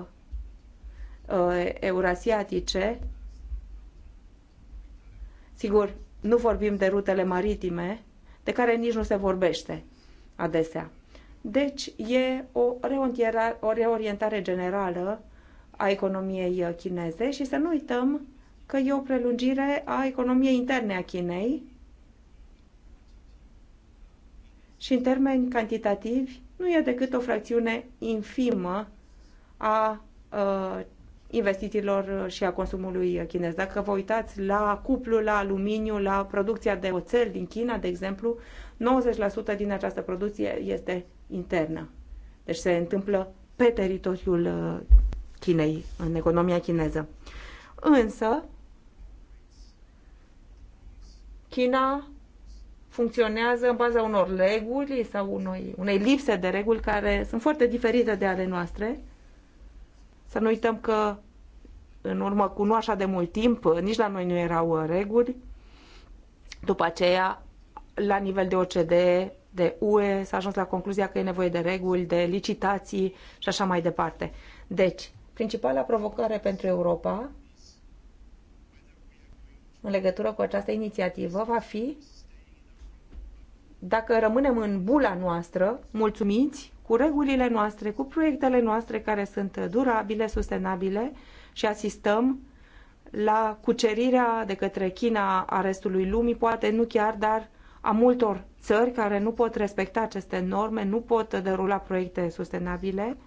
B: uh, eurasiatice. Sigur, nu vorbim de rutele maritime, de care nici nu se vorbește adesea. Deci e o, o reorientare generală a economiei chineze și să nu uităm că e o prelungire a economiei interne a Chinei și în termeni cantitativi nu e decât o fracțiune infimă a ă, investițiilor și a consumului chinez. Dacă vă uitați la cuplul la aluminiu, la producția de oțel din China, de exemplu, 90% din această producție este internă. Deci se întâmplă pe teritoriul ă, Chinei, în economia chineză. Însă, China funcționează în baza unor reguli sau unui, unei lipse de reguli care sunt foarte diferite de ale noastre. Să nu uităm că în urmă cu nu așa de mult timp, nici la noi nu erau uh, reguli. După aceea, la nivel de OCDE, de UE, s-a ajuns la concluzia că e nevoie de reguli, de licitații și așa mai departe. Deci, principala provocare pentru Europa în legătură cu această inițiativă va fi dacă rămânem în bula noastră, mulțumiți cu regulile noastre, cu proiectele noastre care sunt durabile, sustenabile și asistăm la cucerirea de către China a restului lumii, poate nu chiar, dar a multor țări care nu pot respecta aceste norme, nu pot derula proiecte sustenabile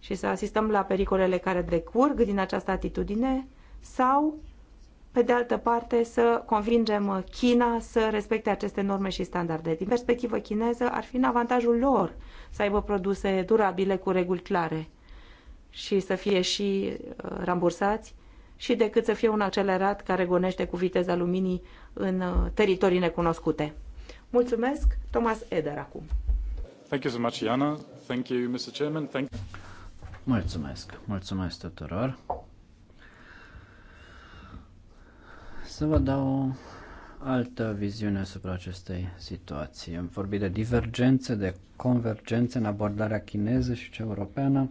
B: și să asistăm la pericolele care decurg din această atitudine sau pe de altă parte, să convingem China să respecte aceste norme și standarde. Din perspectivă chineză, ar fi în avantajul lor să aibă produse durabile cu reguli clare și să fie și uh, rambursați și decât să fie un accelerat care gonește cu viteza luminii în uh, teritorii necunoscute. Mulțumesc, Thomas Eder acum.
A: Thank you so much, Iana. Thank you, Mr. Chairman. Thank...
E: Mulțumesc. Mulțumesc tuturor. să vă dau o altă viziune asupra acestei situații. Am vorbit de divergențe, de convergențe în abordarea chineză și cea europeană.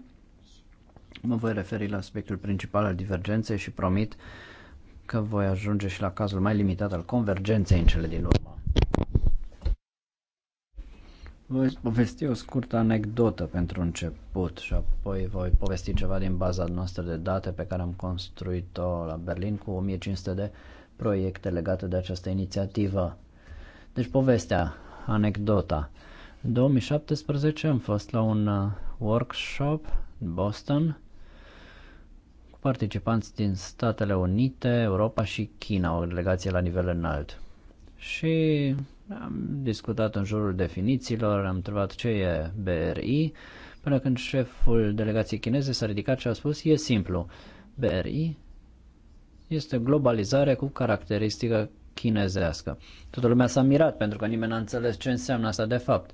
E: Mă voi referi la aspectul principal al divergenței și promit că voi ajunge și la cazul mai limitat al convergenței în cele din urmă. Voi povesti o scurtă anecdotă pentru început și apoi voi povesti ceva din baza noastră de date pe care am construit-o la Berlin cu 1500 de proiecte legate de această inițiativă. Deci povestea, anecdota. În 2017 am fost la un uh, workshop în Boston cu participanți din Statele Unite, Europa și China, o delegație la nivel înalt. Și am discutat în jurul definițiilor, am întrebat ce e BRI, până când șeful delegației chineze s-a ridicat și a spus, e simplu, BRI este globalizare cu caracteristică chinezească. Toată lumea s-a mirat pentru că nimeni n-a înțeles ce înseamnă asta de fapt.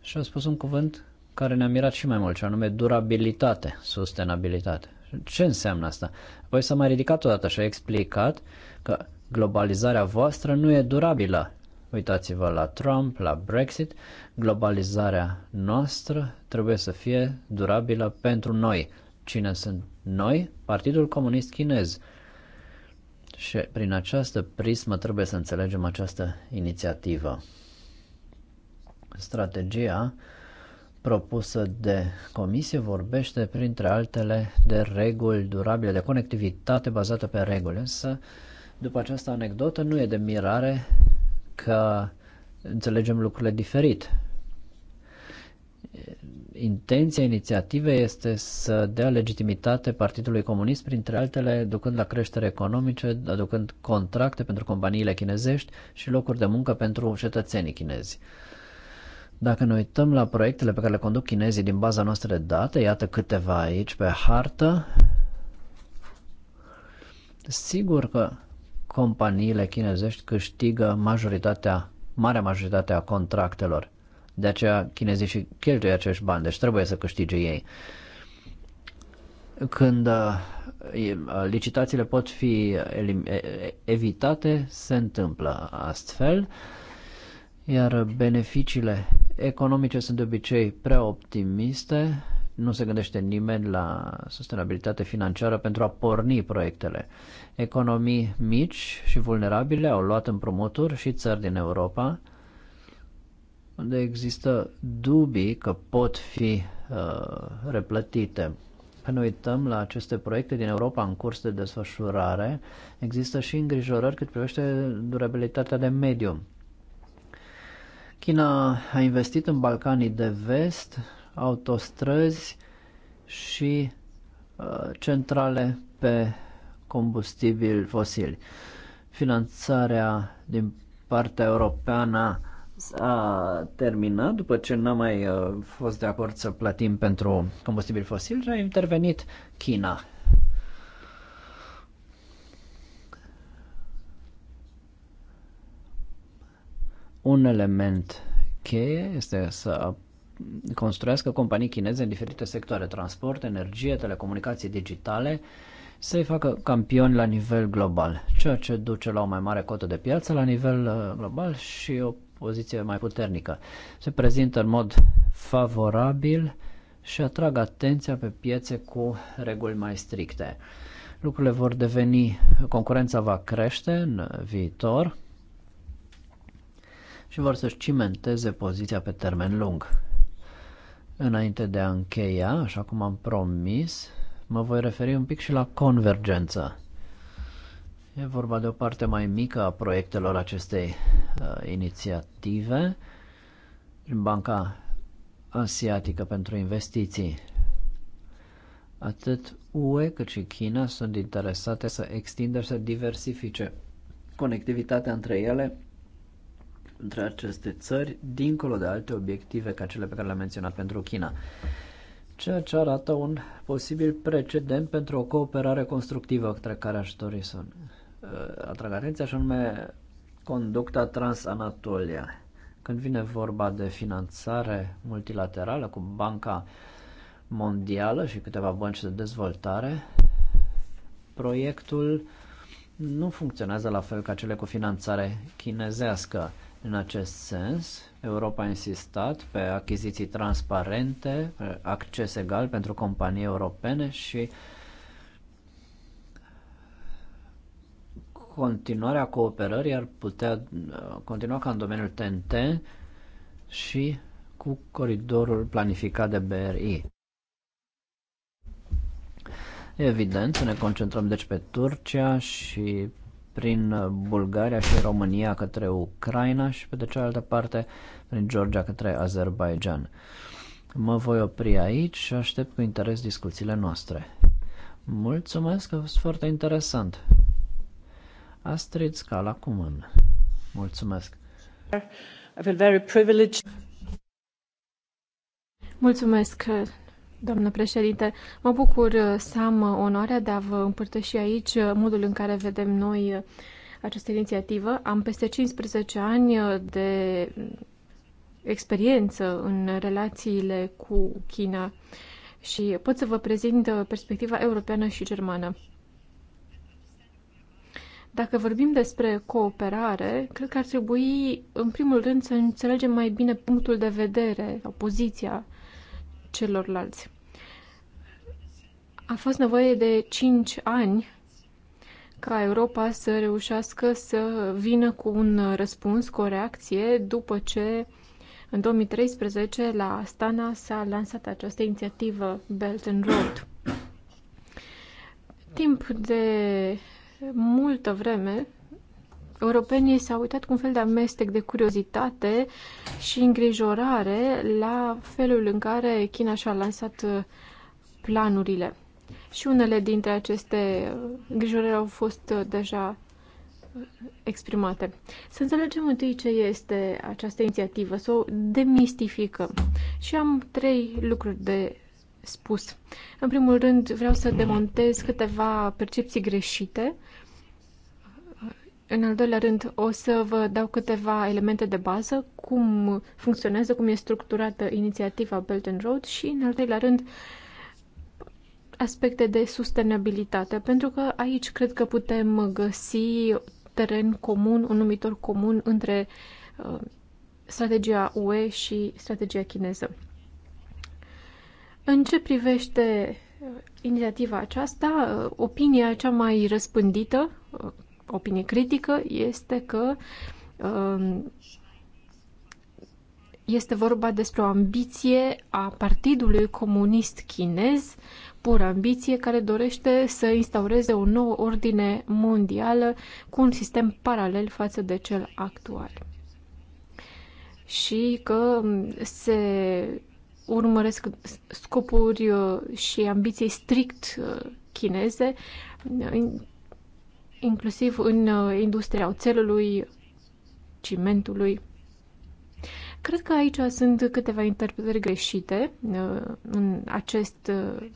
E: Și a spus un cuvânt care ne-a mirat și mai mult, și anume durabilitate, sustenabilitate. Ce înseamnă asta? Apoi s-a mai ridicat odată și a explicat că globalizarea voastră nu e durabilă. Uitați-vă la Trump, la Brexit, globalizarea noastră trebuie să fie durabilă pentru noi. Cine sunt noi? Partidul Comunist Chinez. Și prin această prismă trebuie să înțelegem această inițiativă. Strategia propusă de comisie vorbește, printre altele, de reguli durabile, de conectivitate bazată pe reguli. Însă, după această anecdotă, nu e de mirare că înțelegem lucrurile diferit intenția inițiativei este să dea legitimitate Partidului Comunist, printre altele, ducând la creștere economice, aducând contracte pentru companiile chinezești și locuri de muncă pentru cetățenii chinezi. Dacă ne uităm la proiectele pe care le conduc chinezii din baza noastră de date, iată câteva aici pe hartă, sigur că companiile chinezești câștigă majoritatea, marea majoritatea contractelor. De aceea chinezii și cheltuie acești bani, deci trebuie să câștige ei. Când uh, uh, licitațiile pot fi uh, evitate, se întâmplă astfel, iar beneficiile economice sunt de obicei prea optimiste, nu se gândește nimeni la sustenabilitate financiară pentru a porni proiectele. Economii mici și vulnerabile au luat împrumuturi și țări din Europa, unde există dubii că pot fi uh, replătite. Când uităm la aceste proiecte din Europa în curs de desfășurare, există și îngrijorări cât privește durabilitatea de mediu. China a investit în Balcanii de vest, autostrăzi și uh, centrale pe combustibili fosili. Finanțarea din partea europeană s-a terminat după ce n-a mai uh, fost de acord să plătim pentru combustibil fosil și a intervenit China. Un element cheie este să construiască companii chineze în diferite sectoare, transport, energie, telecomunicații digitale, să-i facă campioni la nivel global, ceea ce duce la o mai mare cotă de piață la nivel uh, global și o poziție mai puternică. Se prezintă în mod favorabil și atrag atenția pe piețe cu reguli mai stricte. Lucrurile vor deveni, concurența va crește în viitor și vor să-și cimenteze poziția pe termen lung. Înainte de a încheia, așa cum am promis, mă voi referi un pic și la convergență. E vorba de o parte mai mică a proiectelor acestei uh, inițiative în Banca Asiatică pentru Investiții. Atât UE cât și China sunt interesate să extindă și să diversifice conectivitatea între ele, între aceste țări, dincolo de alte obiective ca cele pe care le-am menționat pentru China, ceea ce arată un posibil precedent pentru o cooperare constructivă între care aș dori să Uh, atrag atenția și anume conducta Transanatolia. Când vine vorba de finanțare multilaterală cu Banca Mondială și câteva bănci de dezvoltare, proiectul nu funcționează la fel ca cele cu finanțare chinezească. În acest sens, Europa a insistat pe achiziții transparente, acces egal pentru companii europene și uh, continuarea cooperării ar putea uh, continua ca în domeniul TNT și cu coridorul planificat de BRI. Evident, să ne concentrăm deci pe Turcia și prin Bulgaria și România către Ucraina și pe de cealaltă parte prin Georgia către Azerbaijan. Mă voi opri aici și aștept cu interes discuțiile noastre. Mulțumesc, a fost foarte interesant. Astrid Scala Cuman. Mulțumesc. I feel very privileged.
C: Mulțumesc, doamnă președinte. Mă bucur să am onoarea de a vă împărtăși aici modul în care vedem noi această inițiativă. Am peste 15 ani de experiență în relațiile cu China și pot să vă prezint perspectiva europeană și germană. Dacă vorbim despre cooperare, cred că ar trebui, în primul rând, să înțelegem mai bine punctul de vedere opoziția celorlalți. A fost nevoie de 5 ani ca Europa să reușească să vină cu un răspuns, cu o reacție, după ce în 2013 la Astana s-a lansat această inițiativă Belt and Road. Timp de multă vreme europenii s-au uitat cu un fel de amestec de curiozitate și îngrijorare la felul în care China și-a lansat uh, planurile. Și unele dintre aceste uh, îngrijorări au fost uh, deja exprimate. Să înțelegem întâi ce este această inițiativă, să o demistificăm. Și am trei lucruri de spus. În primul rând, vreau să demontez câteva percepții greșite în al doilea rând, o să vă dau câteva elemente de bază, cum funcționează, cum e structurată inițiativa Belt and Road și, în al treilea rând, aspecte de sustenabilitate, pentru că aici cred că putem găsi teren comun, un numitor comun între uh, strategia UE și strategia chineză. În ce privește uh, inițiativa aceasta, uh, opinia cea mai răspândită, uh, opinie critică este că um, este vorba despre o ambiție a Partidului Comunist Chinez, pură ambiție care dorește să instaureze o nouă ordine mondială cu un sistem paralel față de cel actual. Și că um, se urmăresc scopuri uh, și ambiții strict uh, chineze, inclusiv în uh, industria oțelului, cimentului. Cred că aici sunt câteva interpretări greșite uh, în, acest, uh,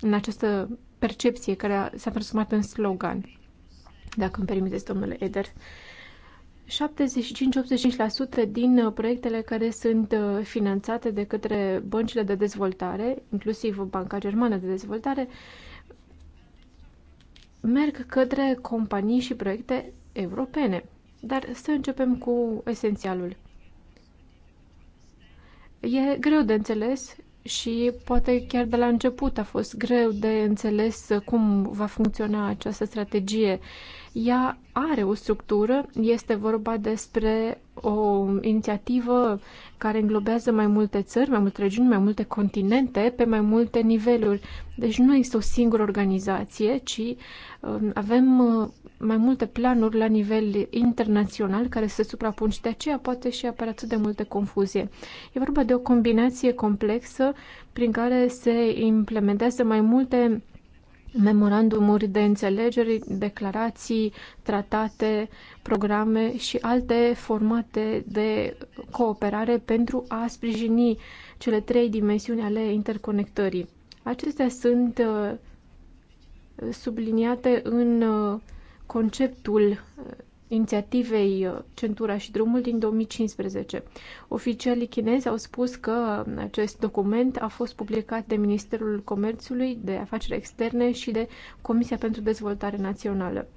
C: în această percepție care s-a transformat în slogan, dacă îmi permiteți, domnule Eder. 75-85% din proiectele care sunt finanțate de către băncile de dezvoltare, inclusiv Banca Germană de Dezvoltare, merg către companii și proiecte europene. Dar să începem cu esențialul. E greu de înțeles și poate chiar de la început a fost greu de înțeles cum va funcționa această strategie. Ea are o structură, este vorba despre o inițiativă care înglobează mai multe țări, mai multe regiuni, mai multe continente, pe mai multe niveluri. Deci nu este o singură organizație, ci um, avem mai multe planuri la nivel internațional care se suprapun și de aceea poate și apare atât de multă confuzie. E vorba de o combinație complexă prin care se implementează mai multe memorandumuri de înțelegeri, declarații, tratate, programe și alte formate de cooperare pentru a sprijini cele trei dimensiuni ale interconectării. Acestea sunt uh, subliniate în uh, conceptul uh, inițiativei uh, Centura și Drumul din 2015. Oficialii chinezi au spus că acest document a fost publicat de Ministerul Comerțului, de Afaceri Externe și de Comisia pentru Dezvoltare Națională.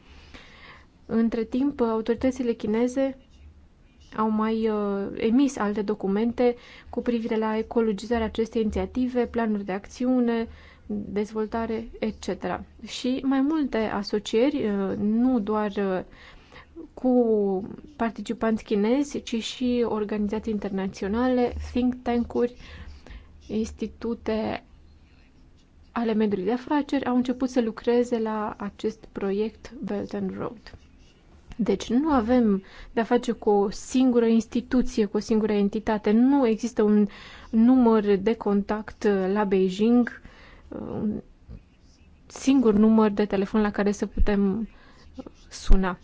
C: Între timp, autoritățile chineze au mai uh, emis alte documente cu privire la ecologizarea acestei inițiative, planuri de acțiune, uh, dezvoltare, etc. Și mai multe asocieri, uh, nu doar uh, cu participanți chinezi, ci și organizații internaționale, think tank-uri, institute ale mediului de afaceri au început să lucreze la acest proiect Belt and Road. Deci nu avem de-a face cu o singură instituție, cu o singură entitate. Nu există un număr de contact la Beijing un singur număr de telefon la care să putem uh, suna.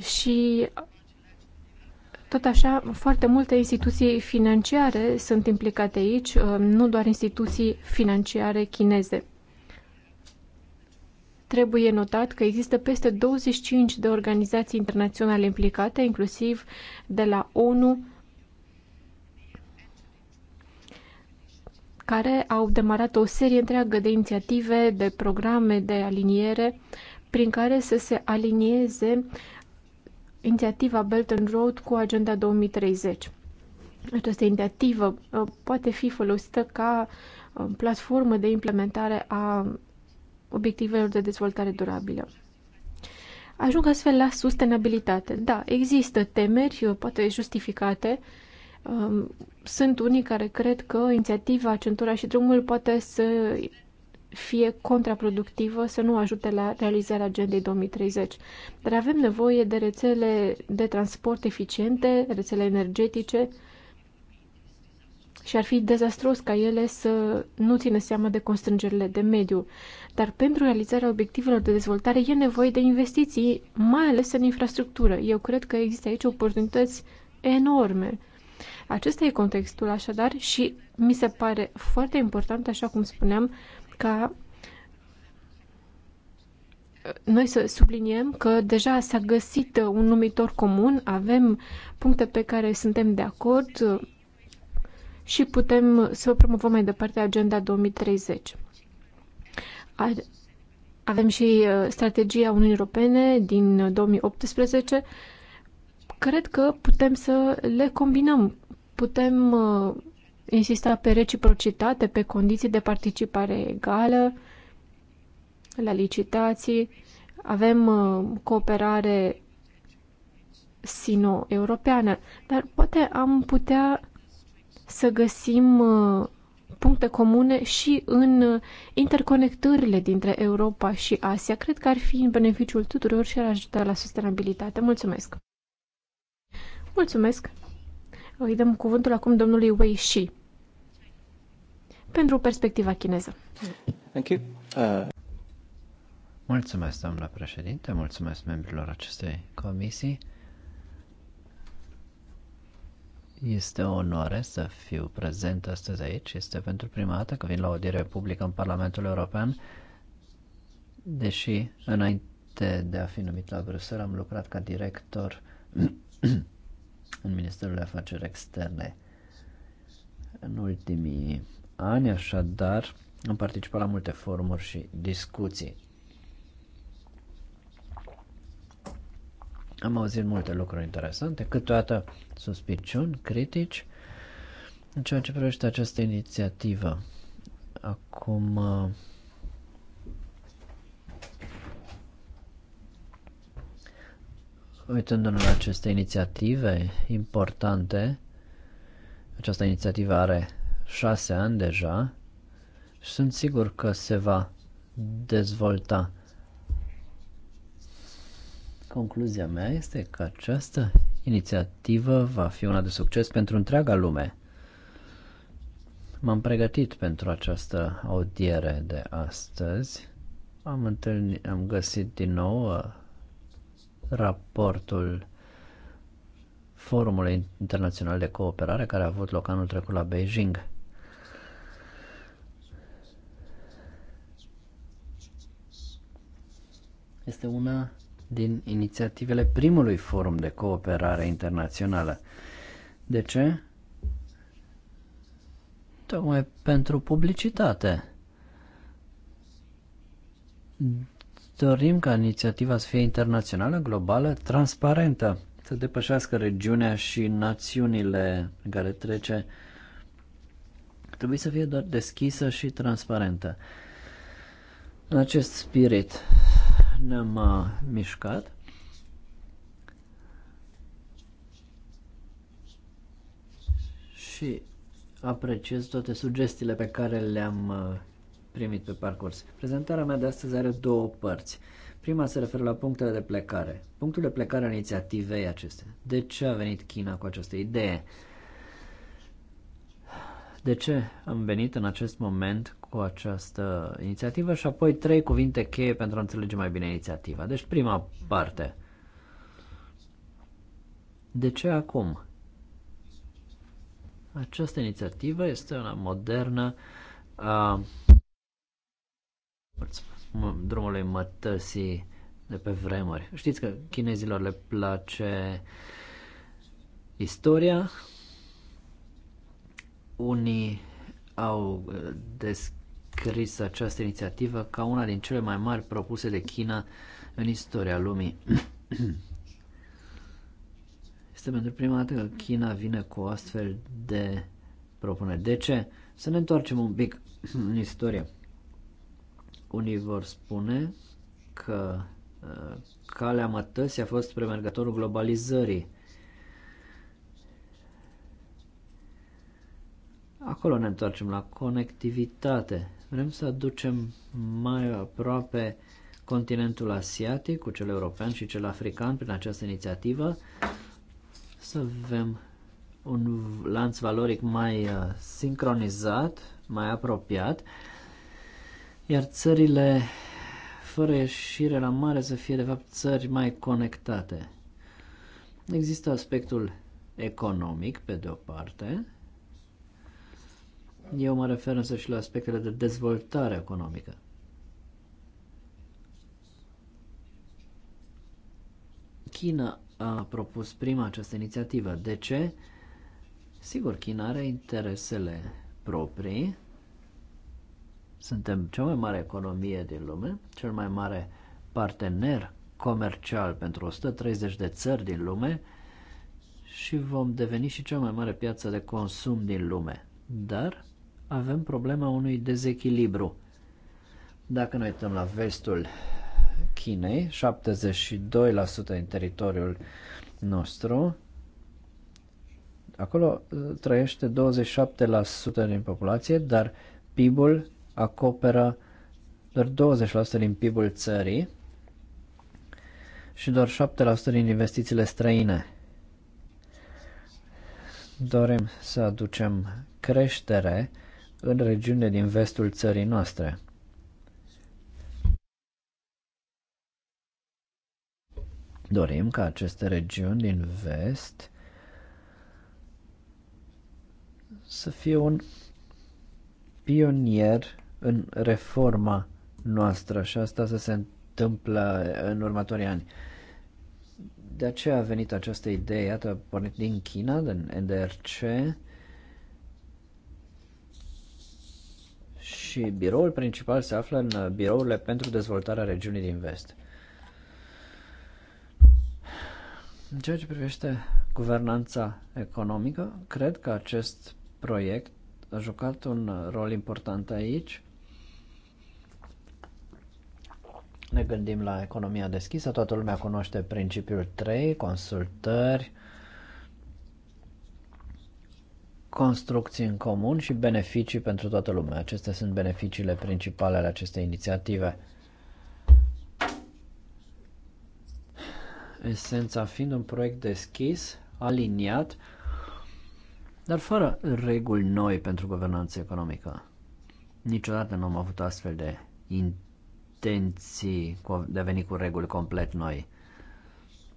C: Și tot așa, foarte multe instituții financiare sunt implicate aici, uh, nu doar instituții financiare chineze. Trebuie notat că există peste 25 de organizații internaționale implicate, inclusiv de la ONU care au demarat o serie întreagă de inițiative, de programe de aliniere, prin care să se alinieze inițiativa Belt and Road cu Agenda 2030. Această inițiativă uh, poate fi folosită ca uh, platformă de implementare a obiectivelor de dezvoltare durabilă. Ajung astfel la sustenabilitate. Da, există temeri, uh, poate justificate, Um, sunt unii care cred că inițiativa Centura și Drumul poate să fie contraproductivă, să nu ajute la realizarea agendei 2030. Dar avem nevoie de rețele de transport eficiente, rețele energetice și ar fi dezastros ca ele să nu țină seama de constrângerile de mediu. Dar pentru realizarea obiectivelor de dezvoltare e nevoie de investiții, mai ales în infrastructură. Eu cred că există aici oportunități enorme acesta e contextul așadar și mi se pare foarte important, așa cum spuneam, ca uh, noi să subliniem că deja s-a găsit uh, un numitor comun, avem puncte pe care suntem de acord uh, și putem să promovăm mai departe Agenda 2030. Avem și strategia Uniunii Europene din 2018. Cred că putem să le combinăm putem uh, insista pe reciprocitate, pe condiții de participare egală la licitații. Avem uh, cooperare sino-europeană, dar poate am putea să găsim uh, puncte comune și în interconectările dintre Europa și Asia. Cred că ar fi în beneficiul tuturor și ar ajuta la sustenabilitate. Mulțumesc! Mulțumesc! Îi dăm cuvântul acum domnului Wei Shi pentru perspectiva chineză.
E: Thank you. Uh... Mulțumesc, doamna președinte, mulțumesc membrilor acestei comisii. Este o onoare să fiu prezent astăzi aici. Este pentru prima dată că vin la o audiere publică în Parlamentul European, deși înainte de a fi numit la Bruxelles am lucrat ca director în Ministerul de Afaceri Externe. În ultimii ani, așadar, am participat la multe forumuri și discuții. Am auzit multe lucruri interesante, câteodată suspiciuni, critici, în ceea ce privește această inițiativă. Acum uh, Uitându-ne la aceste inițiative importante, această inițiativă are șase ani deja și sunt sigur că se va dezvolta. Concluzia mea este că această inițiativă va fi una de succes pentru întreaga lume. M-am pregătit pentru această audiere de astăzi. Am, întâlnit, am găsit din nou uh, raportul Forumului Internațional de Cooperare care a avut loc anul trecut la Beijing. Este una din inițiativele primului forum de cooperare internațională. De ce? Tocmai pentru publicitate dorim ca inițiativa să fie internațională, globală, transparentă, să depășească regiunea și națiunile în care trece. Trebuie să fie doar deschisă și transparentă. În acest spirit ne-am uh, mișcat. Și apreciez toate sugestiile pe care le-am uh, primit pe parcurs. Prezentarea mea de astăzi are două părți. Prima se referă la punctele de plecare. Punctul de plecare al inițiativei acestea. De ce a venit China cu această idee? De ce am venit în acest moment cu această inițiativă și apoi trei cuvinte cheie pentru a înțelege mai bine inițiativa. Deci prima parte. De ce acum? Această inițiativă este una modernă Uh, Drumul lui mătăsii de pe vremuri. Știți că chinezilor le place istoria. Unii au uh, descris această inițiativă ca una din cele mai mari propuse de China în istoria lumii. Este pentru prima dată că China vine cu astfel de propuneri. De ce? Să ne întoarcem un pic în istorie. Unii vor spune că uh, calea mătăsii a fost premergătorul globalizării. Acolo ne întoarcem la conectivitate. Vrem să aducem mai aproape continentul asiatic cu cel european și cel african prin această inițiativă, să avem un lanț valoric mai uh, sincronizat, mai apropiat iar țările fără ieșire la mare să fie de fapt țări mai conectate. Există aspectul economic, pe de o parte, eu mă refer însă și la aspectele de dezvoltare economică. China a propus prima această inițiativă. De ce? Sigur, China are interesele proprii, suntem cea mai mare economie din lume, cel mai mare partener comercial pentru 130 de țări din lume și vom deveni și cea mai mare piață de consum din lume. Dar avem problema unui dezechilibru. Dacă ne uităm la vestul Chinei, 72% din teritoriul nostru, acolo uh, trăiește 27% din populație, dar PIB-ul acoperă doar 20% din PIB-ul țării și doar 7% din investițiile străine. Dorim să aducem creștere în regiune din vestul țării noastre. Dorim ca aceste regiuni din vest să fie un pionier în reforma noastră și asta să se întâmplă în următorii ani. De aceea a venit această idee, iată, pornit din China, din NDRC, și biroul principal se află în birourile pentru dezvoltarea regiunii din vest. În ceea ce privește guvernanța economică, cred că acest proiect a jucat un rol important aici ne gândim la economia deschisă, toată lumea cunoaște principiul 3, consultări, construcții în comun și beneficii pentru toată lumea. Acestea sunt beneficiile principale ale acestei inițiative. Esența fiind un proiect deschis, aliniat, dar fără reguli noi pentru guvernanță economică. Niciodată nu am avut astfel de in- intenții de a veni cu reguli complet noi.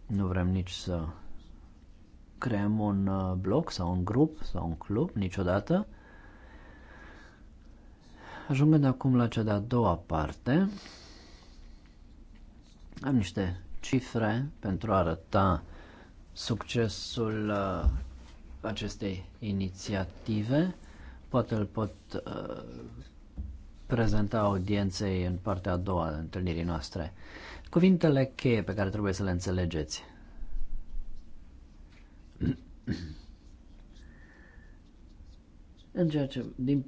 E: Nu vrem nici să creăm un uh, bloc sau un grup sau un club niciodată. Ajungând acum la cea de-a doua parte, am niște cifre pentru a arăta succesul uh, acestei inițiative. Poate îl pot uh, prezenta audienței în partea a doua a întâlnirii noastre. Cuvintele cheie pe care trebuie să le înțelegeți. În ceea ce, din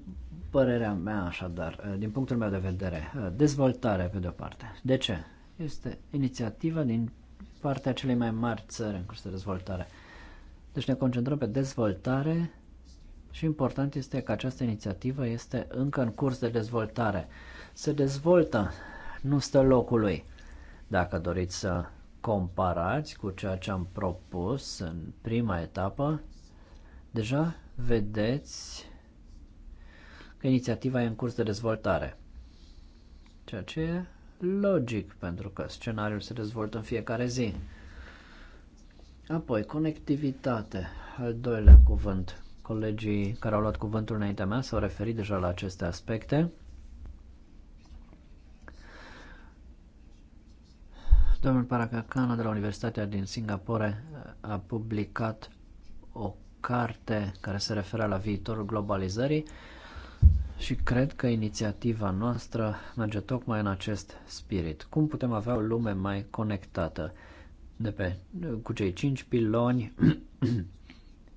E: părerea mea, așadar, din punctul meu de vedere, dezvoltare pe de-o parte. De ce? Este inițiativa din partea celei mai mari țări în curs de dezvoltare. Deci ne concentrăm pe dezvoltare și important este că această inițiativă este încă în curs de dezvoltare. Se dezvoltă, nu stă locului. Dacă doriți să comparați cu ceea ce am propus în prima etapă, deja vedeți că inițiativa e în curs de dezvoltare. Ceea ce e logic, pentru că scenariul se dezvoltă în fiecare zi. Apoi, conectivitate, al doilea cuvânt. Colegii care au luat cuvântul înaintea mea s-au referit deja la aceste aspecte. Domnul Paracacana de la Universitatea din Singapore a publicat o carte care se referă la viitorul globalizării și cred că inițiativa noastră merge tocmai în acest spirit. Cum putem avea o lume mai conectată de pe, cu cei cinci piloni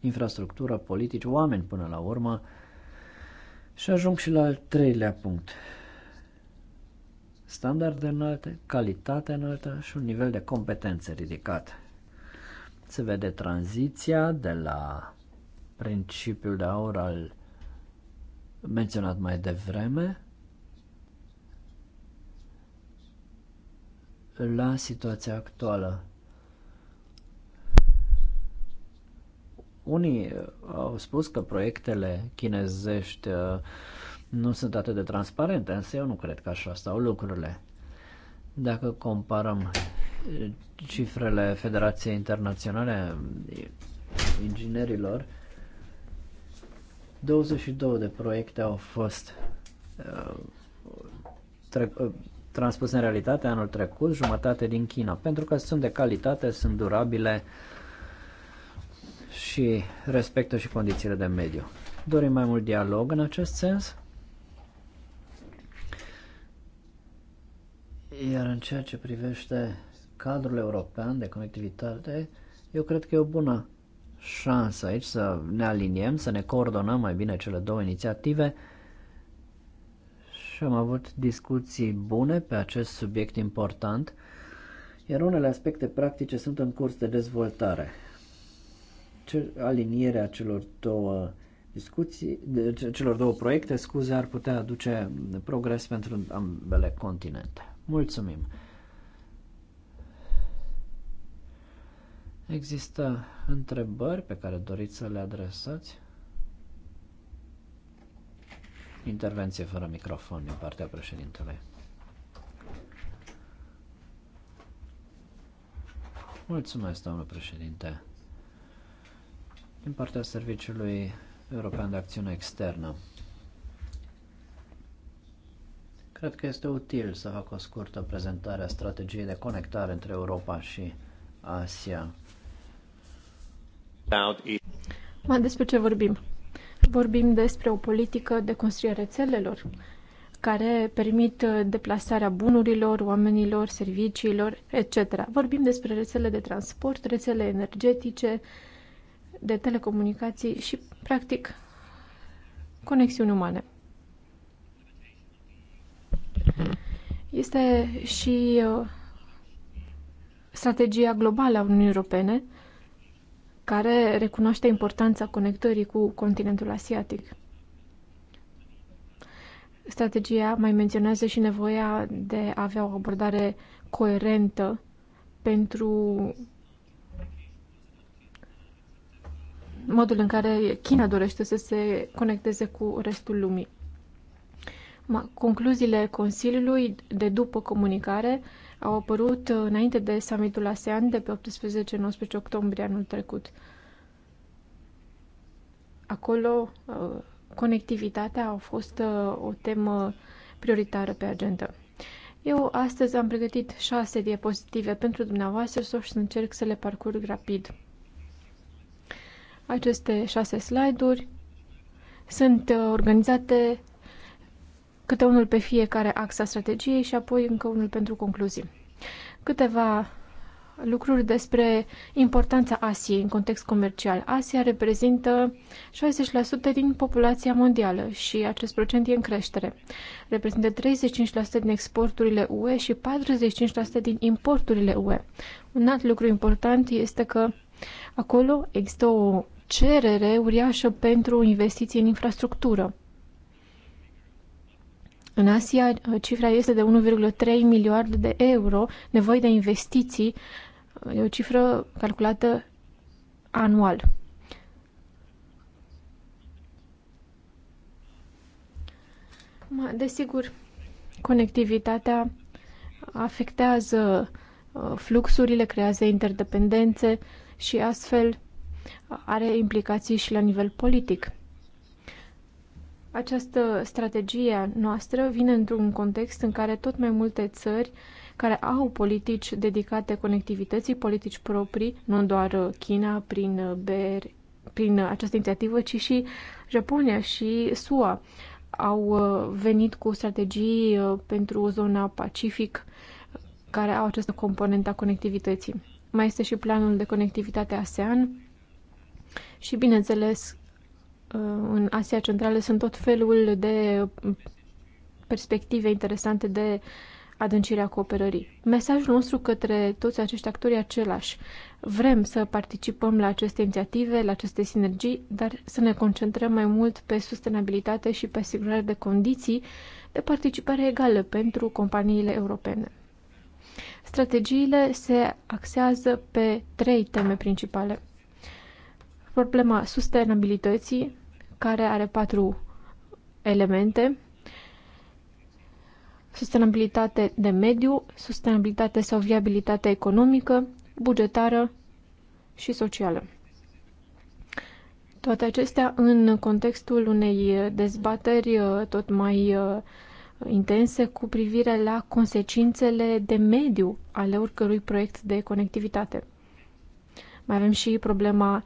E: infrastructură, politici, oameni până la urmă. Și ajung și la al treilea punct. Standarde înalte, calitate înaltă și un nivel de competențe ridicat. Se vede tranziția de la principiul de aur al menționat mai devreme la situația actuală. Unii uh, au spus că proiectele chinezești uh, nu sunt atât de transparente, însă eu nu cred că așa stau lucrurile. Dacă comparăm uh, cifrele Federației Internaționale Inginerilor, 22 de proiecte au fost transpuse în realitate anul trecut, jumătate din China, pentru că sunt de calitate, sunt durabile, și respectă și condițiile de mediu. Dorim mai mult dialog în acest sens. Iar în ceea ce privește cadrul european de conectivitate, eu cred că e o bună șansă aici să ne aliniem, să ne coordonăm mai bine cele două inițiative și am avut discuții bune pe acest subiect important, iar unele aspecte practice sunt în curs de dezvoltare alinierea celor două discuții, de, celor două proiecte, scuze, ar putea aduce progres pentru ambele continente. Mulțumim! Există întrebări pe care doriți să le adresați? Intervenție fără microfon din partea președintelui. Mulțumesc, domnule președinte din partea Serviciului European de Acțiune Externă. Cred că este util să fac o scurtă prezentare a strategiei de conectare între Europa și Asia.
C: Ma despre ce vorbim? Vorbim despre o politică de construire rețelelor care permit uh, deplasarea bunurilor, oamenilor, serviciilor, etc. Vorbim despre rețele de transport, rețele energetice, de telecomunicații și, practic, conexiuni umane. Este și uh, strategia globală a Uniunii Europene care recunoaște importanța conectării cu continentul asiatic. Strategia mai menționează și nevoia de a avea o abordare coerentă pentru modul în care China dorește să se conecteze cu restul lumii. Concluziile Consiliului de după comunicare au apărut înainte de summitul ASEAN de pe 18-19 octombrie anul trecut. Acolo, uh, conectivitatea a fost uh, o temă prioritară pe agenda. Eu astăzi am pregătit șase diapozitive pentru dumneavoastră și să încerc să le parcurg rapid. Aceste șase slide-uri sunt uh, organizate câte unul pe fiecare axa strategiei și apoi încă unul pentru concluzii. Câteva lucruri despre importanța Asiei în context comercial. Asia reprezintă 60% din populația mondială și acest procent e în creștere. Reprezintă 35% din exporturile UE și 45% din importurile UE. Un alt lucru important este că acolo există o cerere uriașă pentru investiții în infrastructură. În Asia, cifra este de 1,3 miliarde de euro nevoi de investiții, e o cifră calculată anual. Desigur, conectivitatea afectează uh, fluxurile, creează interdependențe și astfel are implicații și la nivel politic. Această strategie noastră vine într-un context în care tot mai multe țări care au politici dedicate conectivității, politici proprii, nu doar China prin, BR, prin această inițiativă, ci și Japonia și SUA au uh, venit cu strategii uh, pentru zona Pacific care au această componentă a conectivității. Mai este și planul de conectivitate ASEAN, și, bineînțeles, uh, în Asia Centrală sunt tot felul de perspective interesante de adâncirea cooperării. Mesajul nostru către toți acești actori e același. Vrem să participăm la aceste inițiative, la aceste sinergii, dar să ne concentrăm mai mult pe sustenabilitate și pe asigurarea de condiții de participare egală pentru companiile europene. Strategiile se axează pe trei teme principale problema sustenabilității, care are patru elemente. Sustenabilitate de mediu, sustenabilitate sau viabilitate economică, bugetară și socială. Toate acestea în contextul unei dezbateri uh, tot mai uh, intense cu privire la consecințele de mediu ale oricărui proiect de conectivitate. Mai avem și problema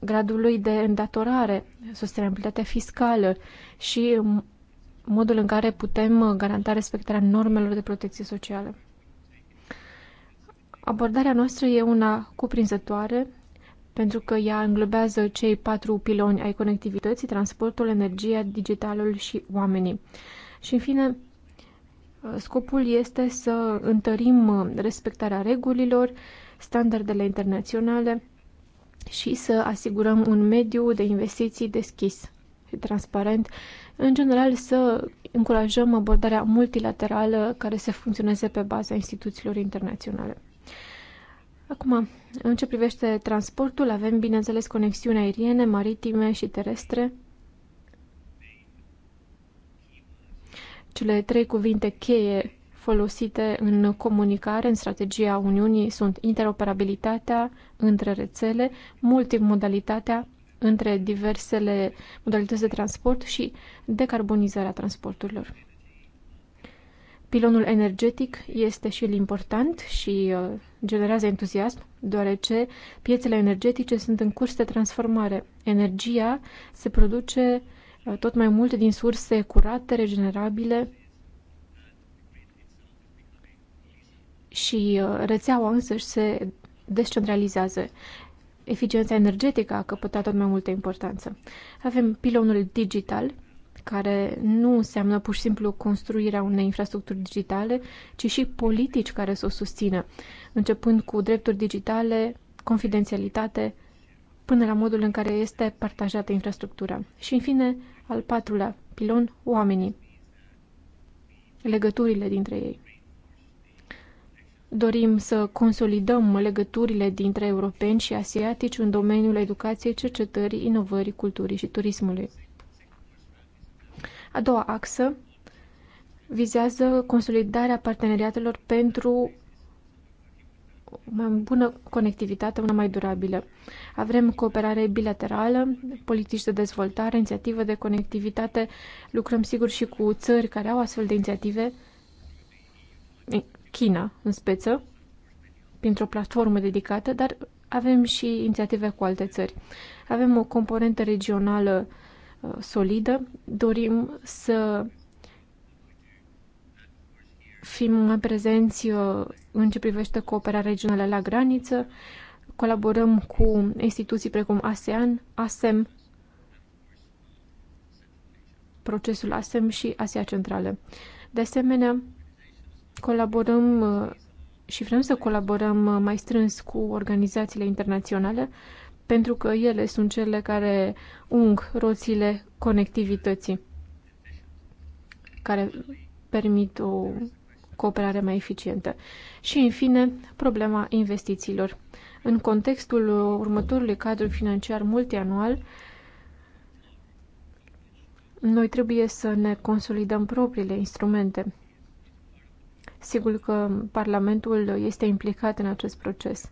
C: gradului de îndatorare, sustenabilitatea fiscală și modul în care putem garanta respectarea normelor de protecție socială. Abordarea noastră e una cuprinzătoare pentru că ea înglobează cei patru piloni ai conectivității, transportul, energia, digitalul și oamenii. Și, în fine, scopul este să întărim respectarea regulilor, standardele internaționale, și să asigurăm un mediu de investiții deschis și transparent. În general, să încurajăm abordarea multilaterală care să funcționeze pe baza instituțiilor internaționale. Acum, în ce privește transportul, avem, bineînțeles, conexiuni aeriene, maritime și terestre. Cele trei cuvinte cheie folosite în comunicare, în strategia Uniunii, sunt interoperabilitatea între rețele, multimodalitatea între diversele modalități de transport și decarbonizarea transporturilor. Pilonul energetic este și el important și uh, generează entuziasm, deoarece piețele energetice sunt în curs de transformare. Energia se produce uh, tot mai mult din surse curate, regenerabile, și uh, rețeaua însăși se descentralizează. Eficiența energetică a căpătat tot mai multă importanță. Avem pilonul digital, care nu înseamnă pur și simplu construirea unei infrastructuri digitale, ci și politici care să o susțină, începând cu drepturi digitale, confidențialitate, până la modul în care este partajată infrastructura. Și, în fine, al patrulea pilon, oamenii, legăturile dintre ei. Dorim să consolidăm legăturile dintre europeni și asiatici în domeniul educației, cercetării, inovării, culturii și turismului. A doua axă vizează consolidarea parteneriatelor pentru o mai bună conectivitate, una mai durabilă. Avem cooperare bilaterală, politici de dezvoltare, inițiative de conectivitate. Lucrăm sigur și cu țări care au astfel de inițiative, China în speță, printr-o platformă dedicată, dar avem și inițiative cu alte țări. Avem o componentă regională uh, solidă, dorim să fim mai prezenți uh, în ce privește cooperarea regională la graniță, colaborăm cu instituții precum ASEAN, ASEM, procesul ASEM și Asia Centrală. De asemenea, Colaborăm uh, și vrem să colaborăm uh, mai strâns cu organizațiile internaționale pentru că ele sunt cele care ung roțile conectivității care permit o cooperare mai eficientă. Și, în fine, problema investițiilor. În contextul următorului cadru financiar multianual, noi trebuie să ne consolidăm propriile instrumente. Sigur că Parlamentul este implicat în acest proces.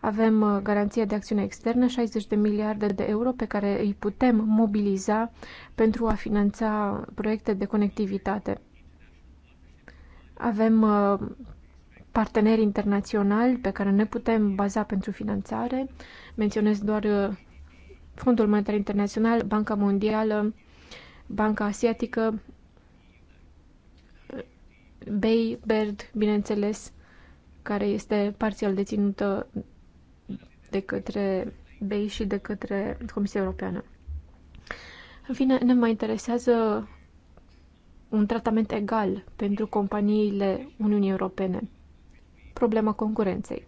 C: Avem uh, garanția de acțiune externă, 60 de miliarde de euro pe care îi putem mobiliza pentru a finanța proiecte de conectivitate. Avem uh, parteneri internaționali pe care ne putem baza pentru finanțare. Menționez doar uh, Fondul Monetar Internațional, Banca Mondială, Banca Asiatică, Bay Bird, bineînțeles, care este parțial deținută de către Bay și de către Comisia Europeană. În fine, ne mai interesează un tratament egal pentru companiile Uniunii Europene. Problema concurenței.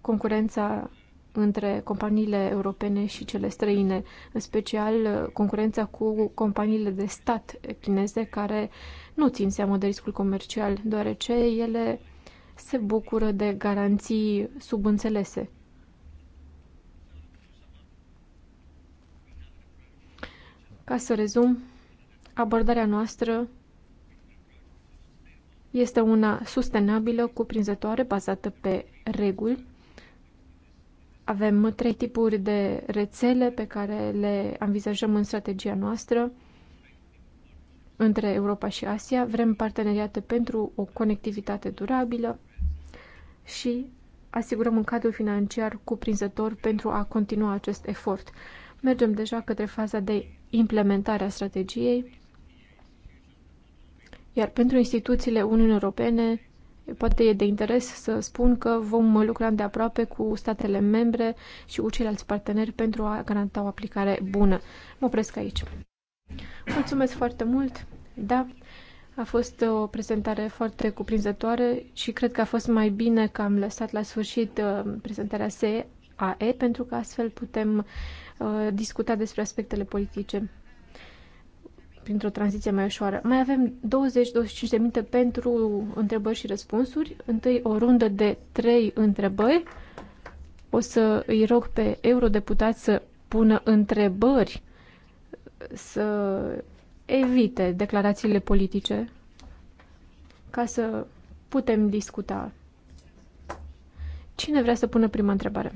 C: Concurența între companiile europene și cele străine, în special uh, concurența cu companiile de stat chineze care nu țin seama de riscul comercial, deoarece ele se bucură de garanții subînțelese. Ca să rezum, abordarea noastră este una sustenabilă, cuprinzătoare, bazată pe reguli, avem trei tipuri de rețele pe care le anvizajăm în strategia noastră între Europa și Asia. Vrem parteneriate pentru o conectivitate durabilă și asigurăm un cadru financiar cuprinzător pentru a continua acest efort. Mergem deja către faza de implementare a strategiei, iar pentru instituțiile Uniunii Europene Poate e de interes să spun că vom lucra de aproape cu statele membre și cu ceilalți parteneri pentru a garanta o aplicare bună. Mă opresc aici. Mulțumesc foarte mult! Da, a fost o prezentare foarte cuprinzătoare și cred că a fost mai bine că am lăsat la sfârșit uh, prezentarea SAE, pentru că astfel putem uh, discuta despre aspectele politice printr-o tranziție mai ușoară. Mai avem 20-25 de minute pentru întrebări și răspunsuri. Întâi o rundă de 3 întrebări. O să îi rog pe eurodeputați să pună întrebări, să evite declarațiile politice ca să putem discuta. Cine vrea să pună prima întrebare?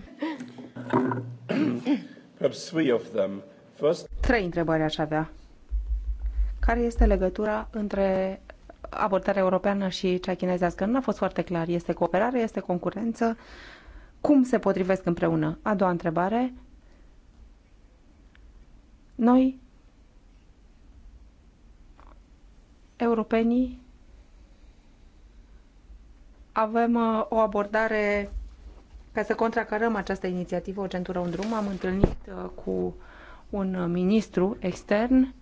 C: Trei întrebări aș avea
B: care este legătura între abordarea europeană și cea chinezească. Nu a fost foarte clar. Este cooperare, este concurență. Cum se potrivesc împreună? A doua întrebare. Noi, europenii, avem uh, o abordare ca să contracarăm această inițiativă, o centură un drum. Am întâlnit uh, cu un ministru extern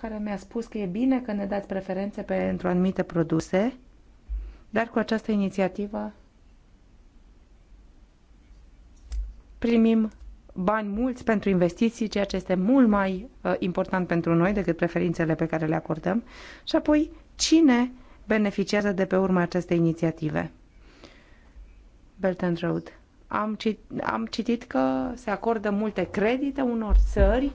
B: care mi-a spus că e bine că ne dați preferențe pentru anumite produse, dar cu această inițiativă primim bani mulți pentru investiții, ceea ce este mult mai uh, important pentru noi decât preferințele pe care le acordăm. Și apoi, cine beneficiază de pe urma acestei inițiative? Belt and Road. Am, cit- am citit că se acordă multe credite unor țări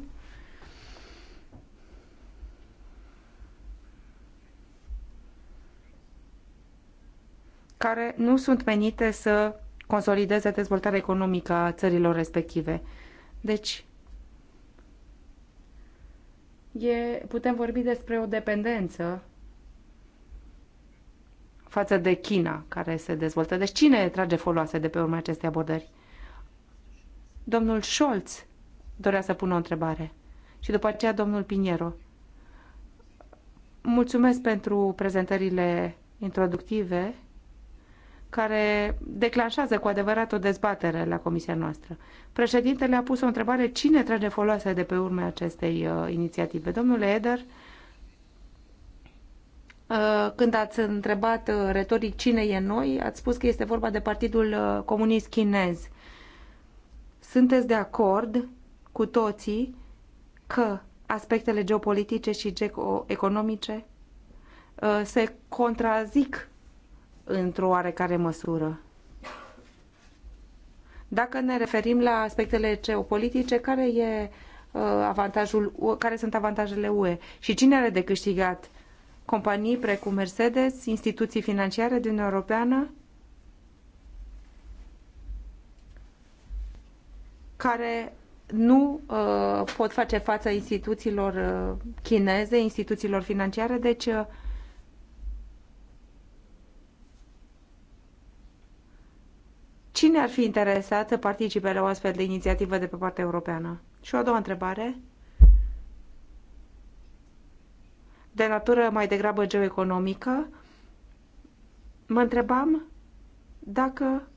B: care nu sunt menite să consolideze dezvoltarea economică a țărilor respective. Deci, e, putem vorbi despre o dependență față de China care se dezvoltă. Deci cine trage foloase de pe urma acestei abordări? Domnul Scholz dorea să pună o întrebare și după aceea domnul Piniero. Mulțumesc pentru prezentările introductive care declanșează cu adevărat o dezbatere la comisia noastră. Președintele a pus o întrebare cine trage foloase de pe urme acestei uh, inițiative. Domnule Eder, uh, când ați întrebat uh, retoric cine e noi, ați spus că este vorba de Partidul uh, Comunist Chinez. Sunteți de acord cu toții că aspectele geopolitice și geoeconomice uh, se contrazic într-o oarecare măsură. Dacă ne referim la aspectele geopolitice, care e uh, avantajul, care sunt avantajele UE și cine are de câștigat? Companii precum Mercedes, instituții financiare din Europeană, care nu uh, pot face față instituțiilor uh, chineze, instituțiilor financiare, deci uh, Cine ar fi interesat să participe la o astfel de inițiativă de pe partea europeană? Și o a doua întrebare, de natură mai degrabă geoeconomică, mă întrebam dacă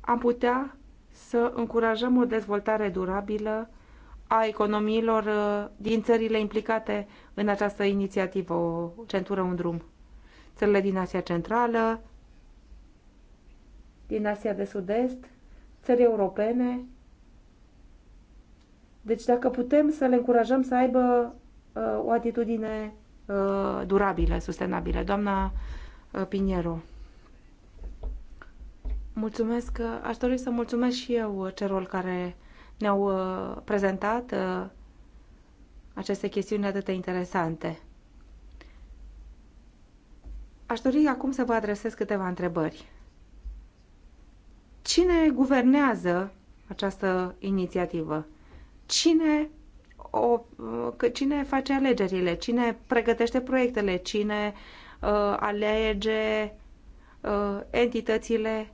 B: am putea să încurajăm o dezvoltare durabilă a economiilor uh, din țările implicate în această inițiativă, o centură, un drum. Țările din Asia Centrală, din Asia de Sud-Est, țări europene. Deci dacă putem să le încurajăm să aibă uh, o atitudine uh, durabilă, sustenabilă. Doamna uh, Piniero. Mulțumesc. Aș dori să mulțumesc și eu celor care ne-au uh, prezentat uh, aceste chestiuni atât de interesante. Aș dori acum să vă adresez câteva întrebări. Cine guvernează această inițiativă? Cine o, că cine face alegerile, cine pregătește proiectele, cine uh, alege uh, entitățile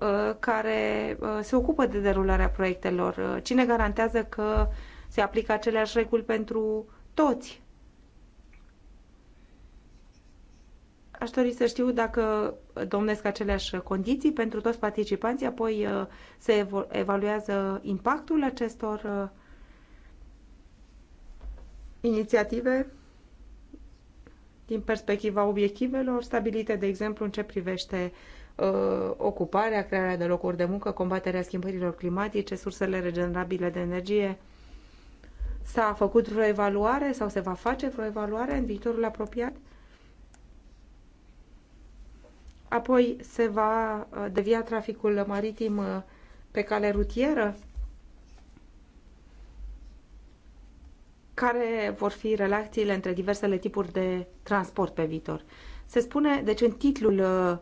B: uh, care uh, se ocupă de derularea proiectelor, uh, cine garantează că se aplică aceleași reguli pentru toți. Aș dori să știu dacă domnesc aceleași condiții pentru toți participanții, apoi uh, se evaluează impactul acestor uh, inițiative din perspectiva obiectivelor stabilite, de exemplu, în ce privește uh, ocuparea, crearea de locuri de muncă, combaterea schimbărilor climatice, sursele regenerabile de energie. S-a făcut vreo evaluare sau se va face vreo evaluare în viitorul apropiat? Apoi se va uh, devia traficul maritim uh, pe cale rutieră, care vor fi relațiile între diversele tipuri de transport pe viitor. Se spune, deci în titlul uh,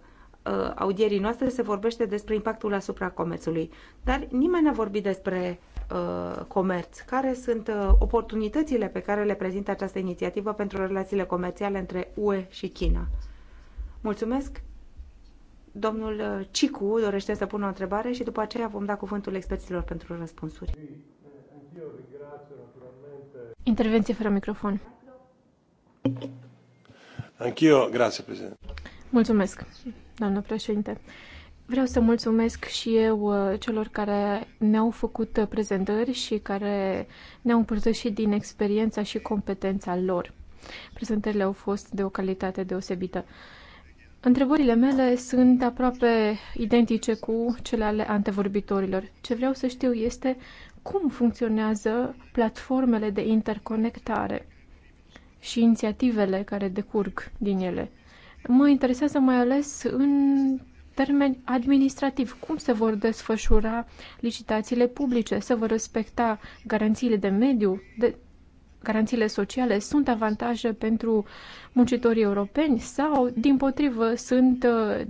B: audierii noastre se vorbește despre impactul asupra comerțului, dar nimeni n-a vorbit despre uh, comerț. Care sunt uh, oportunitățile pe care le prezintă această inițiativă pentru relațiile comerciale între UE și China? Mulțumesc! Domnul uh, Cicu dorește să pună o întrebare și după aceea vom da cuvântul experților
C: pentru răspunsuri.
E: Intervenție fără
C: microfon.
A: Anch'io, grazie, președinte.
C: Mulțumesc, doamnă președinte. Vreau să mulțumesc și eu uh, celor care ne-au făcut uh, prezentări și care ne-au împărtășit din experiența și competența lor. Prezentările au fost de o calitate deosebită. Întrebările mele sunt aproape identice cu cele ale antevorbitorilor. Ce vreau să știu este cum funcționează platformele de interconectare și inițiativele care decurg din ele. Mă interesează mai ales în termeni administrativ. Cum se vor desfășura licitațiile publice? Se vor respecta garanțiile de mediu? De garanțiile sociale sunt avantaje pentru muncitorii europeni sau, din potrivă, sunt uh,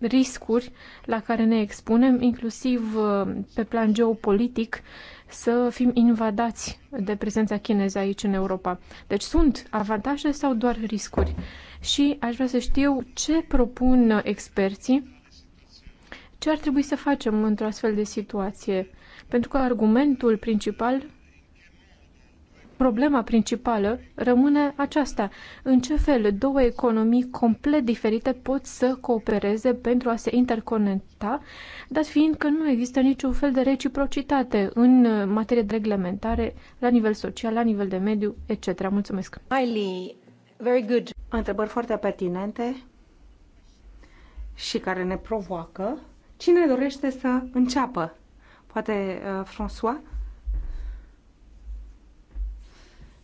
C: riscuri la care ne expunem, inclusiv uh, pe plan geopolitic, să fim invadați de prezența chineză aici în Europa. Deci sunt avantaje sau doar riscuri? Și aș vrea să știu ce propun experții, ce ar trebui să facem într-o astfel de situație. Pentru că argumentul principal problema principală rămâne aceasta. În ce fel două economii complet diferite pot să coopereze pentru a se interconecta, dat fiind că nu există niciun fel de reciprocitate în materie de reglementare la nivel social, la nivel de mediu, etc. Mulțumesc!
B: Miley, very good. Întrebări foarte pertinente și care ne provoacă. Cine dorește să înceapă? Poate uh, François?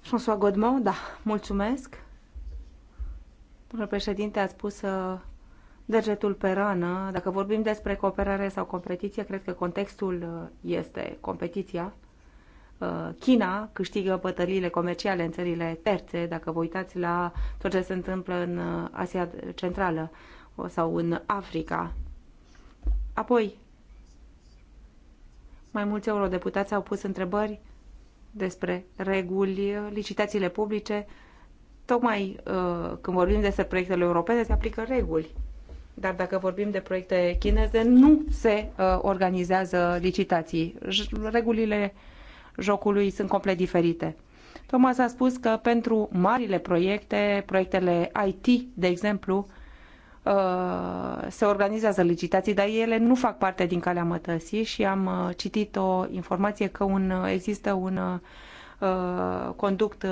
B: François Godmont, da, mulțumesc. Domnul președinte, a spus uh, degetul pe rană. Dacă vorbim despre cooperare sau competiție, cred că contextul uh, este competiția. Uh, China câștigă bătăliile comerciale în țările terțe, dacă vă uitați la tot ce se întâmplă în Asia Centrală sau în Africa. Apoi, mai mulți eurodeputați au pus întrebări despre reguli, licitațiile publice, tocmai uh, când vorbim despre proiectele europene, se aplică reguli. Dar dacă vorbim de proiecte chineze, nu se uh, organizează licitații. J- regulile jocului sunt complet diferite. Thomas a spus că pentru marile proiecte, proiectele IT, de exemplu, Uh, se organizează licitații, dar ele nu fac parte din calea mătăsii și am uh, citit o informație că un, uh, există un uh, conduct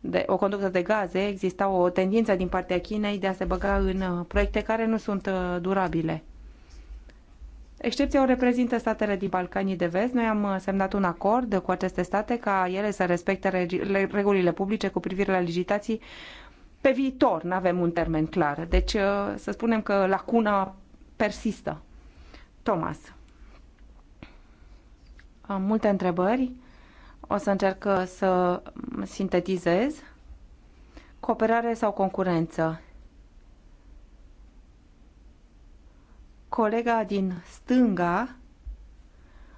B: de, o conductă de gaze, exista o tendință din partea Chinei de a se băga în proiecte care nu sunt durabile. Excepția o reprezintă statele din Balcanii de Vest. Noi am semnat un acord cu aceste state ca ele să respecte regulile publice cu privire la licitații pe viitor, nu avem un termen clar. Deci uh, să spunem că lacuna persistă. Thomas. Am uh, multe întrebări. O să încerc uh, să sintetizez. Cooperare sau concurență? Colega din stânga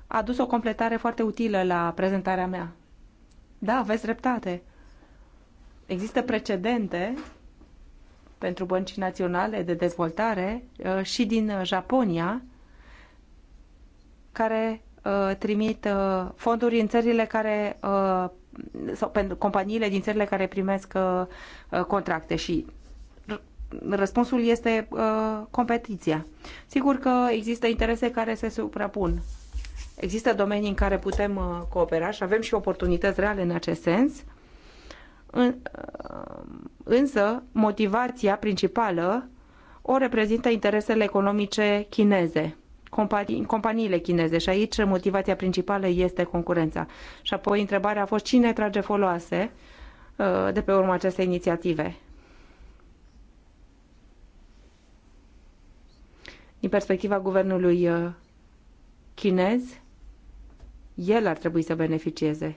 B: a dus o completare foarte utilă la prezentarea mea. Da, aveți dreptate. Există precedente pentru bănci naționale de dezvoltare uh, și din uh, Japonia care uh, trimit fonduri în țările care sau pentru companiile din țările care primesc contracte și răspunsul este competiția. Sigur că există interese care se suprapun. Există domenii în care putem coopera și avem și oportunități reale în acest sens Uh, însă motivația principală o reprezintă interesele economice chineze, companii, companiile chineze și aici motivația principală este concurența. Și apoi întrebarea a fost cine trage foloase uh, de pe urma acestei inițiative. Din perspectiva guvernului uh, chinez, el ar trebui să beneficieze.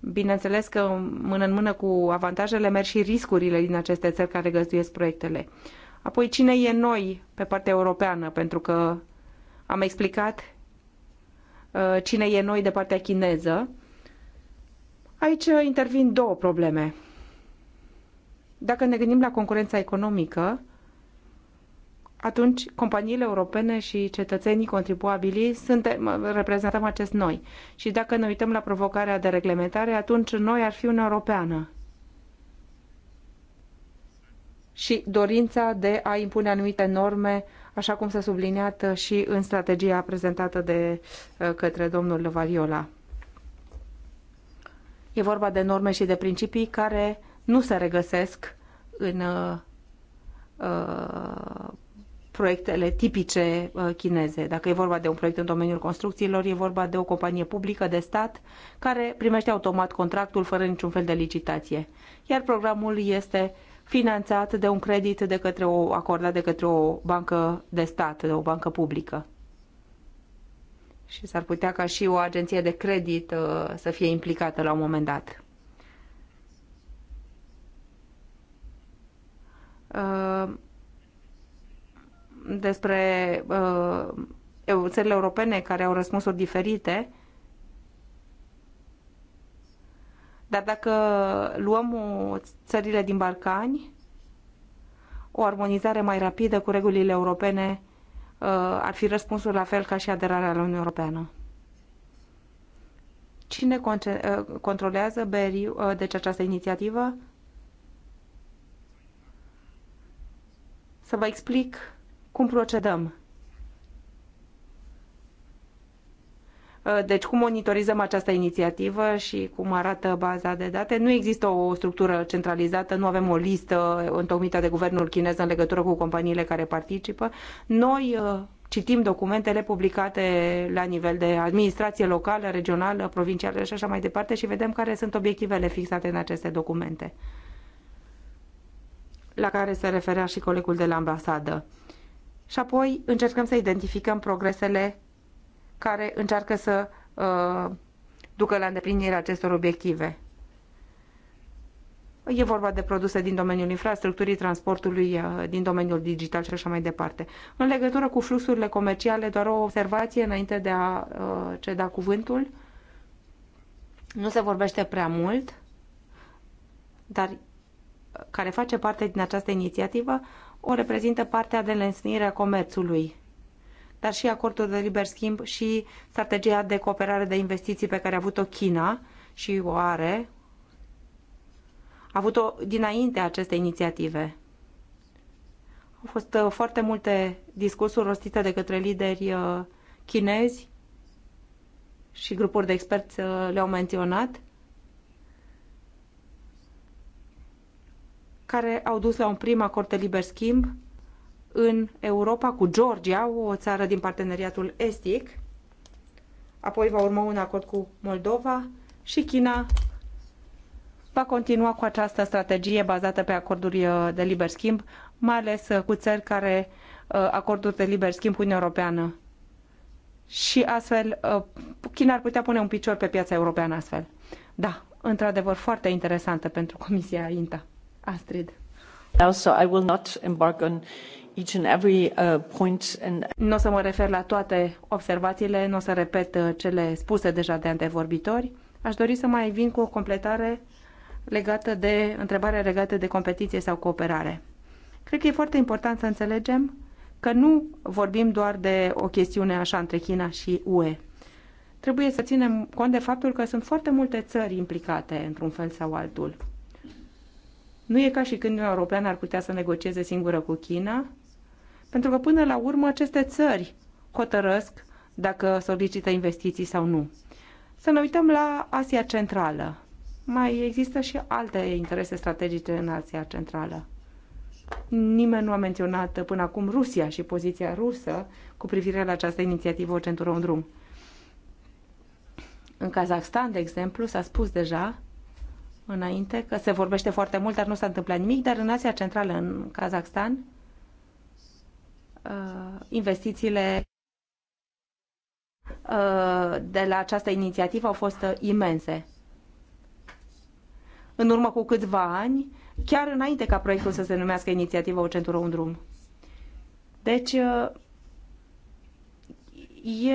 B: Bineînțeles că mână în mână cu avantajele merg și riscurile din aceste țări care găzduiesc proiectele. Apoi cine e noi pe partea europeană, pentru că am explicat uh, cine e noi de partea chineză. Aici intervin două probleme. Dacă ne gândim la concurența economică, atunci companiile europene și cetățenii contribuabili suntem, reprezentăm acest noi. Și dacă ne uităm la provocarea de reglementare, atunci noi ar fi Uniunea Europeană. Și dorința de a impune anumite norme, așa cum s-a subliniat și în strategia prezentată de ă, către domnul Variola. E vorba de norme și de principii care nu se regăsesc în uh, proiectele tipice uh, chineze. Dacă e vorba de un proiect în domeniul construcțiilor, e vorba de o companie publică de stat care primește automat contractul fără niciun fel de licitație. Iar programul este finanțat de un credit de către o, acordat de către o bancă de stat, de o bancă publică. Și s-ar putea ca și o agenție de credit uh, să fie implicată la un moment dat. Uh, despre uh, țările europene care au răspunsuri diferite, dar dacă luăm țările din Balcani, o armonizare mai rapidă cu regulile europene uh, ar fi răspunsul la fel ca și aderarea la Uniunea Europeană. Cine uh, controlează BRI, uh, deci această inițiativă? Să vă explic cum procedăm? Uh, deci cum monitorizăm această inițiativă și cum arată baza de date? Nu există o structură centralizată, nu avem o listă întocmită de guvernul chinez în legătură cu companiile care participă. Noi uh, citim documentele publicate la nivel de administrație locală, regională, provincială și așa mai departe și vedem care sunt obiectivele fixate în aceste documente la care se referea și colegul de la ambasadă și apoi încercăm să identificăm progresele care încearcă să uh, ducă la îndeplinirea acestor obiective. E vorba de produse din domeniul infrastructurii, transportului, uh, din domeniul digital și așa mai departe. În legătură cu fluxurile comerciale, doar o observație înainte de a uh, ceda cuvântul. Nu se vorbește prea mult, dar uh, care face parte din această inițiativă, o reprezintă partea de lensnire a comerțului, dar și acordul de liber schimb și strategia de cooperare de investiții pe care a avut-o China și o are, a avut-o dinainte aceste inițiative. Au fost uh, foarte multe discursuri rostite de către lideri uh, chinezi și grupuri de experți uh, le-au menționat care au dus la un prim acord de liber schimb în Europa cu Georgia, o țară din parteneriatul estic. Apoi va urma un acord cu Moldova și China va continua cu această strategie bazată pe acorduri uh, de liber schimb, mai ales uh, cu țări care uh, acorduri de liber schimb cu Uniunea Europeană. Și astfel, China ar putea pune un picior pe piața europeană astfel. Da, într-adevăr, foarte interesantă pentru Comisia INTA. Astrid. Also, I will not embark on each and every uh, point and... Nu o să mă refer la toate observațiile, nu o să repet uh, cele spuse deja de antevorbitori. Aș dori să mai vin cu o completare legată de întrebarea legată de competiție sau cooperare. Cred că e foarte important să înțelegem că nu vorbim doar de o chestiune așa între China și UE. Trebuie să ținem cont de faptul că sunt foarte multe țări implicate într-un fel sau altul. Nu e ca și când Uniunea Europeană ar putea să negocieze singură cu China, pentru că până la urmă aceste țări hotărăsc dacă solicită investiții sau nu. Să ne uităm la Asia Centrală. Mai există și alte interese strategice în Asia Centrală. Nimeni nu a menționat până acum Rusia și poziția rusă cu privire la această inițiativă O Centură, un drum. În Kazakhstan, de exemplu, s-a spus deja înainte că se vorbește foarte mult, dar nu s-a întâmplat nimic, dar în Asia Centrală, în Kazakhstan, uh, investițiile uh, de la această inițiativă au fost uh, imense. În urmă cu câțiva ani, chiar înainte ca proiectul să se numească inițiativa O Centură, un drum. Deci,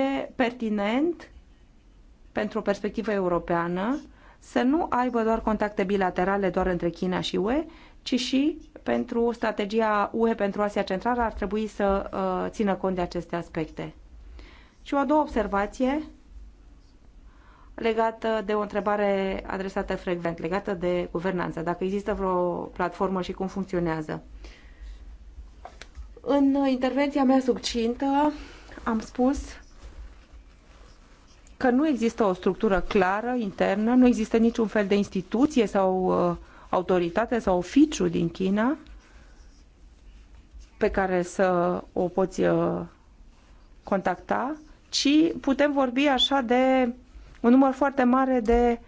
B: e pertinent pentru o perspectivă europeană să nu aibă doar contacte bilaterale doar între China și UE, ci și pentru strategia UE pentru Asia Centrală ar trebui să uh, țină cont de aceste aspecte. Și o a doua observație legată de o întrebare adresată frecvent, legată de guvernanță, dacă există vreo platformă și cum funcționează. În intervenția mea subcintă am spus că nu există o structură clară internă, nu există niciun fel de instituție sau uh, autoritate sau oficiu din China pe care să o poți uh, contacta, ci putem vorbi așa de un număr foarte mare de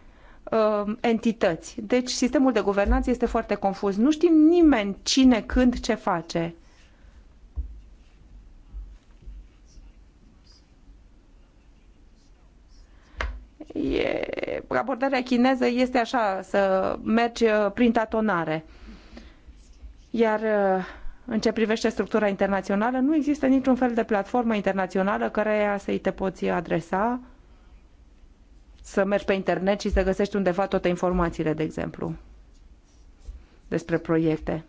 B: uh, entități. Deci sistemul de guvernanță este foarte confuz. Nu știm nimeni cine, când, ce face. e, abordarea chineză este așa, să mergi uh, prin tatonare. Iar uh, în ce privește structura internațională, nu există niciun fel de platformă internațională care să-i te poți adresa, să mergi pe internet și să găsești undeva toate informațiile, de exemplu, despre proiecte.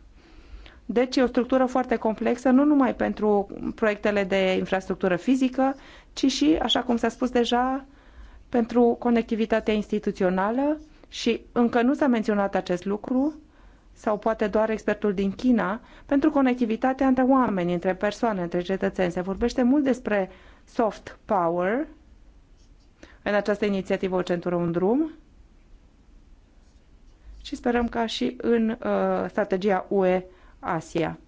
B: Deci e o structură foarte complexă, nu numai pentru proiectele de infrastructură fizică, ci și, așa cum s-a spus deja, pentru conectivitatea instituțională și încă nu s-a menționat acest lucru, sau poate doar expertul din China, pentru conectivitatea între oameni, între persoane, între cetățeni. Se vorbește mult despre soft power în această inițiativă O Centură Un Drum și sperăm ca și în uh, strategia UE Asia.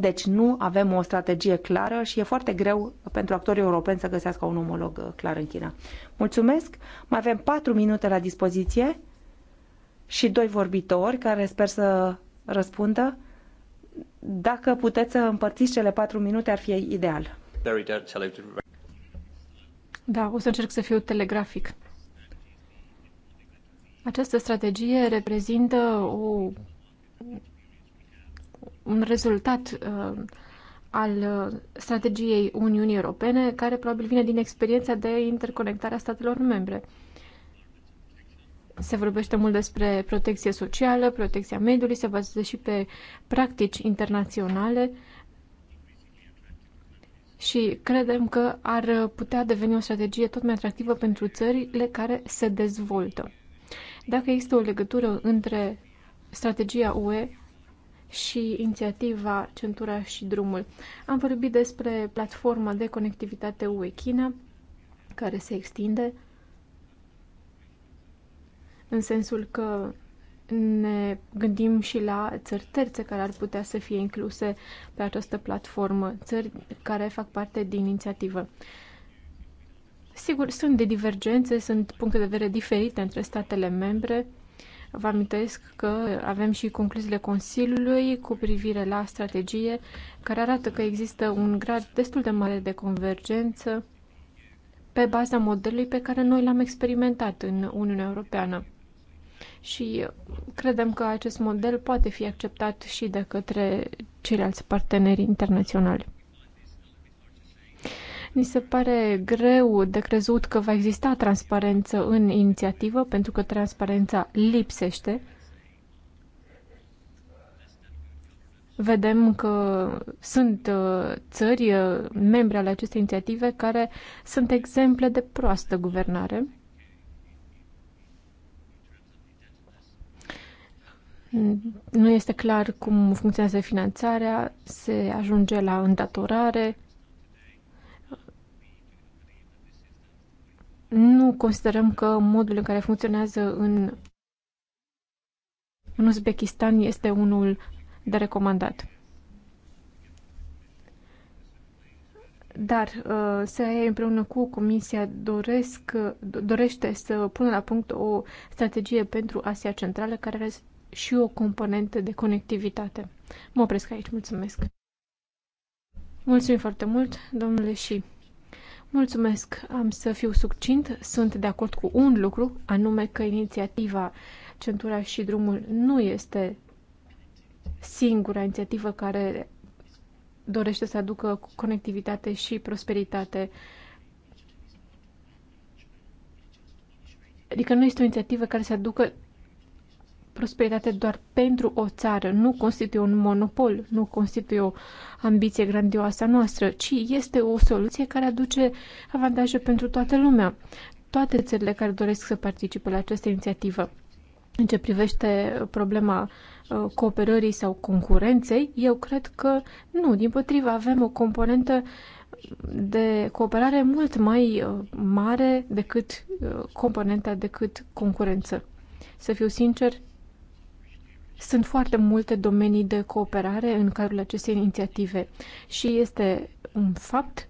B: Deci nu avem o strategie clară și e foarte greu pentru actorii europeni să găsească un omolog uh, clar în China. Mulțumesc! Mai avem patru minute la dispoziție și doi vorbitori care sper să răspundă. Dacă puteți să împărțiți
C: cele patru minute, ar fi ideal. Da, o să încerc să fiu telegrafic. Această strategie reprezintă o un rezultat uh, al strategiei Uniunii Europene, care probabil vine din experiența de interconectare a statelor membre. Se vorbește mult despre protecție socială, protecția mediului, se bazează și pe practici internaționale și credem că ar putea deveni o strategie tot mai atractivă pentru țările care se dezvoltă. Dacă există o legătură între strategia UE și inițiativa Centura și Drumul. Am vorbit despre platforma de conectivitate UE-China, care se extinde în sensul că ne gândim și la țări terțe care ar putea să fie incluse pe această platformă, țări care fac parte din inițiativă. Sigur, sunt de divergențe, sunt puncte de vedere diferite între statele membre, Vă amintesc că avem și concluziile Consiliului cu privire la strategie, care arată că există un grad destul de mare de convergență pe baza modelului pe care noi l-am experimentat în Uniunea Europeană. Și credem că acest model poate fi acceptat și de către ceilalți parteneri internaționali. Ni se pare greu de crezut că va exista transparență în inițiativă, pentru că transparența lipsește. Vedem că sunt uh, țări uh, membre ale acestei inițiative care sunt exemple de proastă guvernare. Nu este clar cum funcționează finanțarea, se ajunge la îndatorare, nu considerăm că modul în care funcționează în, în Uzbekistan este unul de recomandat. Dar uh, SAE împreună cu Comisia doresc, dorește să pună la punct o strategie pentru Asia Centrală care are și o componentă de conectivitate. Mă opresc aici, mulțumesc! Mulțumim foarte mult, domnule și Mulțumesc, am să fiu succint. Sunt de acord cu un lucru, anume că inițiativa Centura și Drumul nu este singura inițiativă care dorește să aducă conectivitate și prosperitate. Adică nu este o inițiativă care să aducă prosperitate doar pentru o țară, nu constituie un monopol, nu constituie o ambiție grandioasă a noastră, ci este o soluție care aduce avantaje pentru toată lumea, toate țările care doresc să participe la această inițiativă. În ce privește problema uh, cooperării sau concurenței, eu cred că nu, din potriva avem o componentă de cooperare mult mai uh, mare decât uh, componenta decât concurență. Să fiu sincer, sunt foarte multe domenii de cooperare în cadrul acestei inițiative și este un fapt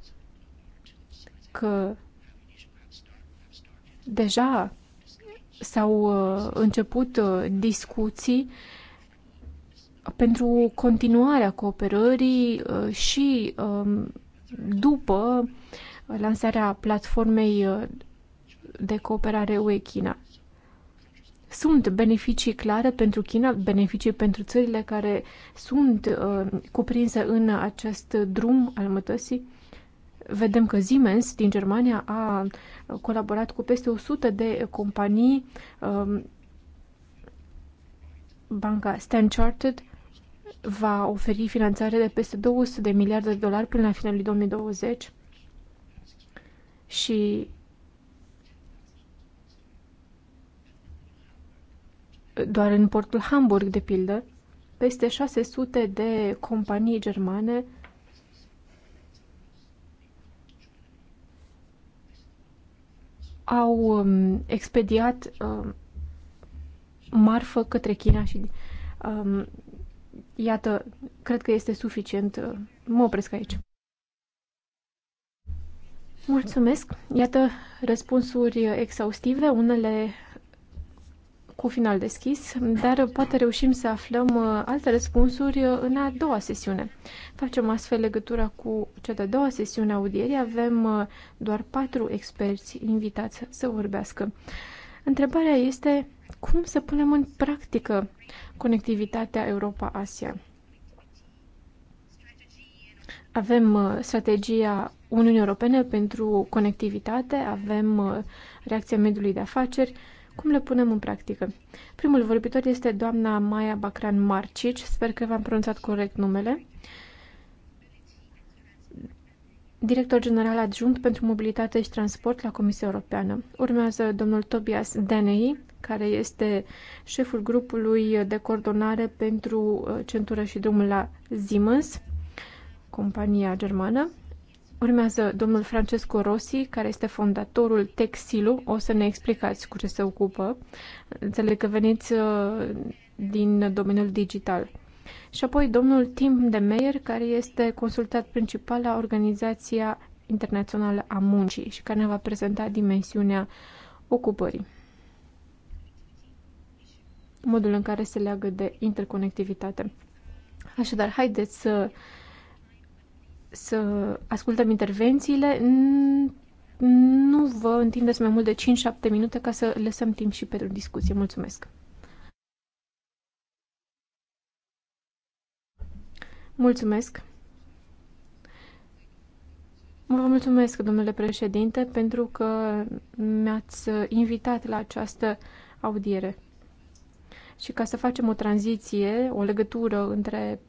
C: că deja s-au uh, început uh, discuții pentru continuarea cooperării uh, și um, după lansarea platformei de cooperare UE-China sunt beneficii clare pentru China, beneficii pentru țările care sunt uh, cuprinse în acest drum al mătăsii. Vedem că Siemens din Germania a colaborat cu peste 100 de companii, um, banca Stand Chartered va oferi finanțare de peste 200 de miliarde de dolari până la finalul 2020 și Doar în portul Hamburg, de pildă, peste 600 de companii germane au um, expediat um, marfă către China și um, iată, cred că este suficient. Uh, mă opresc aici. Mulțumesc! Iată răspunsuri exhaustive, unele cu final deschis, dar poate reușim să aflăm uh, alte răspunsuri uh, în a doua sesiune. Facem astfel legătura cu cea de-a doua sesiune a audierii. Avem uh, doar patru experți invitați să vorbească. Întrebarea este cum să punem în practică conectivitatea Europa-Asia. Avem strategia Uniunii Europene pentru conectivitate, avem reacția mediului de afaceri, cum le punem în practică? Primul vorbitor este doamna Maia Bacran Marcici, sper că v-am pronunțat corect numele, director general adjunct pentru mobilitate și transport la Comisia Europeană. Urmează domnul Tobias Denei, care este șeful grupului de coordonare pentru uh, centură și drumul la Siemens, compania germană. Urmează domnul Francesco Rossi, care este fondatorul Texilu. O să ne explicați cu ce se ocupă. Înțeleg că veniți uh, din domeniul digital. Și apoi domnul Tim de Meyer, care este consultat principal la Organizația Internațională a Muncii și care ne va prezenta dimensiunea ocupării. Modul în care se leagă de interconectivitate. Așadar, haideți să uh, să ascultăm intervențiile. Nu vă întindeți mai mult de 5-7 minute ca să lăsăm timp și pentru discuție. Mulțumesc! Mulțumesc! Vă mulțumesc, domnule președinte, pentru că mi-ați invitat la această audiere. Și ca să facem o tranziție, o legătură între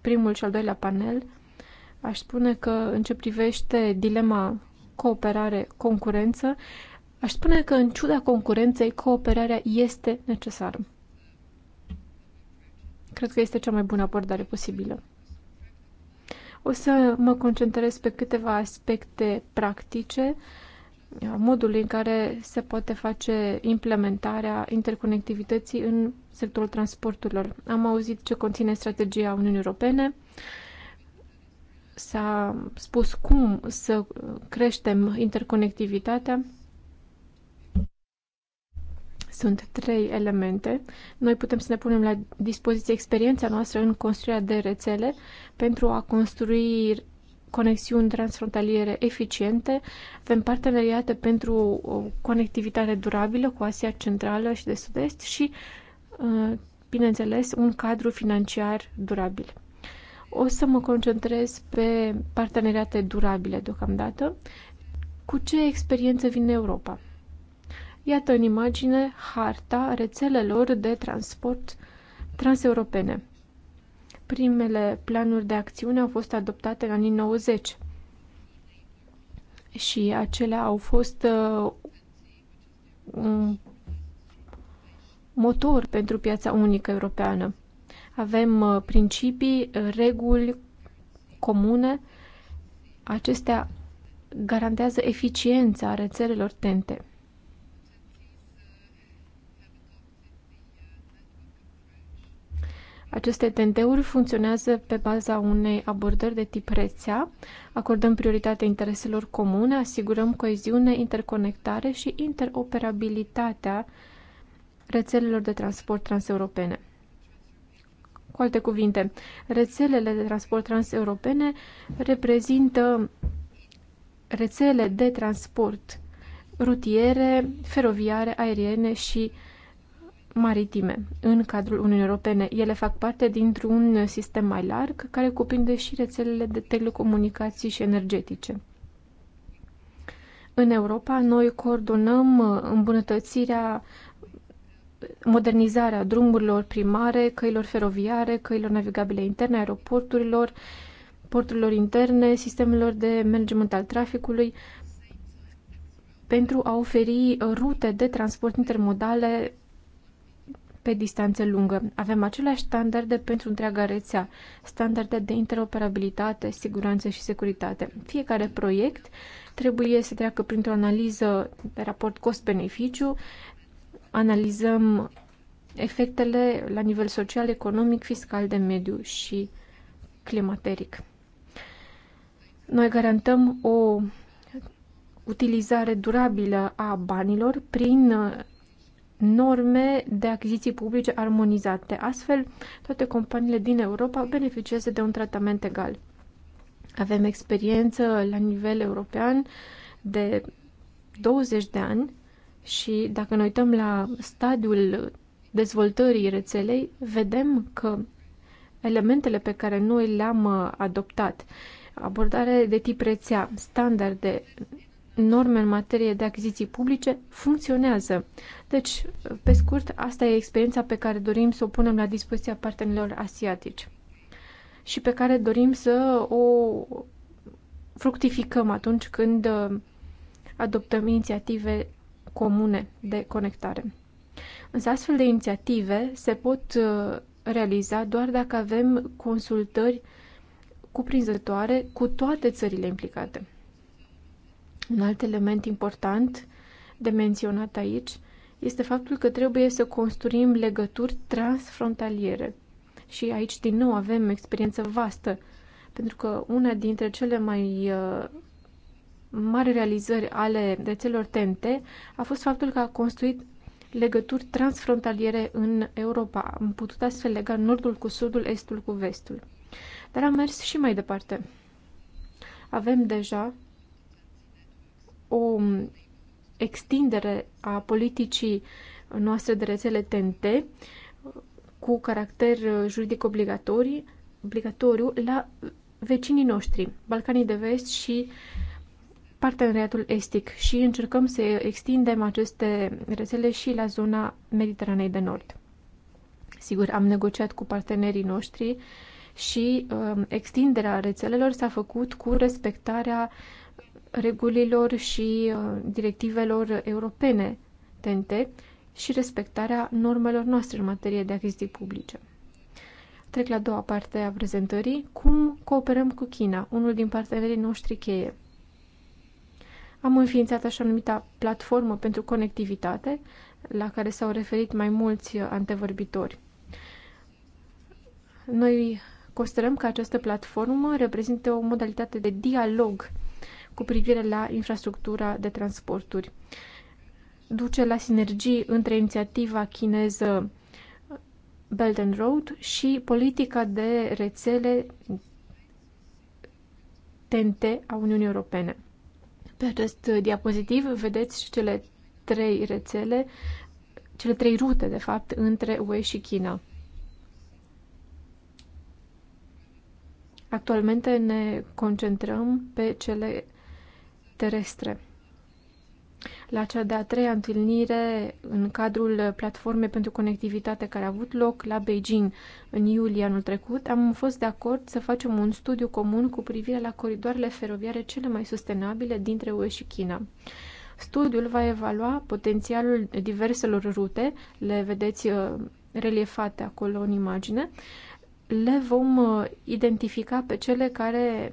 C: primul și al doilea panel, Aș spune că în ce privește dilema cooperare-concurență, aș spune că în ciuda concurenței, cooperarea este necesară. Cred că este cea mai bună abordare posibilă. O să mă concentrez pe câteva aspecte practice, modul în care se poate face implementarea interconectivității în sectorul transporturilor. Am auzit ce conține strategia Uniunii Europene, s-a spus cum să creștem interconectivitatea. Sunt trei elemente. Noi putem să ne punem la dispoziție experiența noastră în construirea de rețele pentru a construi conexiuni transfrontaliere eficiente, avem parteneriate pentru o conectivitate durabilă cu Asia Centrală și de Sud-Est și, uh, bineînțeles, un cadru financiar durabil. O să mă concentrez pe parteneriate durabile deocamdată. Cu ce experiență vine Europa? Iată în imagine harta rețelelor de transport transeuropene. Primele planuri de acțiune au fost adoptate în anii 90 și acelea au fost uh, un motor pentru piața unică europeană. Avem uh, principii, uh, reguli comune. Acestea garantează eficiența rețelelor tente. Aceste tenteuri funcționează pe baza unei abordări de tip rețea, acordăm prioritate intereselor comune, asigurăm coeziune, interconectare și interoperabilitatea rețelelor de transport transeuropene. Cu alte cuvinte, rețelele de transport transeuropene reprezintă rețele de transport rutiere, feroviare, aeriene și maritime în cadrul Uniunii Europene. Ele fac parte dintr-un sistem mai larg care cuprinde și rețelele de telecomunicații și energetice. În Europa, noi coordonăm îmbunătățirea modernizarea drumurilor primare, căilor feroviare, căilor navigabile interne, aeroporturilor, porturilor interne, sistemelor de management al traficului, pentru a oferi uh, rute de transport intermodale pe distanțe lungă. Avem aceleași standarde pentru întreaga rețea, standarde de interoperabilitate, siguranță și securitate. Fiecare proiect trebuie să treacă printr-o analiză de raport cost-beneficiu, analizăm efectele la nivel social, economic, fiscal, de mediu și climateric. Noi garantăm o utilizare durabilă a banilor prin norme de achiziții publice armonizate. Astfel, toate companiile din Europa beneficiază de un tratament egal. Avem experiență la nivel european de 20 de ani și dacă ne uităm la stadiul dezvoltării rețelei, vedem că elementele pe care noi le-am uh, adoptat, abordare de tip rețea, standarde, norme în materie de achiziții publice, funcționează. Deci, pe scurt, asta e experiența pe care dorim să o punem la dispoziția partenerilor asiatici și pe care dorim să o fructificăm atunci când uh, adoptăm inițiative comune de conectare. Însă astfel de inițiative se pot uh, realiza doar dacă avem consultări cuprinzătoare cu toate țările implicate. Un alt element important de menționat aici este faptul că trebuie să construim legături transfrontaliere. Și aici, din nou, avem experiență vastă, pentru că una dintre cele mai uh, mari realizări ale rețelor TNT a fost faptul că a construit legături transfrontaliere în Europa. Am putut astfel lega nordul cu sudul, estul cu vestul. Dar am mers și mai departe. Avem deja o extindere a politicii noastre de rețele TNT cu caracter juridic obligatoriu la vecinii noștri, Balcanii de Vest și uh, parteneriatul estic și încercăm să extindem aceste rețele și la zona Mediteranei de Nord. Sigur, am negociat cu partenerii noștri și uh, extinderea rețelelor s-a făcut cu respectarea regulilor și uh, directivelor europene TNT și respectarea normelor noastre în materie de achiziții publice. Trec la a doua parte a prezentării, cum cooperăm cu China, unul din partenerii noștri cheie. Am înființat așa numita platformă pentru conectivitate, la care s-au referit mai mulți antevorbitori. Noi considerăm că această platformă reprezintă o modalitate de dialog cu privire la infrastructura de transporturi. Duce la sinergii între inițiativa chineză Belt and Road și politica de rețele TNT a Uniunii Europene. Pe acest diapozitiv vedeți cele trei rețele, cele trei rute, de fapt, între UE și China. Actualmente ne concentrăm pe cele terestre la cea de-a treia întâlnire în cadrul platformei pentru conectivitate care a avut loc la Beijing în iulie anul trecut, am fost de acord să facem un studiu comun cu privire la coridoarele feroviare cele mai sustenabile dintre UE și China. Studiul va evalua potențialul diverselor rute, le vedeți uh, reliefate acolo în imagine, le vom uh, identifica pe cele care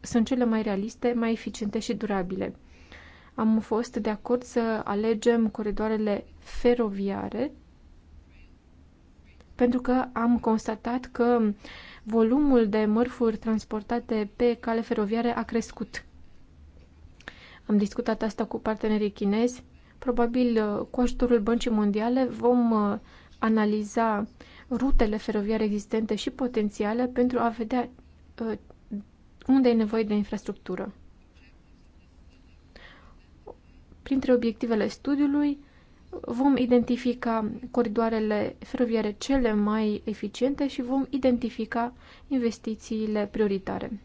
C: sunt cele mai realiste, mai eficiente și durabile am fost de acord să alegem coridoarele feroviare pentru că am constatat că volumul de mărfuri transportate pe cale feroviară a crescut. Am discutat asta cu partenerii chinezi. Probabil cu ajutorul Băncii Mondiale vom uh, analiza rutele feroviare existente și potențiale pentru a vedea uh, unde e nevoie de infrastructură. Printre obiectivele studiului vom identifica coridoarele feroviare cele mai eficiente și vom identifica investițiile prioritare.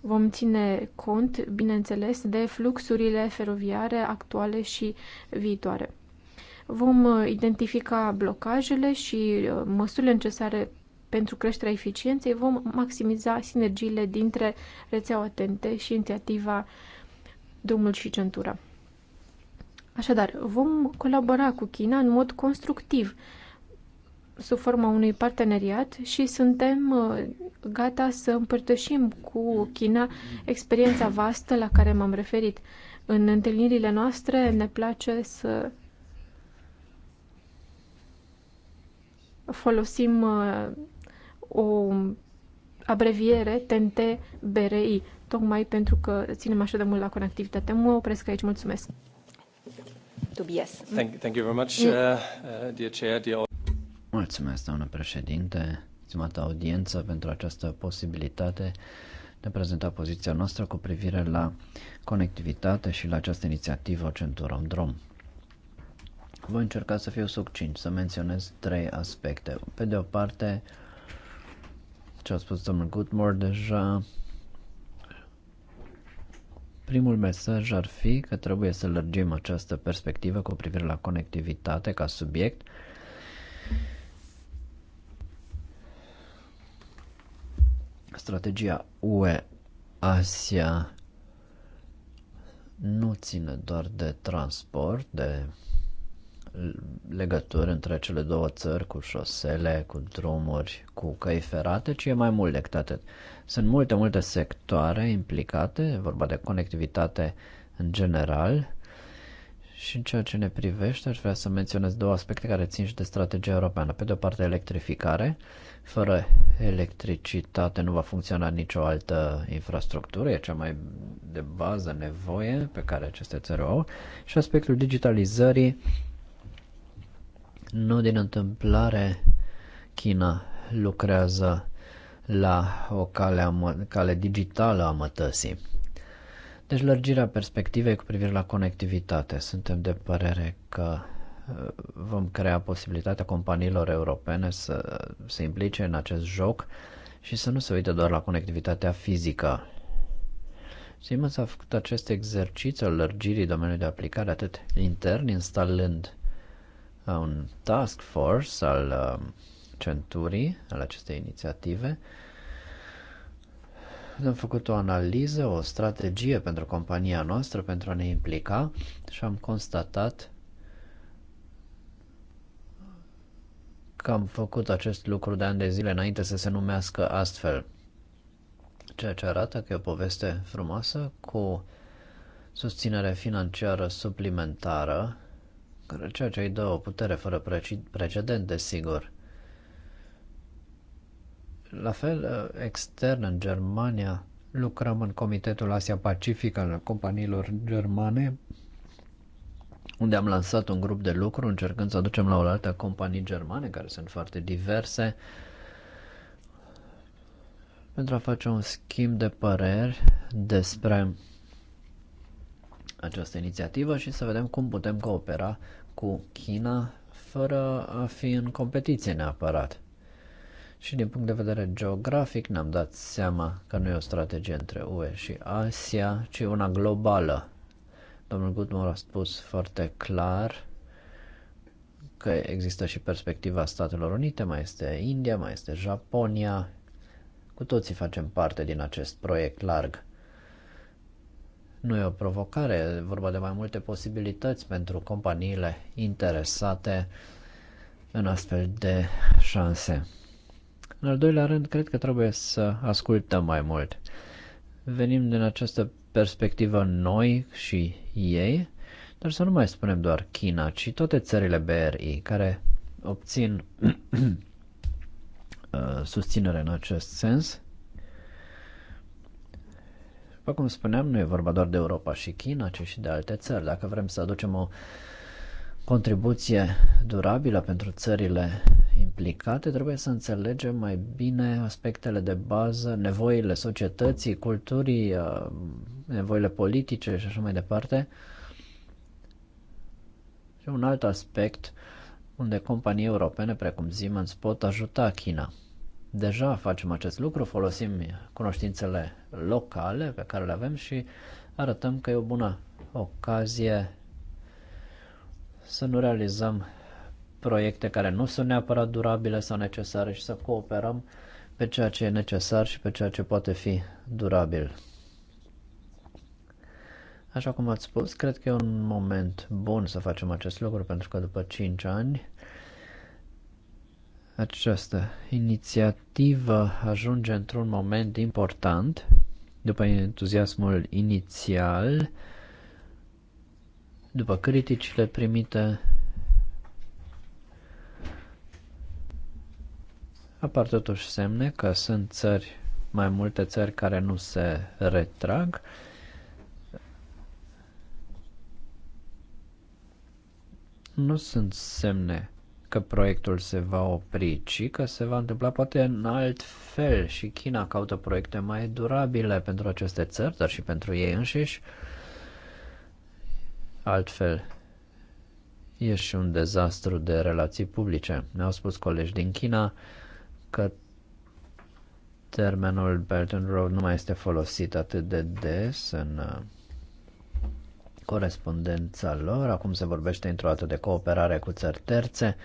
C: Vom ține cont, bineînțeles, de fluxurile feroviare actuale și viitoare. Vom uh, identifica blocajele și uh, măsurile necesare pentru creșterea eficienței, vom maximiza sinergiile dintre rețeaua TNT și inițiativa uh, drumul și centura. Așadar, vom colabora cu China în mod constructiv, sub forma unui parteneriat și suntem uh, gata să împărtășim cu China experiența vastă la care m-am referit. În întâlnirile noastre ne place să folosim uh, o abreviere TNT-BRI, tocmai pentru că ținem așa de mult la conectivitate. Mă opresc aici, mulțumesc. Tobias. Thank,
A: thank you very much, mm. uh, uh, dear chair, dear...
E: Mulțumesc, doamnă președinte, stimată audiență, pentru această posibilitate de a prezenta poziția noastră cu privire la conectivitate și la această inițiativă în Drum. Voi încerca să fiu succint, să menționez trei aspecte. Pe de o parte, ce a spus domnul Goodmore deja, Primul mesaj ar fi că trebuie să lărgim această perspectivă cu privire la conectivitate ca subiect. Strategia UE Asia nu ține doar de transport, de legături între cele două țări cu șosele, cu drumuri, cu căi ferate, ci e mai mult decât atât. Sunt multe, multe sectoare implicate, e vorba de conectivitate în general, și în ceea ce ne privește, aș vrea să menționez două aspecte care țin și de strategia europeană. Pe de o parte, electrificare. Fără electricitate nu va funcționa nicio altă infrastructură, e cea mai de bază nevoie pe care aceste țări o au. Și aspectul digitalizării nu din întâmplare, China lucrează la o cale, cale digitală a mătăsii. Deci lărgirea perspectivei cu privire la conectivitate. Suntem de părere că uh, vom crea posibilitatea companiilor europene să se implice în acest joc și să nu se uite doar la conectivitatea fizică. Siemens a făcut acest exercițiu al lărgirii domeniului de aplicare atât intern instalând un task force al um, centurii, al acestei inițiative. Am făcut o analiză, o strategie pentru compania noastră pentru a ne implica și am constatat că am făcut acest lucru de ani de zile înainte să se numească astfel. Ceea ce arată că e o poveste frumoasă cu susținere financiară suplimentară ceea ce îi dă o putere fără precedent, desigur. La fel, uh, extern în Germania, lucrăm în Comitetul Asia-Pacific al companiilor germane, unde am lansat un grup de lucru încercând să aducem la oaltă companii germane, care sunt foarte diverse, pentru a face un schimb de păreri despre această inițiativă și să vedem cum putem coopera cu China fără a fi în competiție neapărat. Și din punct de vedere geografic ne-am dat seama că nu e o strategie între UE și Asia, ci una globală. Domnul Gutmore a spus foarte clar că există și perspectiva Statelor Unite, mai este India, mai este Japonia. Cu toții facem parte din acest proiect larg. Nu e o provocare, e vorba de mai multe posibilități pentru companiile interesate în astfel de șanse. În al doilea rând, cred că trebuie să ascultăm mai mult. Venim din această perspectivă noi și ei, dar să nu mai spunem doar China, ci toate țările BRI care obțin uh, susținere în acest sens. După cum spuneam, nu e vorba doar de Europa și China, ci și de alte țări. Dacă vrem să aducem o contribuție durabilă pentru țările implicate, trebuie să înțelegem mai bine aspectele de bază, nevoile societății, culturii, uh, nevoile politice și așa mai departe. Și un alt aspect unde companii europene precum Siemens pot ajuta China. Deja facem acest lucru, folosim cunoștințele locale pe care le avem și arătăm că e o bună ocazie să nu realizăm proiecte care nu sunt neapărat durabile sau necesare și să cooperăm pe ceea ce e necesar și pe ceea ce poate fi durabil. Așa cum ați spus, cred că e un moment bun să facem acest lucru pentru că după 5 ani această inițiativă ajunge într-un moment important, după entuziasmul inițial, după criticile primite, apar totuși semne că sunt țări, mai multe țări care nu se retrag. Nu sunt semne că proiectul se va opri, ci că se va întâmpla poate în alt fel și China caută proiecte mai durabile pentru aceste țări, dar și pentru ei înșiși. Altfel, e și un dezastru de relații publice. Mi-au spus colegi din China că termenul Belt and Road nu mai este folosit atât de des în uh, corespondența lor. Acum se vorbește într-o dată de cooperare cu țări terțe.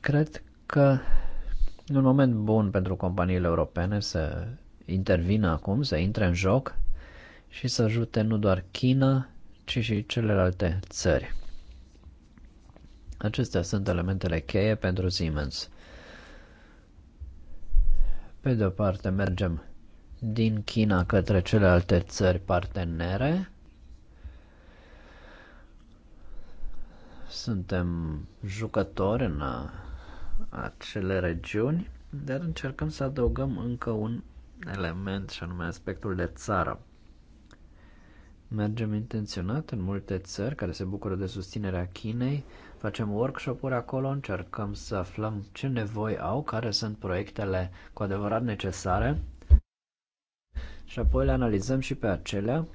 E: Cred că e un moment bun pentru companiile europene să intervină acum, să intre în joc și să ajute nu doar China, ci și celelalte țări. Acestea sunt elementele cheie pentru Siemens. Pe de o parte mergem din China către celelalte țări partenere Suntem jucători în uh, acele regiuni, dar încercăm să adăugăm încă un element și anume aspectul de țară. Mergem intenționat în multe țări care se bucură de susținerea Chinei, facem workshop-uri acolo, încercăm să aflăm ce nevoi au, care sunt proiectele cu adevărat necesare și apoi le analizăm și pe acelea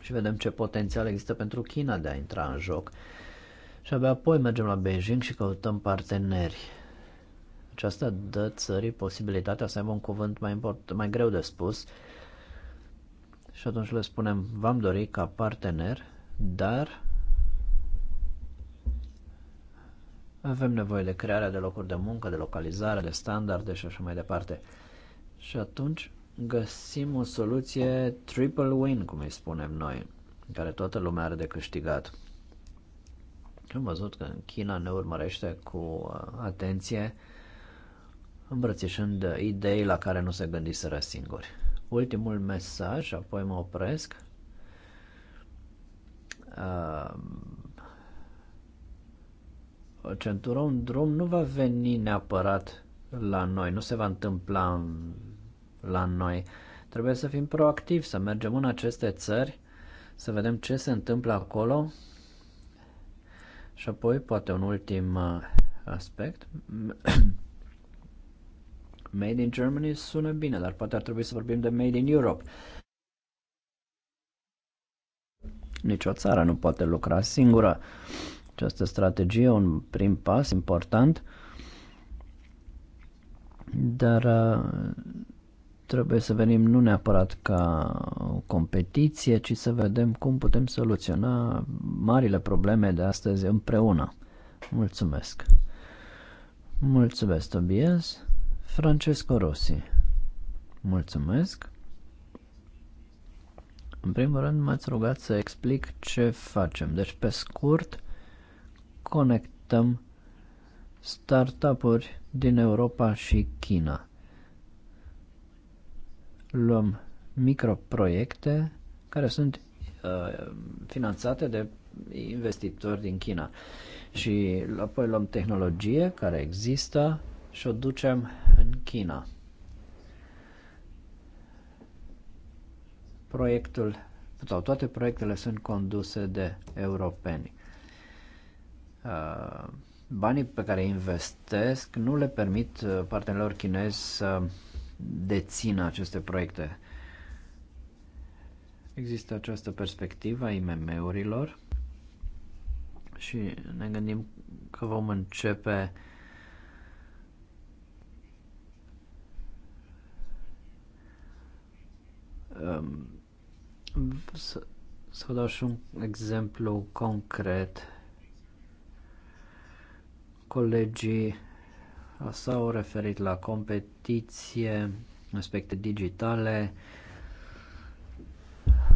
E: și vedem ce potențial există pentru China de a intra în joc și abia apoi mergem la Beijing și căutăm parteneri. Aceasta dă țării posibilitatea să aibă un cuvânt mai, import, mai greu de spus și atunci le spunem, v-am dori ca partener, dar avem nevoie de crearea de locuri de muncă, de localizare, de standarde și așa mai departe. Și atunci găsim o soluție triple win, cum îi spunem noi, în care toată lumea are de câștigat. Am văzut că China ne urmărește cu uh, atenție, îmbrățișând idei la care nu se gândiseră singuri. Ultimul mesaj, apoi mă opresc. Uh, centura un drum nu va veni neapărat la noi, nu se va întâmpla la noi. Trebuie să fim proactivi, să mergem în aceste țări, să vedem ce se întâmplă acolo și apoi, poate un ultim uh, aspect, Made in Germany sună bine, dar poate ar trebui să vorbim de Made in Europe. Nici o țară nu poate lucra singură. Această strategie e un prim pas important, dar uh, trebuie să venim nu neapărat ca o competiție, ci să vedem cum putem soluționa marile probleme de astăzi împreună. Mulțumesc! Mulțumesc, Tobias! Francesco Rossi. Mulțumesc! În primul rând m-ați rugat să explic ce facem. Deci, pe scurt, conectăm startup-uri din Europa și China luăm microproiecte care sunt uh, finanțate de investitori din China. Și apoi luăm tehnologie care există și o ducem în China. Proiectul sau toate proiectele sunt conduse de europeni. Uh, banii pe care investesc nu le permit uh, partenerilor chinezi să dețină aceste proiecte. Există această perspectivă a IMM-urilor și ne gândim că vom începe um, să, să vă dau și un exemplu concret. Colegii sau au referit la competiție, aspecte digitale.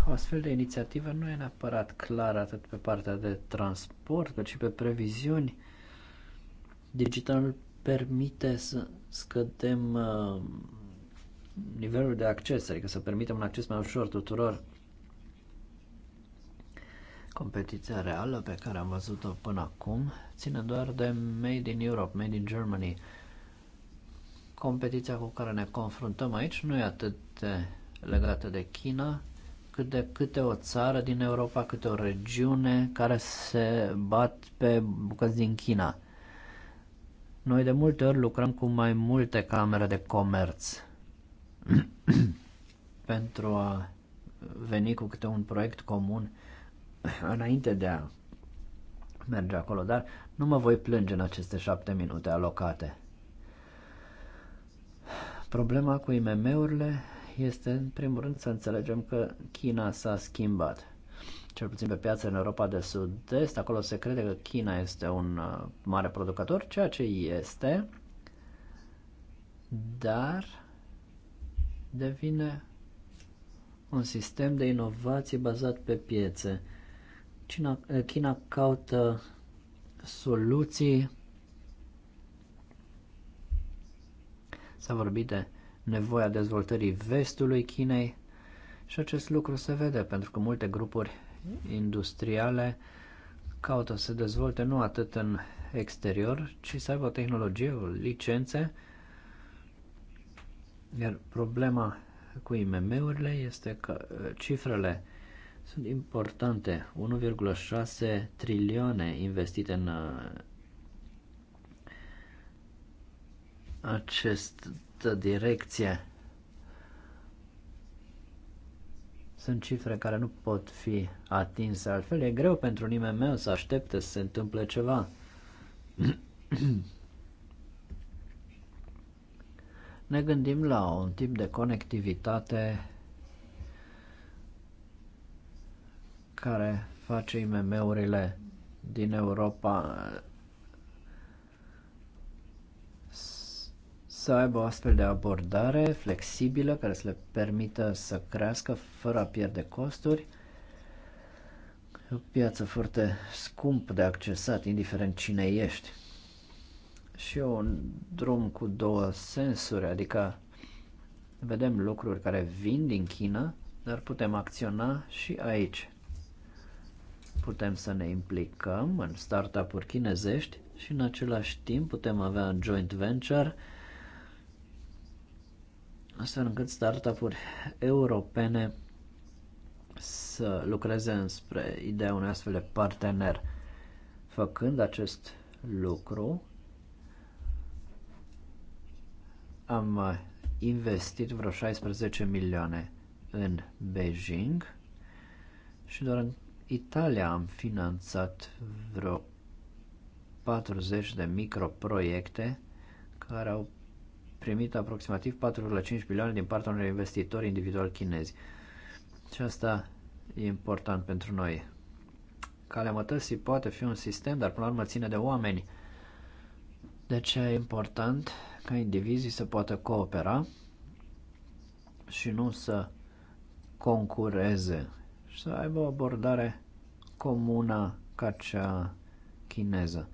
E: O astfel de inițiativă nu e neapărat clară atât pe partea de transport, cât și pe previziuni. Digitalul permite să scădem uh, nivelul de acces, adică să permitem un acces mai ușor tuturor Competiția reală pe care am văzut-o până acum ține doar de Made in Europe, Made in Germany. Competiția cu care ne confruntăm aici nu e atât de legată de China, cât de câte o țară din Europa, câte o regiune care se bat pe bucăți din China. Noi de multe ori lucrăm cu mai multe camere de comerț pentru a veni cu câte un proiect comun înainte de a merge acolo, dar nu mă voi plânge în aceste șapte minute alocate. Problema cu IMM-urile este, în primul rând, să înțelegem că China s-a schimbat. Cel puțin pe piață în Europa de Sud-Est, acolo se crede că China este un uh, mare producător, ceea ce este, dar devine un sistem de inovație bazat pe piețe. China, China caută soluții. S-a vorbit de nevoia dezvoltării vestului Chinei și acest lucru se vede pentru că multe grupuri industriale caută să se dezvolte nu atât în exterior, ci să aibă tehnologie, o licențe. Iar problema cu IMM-urile este că uh, cifrele sunt importante. 1,6 trilioane investite în uh, această direcție. Sunt cifre care nu pot fi atinse altfel. E greu pentru nimeni meu să aștepte să se întâmple ceva. ne gândim la un tip de conectivitate care face IMM-urile din Europa să aibă o astfel de abordare flexibilă care să le permită să crească fără a pierde costuri. E o piață foarte scump de accesat, indiferent cine ești. Și e un drum cu două sensuri, adică vedem lucruri care vin din China, dar putem acționa și aici. Putem să ne implicăm în startup-uri chinezești și în același timp putem avea un joint venture astfel încât startup-uri europene să lucreze înspre ideea unui astfel de partener. Făcând acest lucru, am investit vreo 16 milioane în Beijing și doar în Italia am finanțat vreo 40 de microproiecte care au primit aproximativ 4,5 milioane din partea unor investitori individuali chinezi. Și asta e important pentru noi. Calea mătăsii poate fi un sistem, dar până la urmă ține de oameni. De ce e important ca indivizii să poată coopera și nu să concureze și să aibă o abordare comună ca cea chineză.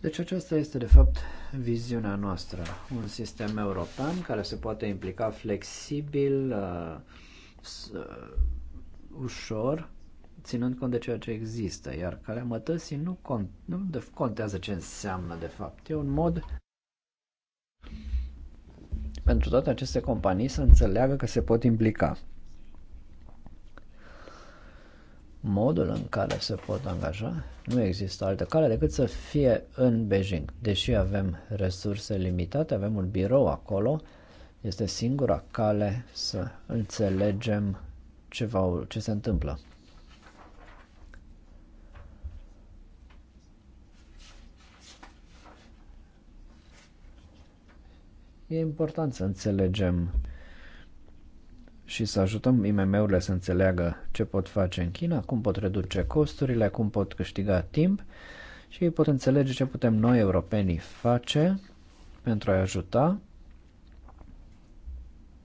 E: Deci aceasta este de fapt viziunea noastră. Un sistem european care se poate implica flexibil, uh, uh, ușor, ținând cont de ceea ce există, iar mătăsii nu, cont, nu contează ce înseamnă de fapt. E un mod pentru toate aceste companii să înțeleagă că se pot implica. modul în care se pot angaja, nu există altă cale decât să fie în Beijing. Deși avem resurse limitate, avem un birou acolo, este singura cale să înțelegem ce, va, ce se întâmplă. E important să înțelegem și să ajutăm IMM-urile să înțeleagă ce pot face în China, cum pot reduce costurile, cum pot câștiga timp și ei pot înțelege ce putem noi, europenii, face pentru a-i ajuta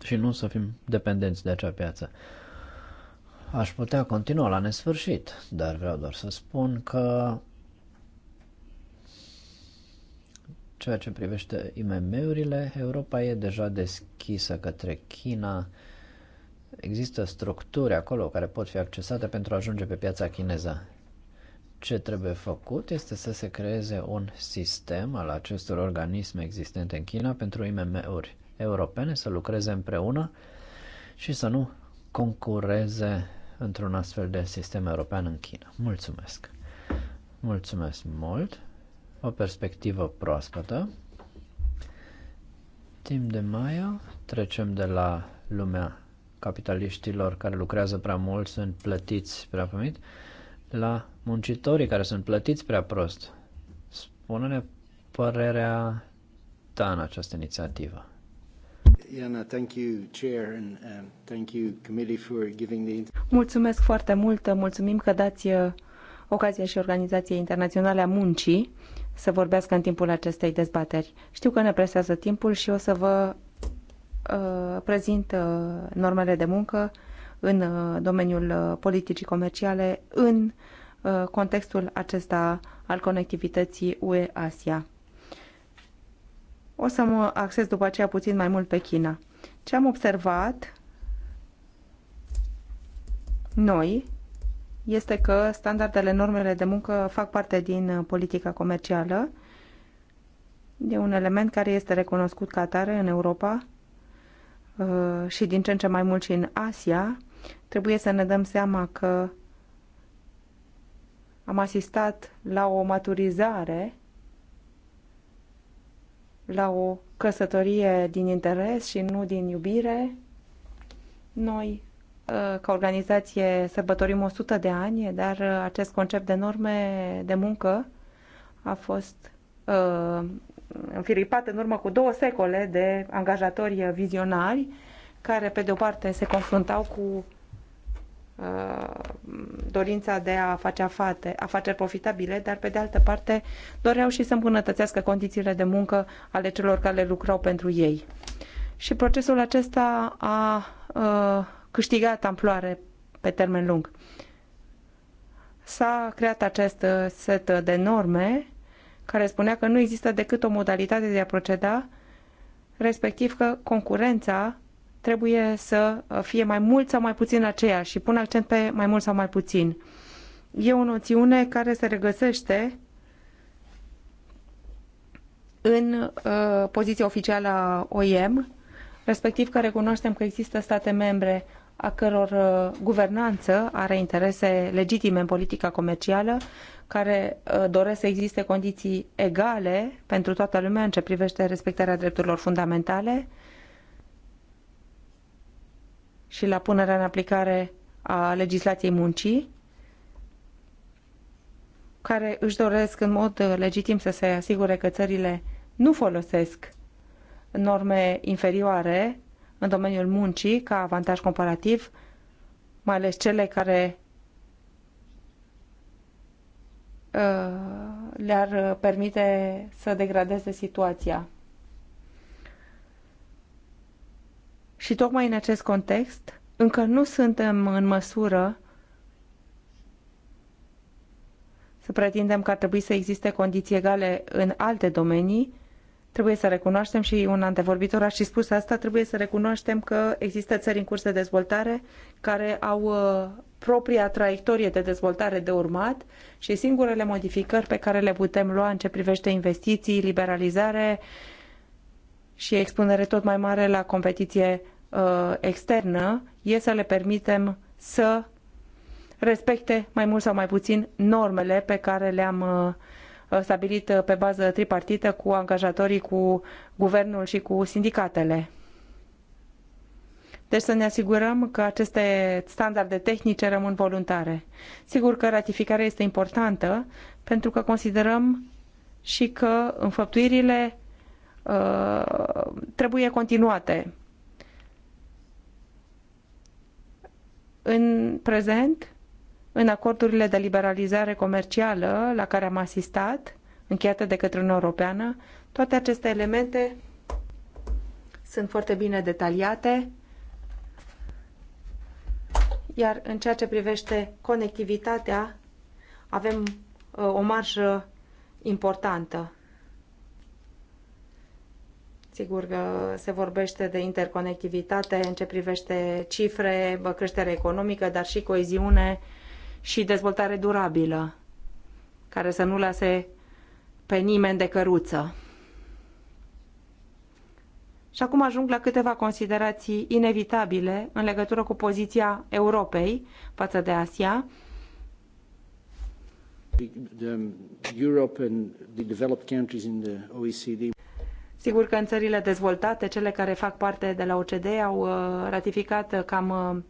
E: și nu să fim dependenți de acea piață. Aș putea continua la nesfârșit, dar vreau doar să spun că ceea ce privește IMM-urile, Europa e deja deschisă către China, există structuri acolo care pot fi accesate pentru a ajunge pe piața chineză. Ce trebuie făcut este să se creeze un sistem al acestor organisme existente în China pentru IMM-uri europene să lucreze împreună și să nu concureze într-un astfel de sistem european în China. Mulțumesc! Mulțumesc mult! O perspectivă proaspătă. Timp de maio trecem de la lumea capitaliștilor care lucrează prea mult sunt plătiți prea primit, la muncitorii care sunt plătiți prea prost. Spune-ne părerea ta în această inițiativă.
B: Mulțumesc foarte mult, mulțumim că dați uh, ocazia și Organizației Internaționale a Muncii să vorbească în timpul acestei dezbateri. Știu că ne presează timpul și o să vă Uh, prezint uh, normele de muncă în uh, domeniul politicii comerciale în contextul acesta al conectivității UE-Asia. O să mă acces după aceea puțin mai mult pe China. Ce am observat noi este că standardele, normele de muncă fac parte din politica comercială. E un element care este recunoscut ca atare în Europa Uh, și din ce în ce mai mult și în Asia, trebuie să ne dăm seama că am asistat la o maturizare, la o căsătorie din interes și nu din iubire. Noi, uh, ca organizație, sărbătorim 100 de ani, dar uh, acest concept de norme de muncă a fost înfiripat în urmă cu două secole de angajatori vizionari care, pe de o parte, se confruntau cu uh, dorința de a face afate, afaceri profitabile, dar pe de altă parte doreau și să îmbunătățească condițiile de muncă ale celor care lucrau pentru ei. Și procesul acesta a, uh, câștigat amploare pe termen lung. S-a creat acest set de norme care spunea că nu există decât o modalitate de a proceda, respectiv că concurența trebuie să fie mai mult sau mai puțin aceeași și pun accent pe mai mult sau mai puțin. E o noțiune care se regăsește în uh, poziția oficială a OIM, respectiv că recunoaștem că există state membre a căror uh, guvernanță are interese legitime în politica comercială care uh, doresc să existe condiții egale pentru toată lumea în ce privește respectarea drepturilor fundamentale și la punerea în aplicare a legislației muncii, care își doresc în mod uh, legitim să se asigure că țările nu folosesc norme inferioare în domeniul muncii ca avantaj comparativ, mai ales cele care Uh, le-ar uh, permite să degradeze situația. Și tocmai în acest context, încă nu suntem în măsură să pretindem că ar trebui să existe condiții egale în alte domenii, Trebuie să recunoaștem și un antevorbitor a și spus asta, trebuie să recunoaștem că există țări în curs de dezvoltare care au uh, propria traiectorie de dezvoltare de urmat și singurele modificări pe care le putem lua în ce privește investiții, liberalizare și expunere tot mai mare la competiție uh, externă e să le permitem să respecte mai mult sau mai puțin normele pe care le-am uh, Uh, stabilit uh, pe bază tripartită cu angajatorii, cu guvernul și cu sindicatele. Deci să ne asigurăm că aceste standarde tehnice rămân voluntare. Sigur că ratificarea este importantă pentru că considerăm și că înfăptuirile uh, trebuie continuate. În prezent, în acordurile de liberalizare comercială la care am asistat, încheiate de către Uniunea Europeană, toate aceste elemente sunt foarte bine detaliate, iar în ceea ce privește conectivitatea, avem uh, o marjă importantă. Sigur că se vorbește de interconectivitate în ce privește cifre, creștere economică, dar și coeziune și dezvoltare durabilă, care să nu lase pe nimeni de căruță. Și acum ajung la câteva considerații inevitabile în legătură cu poziția Europei față de Asia. Sigur că în țările dezvoltate, cele care fac parte de la OCDE au uh, ratificat cam uh,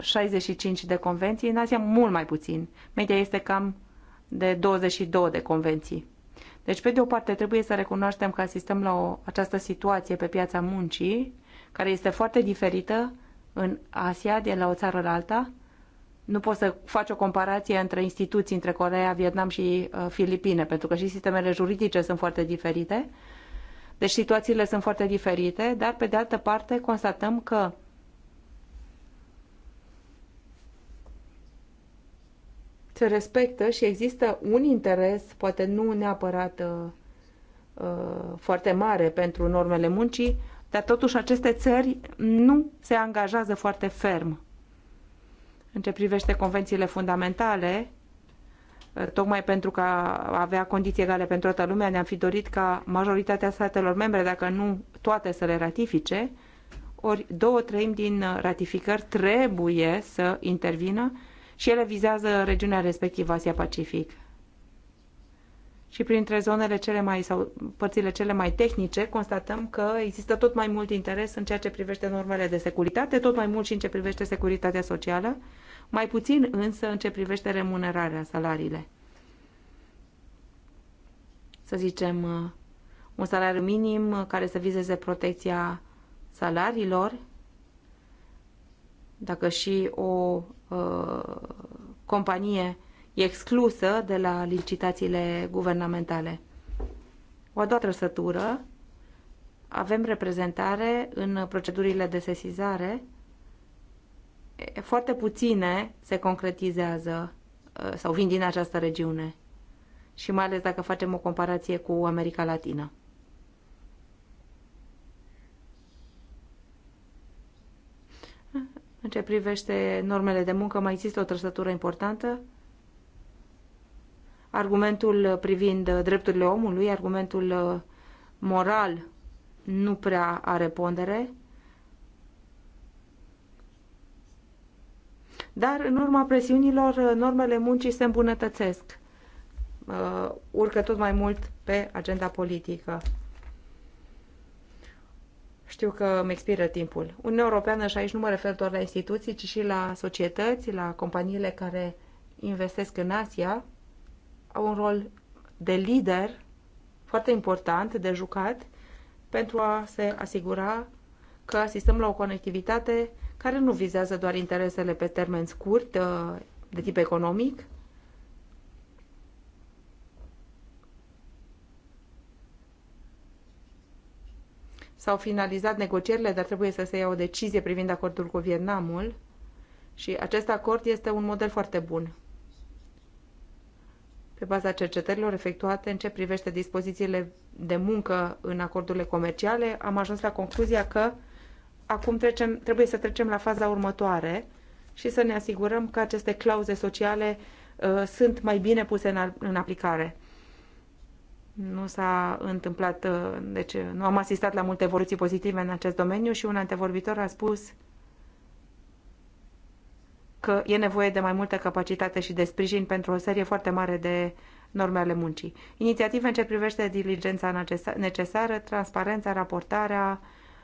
B: 65 de convenții, în Asia mult mai puțin. Media este cam de 22 de convenții. Deci, pe de o parte, trebuie să recunoaștem că asistăm la o, această situație pe piața muncii, care este foarte diferită în Asia, de la o țară la alta. Nu poți să faci o comparație între instituții, între Corea, Vietnam și uh, Filipine, pentru că și sistemele juridice sunt foarte diferite. Deci situațiile sunt foarte diferite, dar pe de altă parte constatăm că se respectă și există un interes, poate nu neapărat uh, uh, foarte mare pentru normele muncii, dar totuși aceste țări nu se angajează foarte ferm în ce privește convențiile fundamentale, uh, tocmai pentru că avea condiții egale pentru toată lumea, ne-am fi dorit ca majoritatea statelor membre, dacă nu toate, să le ratifice, ori două treimi din ratificări trebuie să intervină și ele vizează regiunea respectivă, Asia-Pacific. Și printre zonele cele mai sau părțile cele mai tehnice, constatăm că există tot mai mult interes în ceea ce privește normele de securitate, tot mai mult și în ce privește securitatea socială, mai puțin însă în ce privește remunerarea, salariile. Să zicem, uh, un salariu minim uh, care să vizeze protecția salariilor, dacă și o Uh, companie exclusă de la licitațiile guvernamentale. O a doua trăsătură, avem reprezentare în procedurile de sesizare. Foarte puține se concretizează uh, sau vin din această regiune. Și mai ales dacă facem o comparație cu America Latină. În ce privește normele de muncă, mai există o trăsătură importantă. Argumentul privind drepturile omului, argumentul uh, moral, nu prea are pondere. Dar, în urma presiunilor, uh, normele muncii se îmbunătățesc. Uh, urcă tot mai mult pe agenda politică. Știu că îmi expiră timpul. Uniunea Europeană, și aici nu mă refer doar la instituții, ci și la societăți, la companiile care investesc în Asia, au un rol de lider foarte important de jucat pentru a se asigura că asistăm la o conectivitate care nu vizează doar interesele pe termen scurt de tip economic, S-au finalizat negocierile, dar trebuie să se ia o decizie privind acordul cu Vietnamul și acest acord este un model foarte bun pe baza cercetărilor efectuate în ce privește dispozițiile de muncă în acordurile comerciale, am ajuns la concluzia că acum trecem, trebuie să trecem la faza următoare și să ne asigurăm că aceste clauze sociale uh, sunt mai bine puse în, în aplicare nu s-a întâmplat, uh, deci uh, nu am asistat la multe evoluții pozitive în acest domeniu și un antevorbitor a spus că e nevoie de mai multă capacitate și de sprijin pentru o serie foarte mare de norme ale muncii. Inițiative în ce privește diligența necesară, transparența, raportarea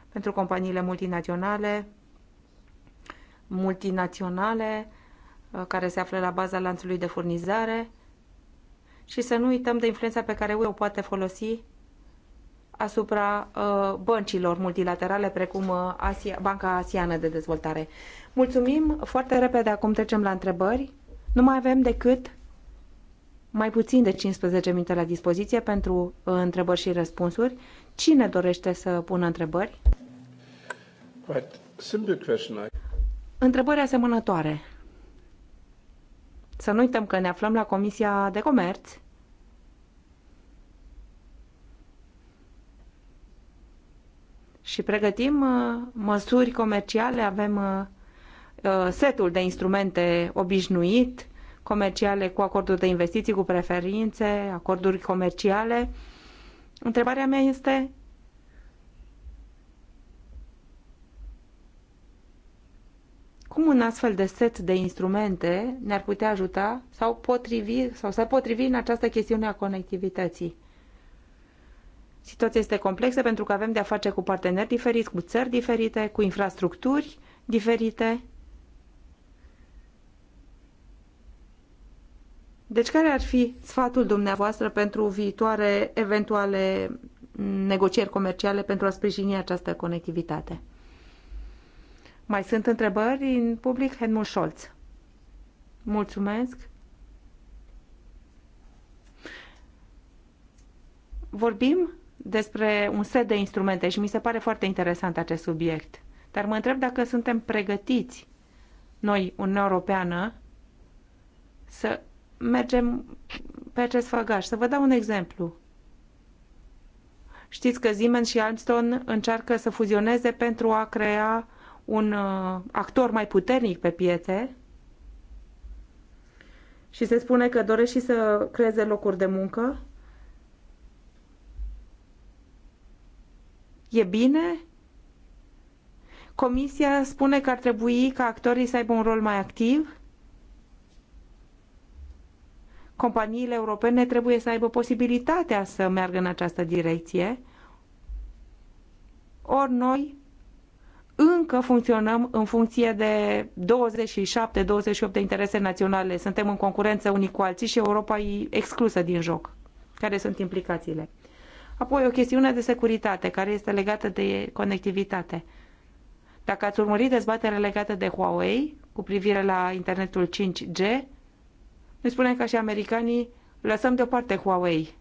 B: pentru companiile multinaționale, multinaționale uh, care se află la baza lanțului de furnizare, și să nu uităm de influența pe care UE o poate folosi asupra uh, băncilor multilaterale precum uh, Asia, Banca Asiană de Dezvoltare. Mulțumim foarte repede, acum trecem la întrebări. Nu mai avem decât mai puțin de 15 minute la dispoziție pentru uh, întrebări și răspunsuri. Cine dorește să pună întrebări? Întrebări asemănătoare. Să nu uităm că ne aflăm la Comisia de Comerț. Și pregătim uh, măsuri comerciale, avem uh, uh, setul de instrumente obișnuit, comerciale cu acorduri de investiții, cu preferințe, acorduri comerciale. Întrebarea mea este Cum un astfel de set de instrumente ne-ar putea ajuta sau potrivi sau să potrivi în această chestiune a conectivității? Situația este complexă pentru că avem de-a face cu parteneri diferiți, cu țări diferite, cu infrastructuri diferite. Deci care ar fi sfatul dumneavoastră pentru viitoare eventuale negocieri comerciale pentru a sprijini această conectivitate? Mai sunt întrebări în public? Helmut Scholz. Mulțumesc. Vorbim despre un set de instrumente și mi se pare foarte interesant acest subiect. Dar mă întreb dacă suntem pregătiți noi, Uniunea Europeană, să mergem pe acest făgaș. Să vă dau un exemplu. Știți că Siemens și Alstom încearcă să fuzioneze pentru a crea un uh, actor mai puternic pe piețe și se spune că dorește și să creeze locuri de muncă, e bine? Comisia spune că ar trebui ca actorii să aibă un rol mai activ? Companiile europene trebuie să aibă posibilitatea să meargă în această direcție? Ori noi încă funcționăm în funcție de 27-28 de interese naționale. Suntem în concurență unii cu alții și Europa e exclusă din joc. Care sunt implicațiile? Apoi, o chestiune de securitate care este legată de conectivitate. Dacă ați urmărit dezbaterea legată de Huawei cu privire la internetul 5G, ne spunem ca și americanii, lăsăm deoparte Huawei.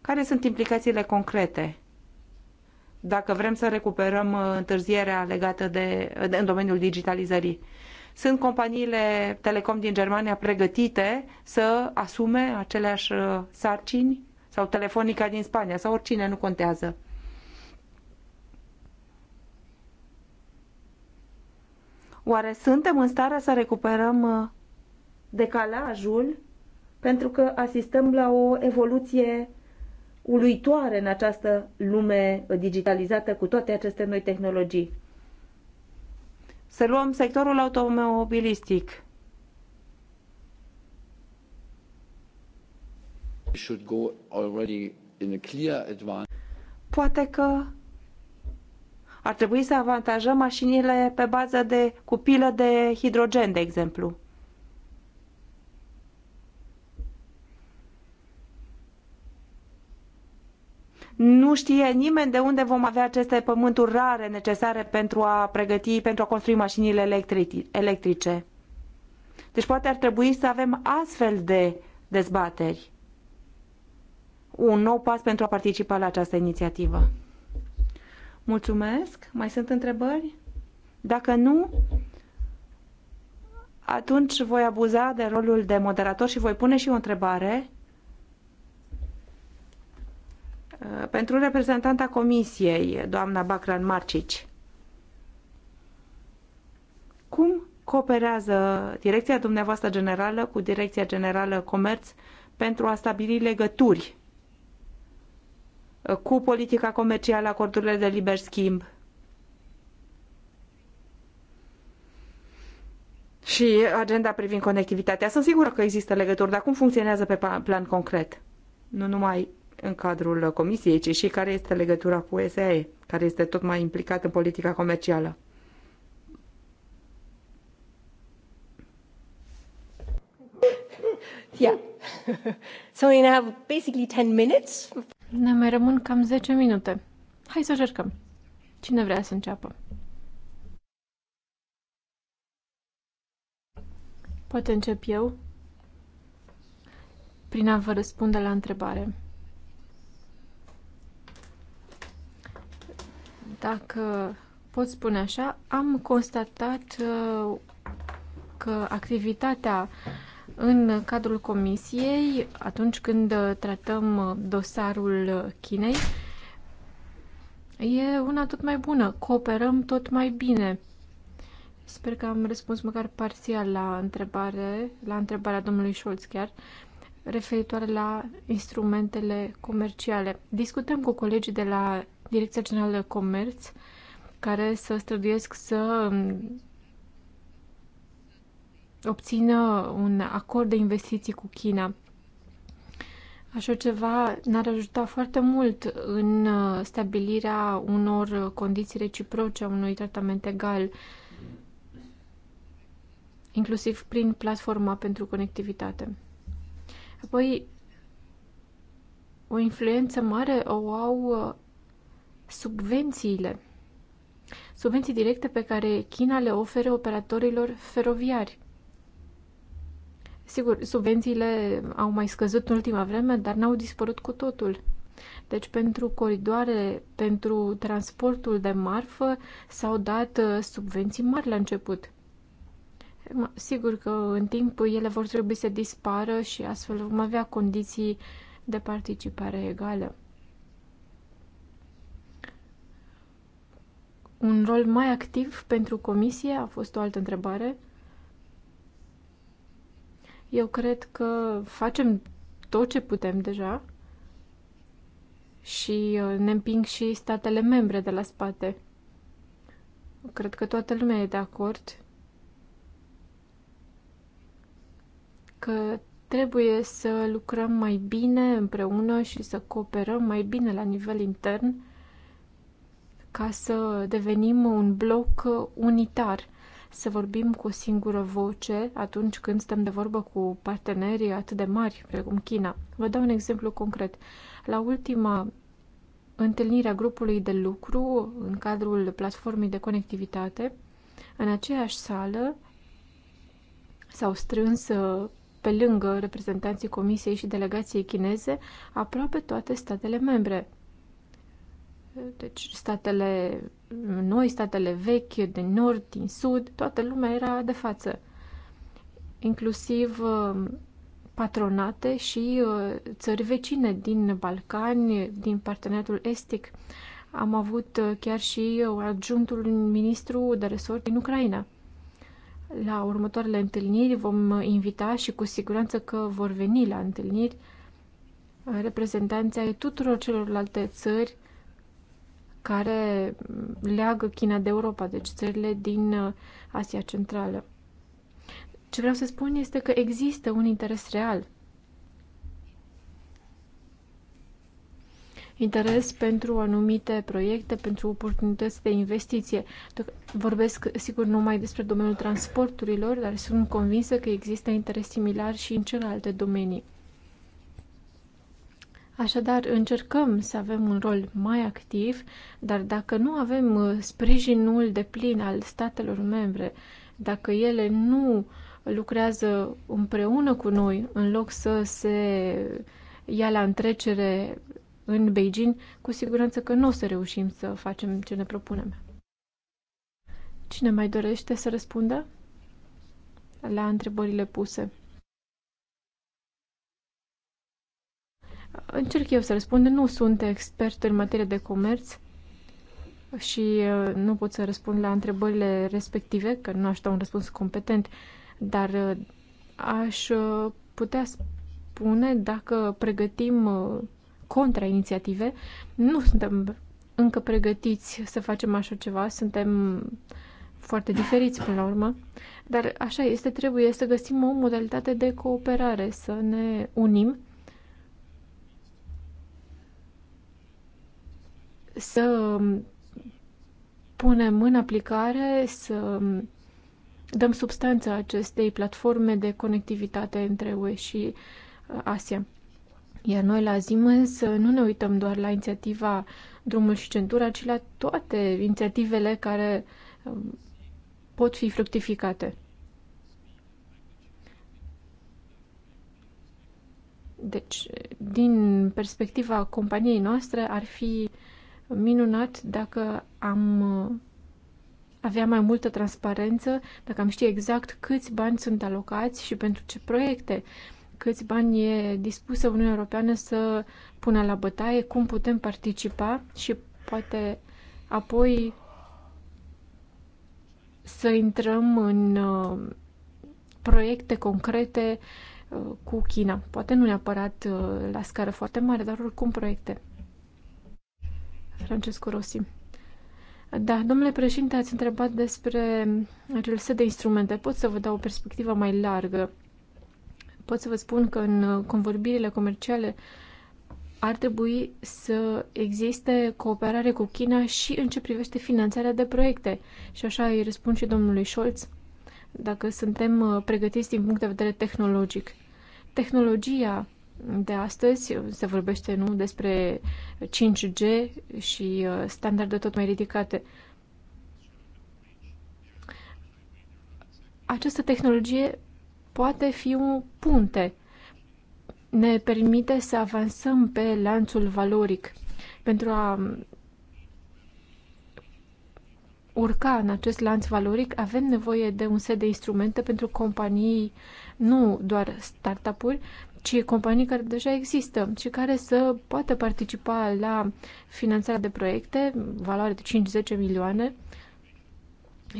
B: Care sunt implicațiile concrete? dacă vrem să recuperăm uh, întârzierea legată de, de în domeniul digitalizării. Sunt companiile telecom din Germania pregătite să asume aceleași uh, sarcini sau telefonica din Spania sau oricine, nu contează. Oare suntem în stare să recuperăm uh, decalajul? Pentru că asistăm la o evoluție uluitoare în această lume digitalizată cu toate aceste noi tehnologii. Să luăm sectorul automobilistic.
A: Should go already in a clear advantage. Poate că
B: ar trebui să avantajăm mașinile pe bază de cupilă de hidrogen, de exemplu. Nu știe nimeni de unde vom avea aceste pământuri rare necesare pentru a pregăti, pentru a construi mașinile electrice. Deci poate ar trebui să avem astfel de dezbateri. Un nou pas pentru a participa la această inițiativă. Mulțumesc. Mai sunt întrebări? Dacă nu, atunci voi abuza de rolul de moderator și voi pune și o întrebare Uh, pentru reprezentanta Comisiei, doamna Baclan Marcici, cum cooperează direcția dumneavoastră generală cu direcția generală comerț pentru a stabili legături uh, cu politica comercială, acordurile de liber schimb? Și agenda privind conectivitatea. Sunt sigură că există legături, dar cum funcționează pe plan concret? Nu numai în cadrul Comisiei, ci și care este legătura cu SAE, care este tot mai implicată în politica comercială.
C: Yeah. so we have basically 10 minutes. Ne mai rămân cam 10 minute. Hai să încercăm. Cine vrea să înceapă? Pot încep eu? Prin a vă răspunde la întrebare. dacă pot spune așa, am constatat uh, că activitatea în cadrul comisiei, atunci când uh, tratăm uh, dosarul Chinei, e una tot mai bună. Cooperăm tot mai bine. Sper că am răspuns măcar parțial la întrebare, la întrebarea domnului Scholz chiar, referitoare la instrumentele comerciale. Discutăm cu colegii de la Direcția Generală de Comerț, care să străduiesc să um, obțină un acord de investiții cu China. Așa ceva ne-ar ajuta foarte mult în uh, stabilirea unor condiții reciproce, a unui tratament egal, inclusiv prin platforma pentru conectivitate. Apoi, o influență mare o au uh, subvențiile. Subvenții directe pe care China le oferă operatorilor feroviari. Sigur, subvențiile au mai scăzut în ultima vreme, dar n-au dispărut cu totul. Deci pentru coridoare, pentru transportul de marfă s-au dat uh, subvenții mari la început. Sigur că în timp ele vor trebui să dispară și astfel vom avea condiții de participare egală. Un rol mai activ pentru comisie a fost o altă întrebare. Eu cred că facem tot ce putem deja și uh, ne împing și statele membre de la spate. Cred că toată lumea e de acord că trebuie să lucrăm mai bine împreună și să cooperăm mai bine la nivel intern ca să devenim un bloc unitar, să vorbim cu o singură voce atunci când stăm de vorbă cu partenerii atât de mari precum China. Vă dau un exemplu concret. La ultima întâlnire a grupului de lucru în cadrul platformei de conectivitate, în aceeași sală s-au strâns uh, pe lângă reprezentanții Comisiei și delegației chineze aproape toate statele membre – deci statele noi, statele vechi, de nord, din sud, toată lumea era de față. Inclusiv uh, patronate și uh, țări vecine din Balcani, din parteneriatul estic. Am avut uh, chiar și adjunctul ministru de resort din Ucraina. La următoarele întâlniri vom invita și cu siguranță că vor veni la întâlniri reprezentanții ai tuturor celorlalte țări care leagă China de Europa, deci țările din uh, Asia Centrală. Ce vreau să spun este că există un interes real. Interes pentru anumite proiecte, pentru oportunități de investiție. Vorbesc, sigur, numai despre domeniul transporturilor, dar sunt convinsă că există interes similar și în celelalte domenii. Așadar, încercăm să avem un rol mai activ, dar dacă nu avem uh, sprijinul de plin al statelor membre, dacă ele nu lucrează împreună cu noi, în loc să se ia la întrecere în Beijing, cu siguranță că nu o să reușim să facem ce ne propunem. Cine mai dorește să răspundă la întrebările puse? Încerc eu să răspund. Nu sunt expert în materie de comerț și uh, nu pot să răspund la întrebările respective, că nu aș da un răspuns competent, dar uh, aș uh, putea spune dacă pregătim contrainițiative, nu suntem încă pregătiți să facem așa ceva, suntem foarte diferiți până la urmă, dar așa este, trebuie să găsim o modalitate de cooperare, să ne unim să punem în aplicare, să dăm substanță acestei platforme de conectivitate între UE și uh, Asia. Iar noi la Siemens uh, nu ne uităm doar la inițiativa Drumul și Centura, ci la toate inițiativele care um, pot fi fructificate. Deci, din perspectiva companiei noastre, ar fi uh, minunat dacă am uh, avea mai multă transparență, dacă am ști exact câți bani sunt alocați și pentru ce proiecte, câți bani e dispusă Uniunea Europeană să pună la bătaie, cum putem participa și poate apoi să intrăm în uh, proiecte concrete uh, cu China. Poate nu neapărat la scară foarte mare, dar oricum proiecte. Francesco Rossi. Da, domnule președinte, ați întrebat despre acel set de instrumente. Pot să vă dau o perspectivă mai largă. Pot să vă spun că în convorbirile comerciale ar trebui să existe cooperare cu China și în ce privește finanțarea de proiecte. Și așa îi răspund și domnului Scholz, dacă suntem uh, pregătiți din punct de vedere tehnologic. Tehnologia de astăzi. Se vorbește nu despre 5G și uh, standarde tot mai ridicate. Această tehnologie poate fi un punte. Ne permite să avansăm pe lanțul valoric pentru a um, urca în acest lanț valoric, avem nevoie de un set de instrumente pentru companii, nu doar startup-uri, ci companii care deja există și care să poată participa la finanțarea de proiecte, valoare de 5-10 milioane,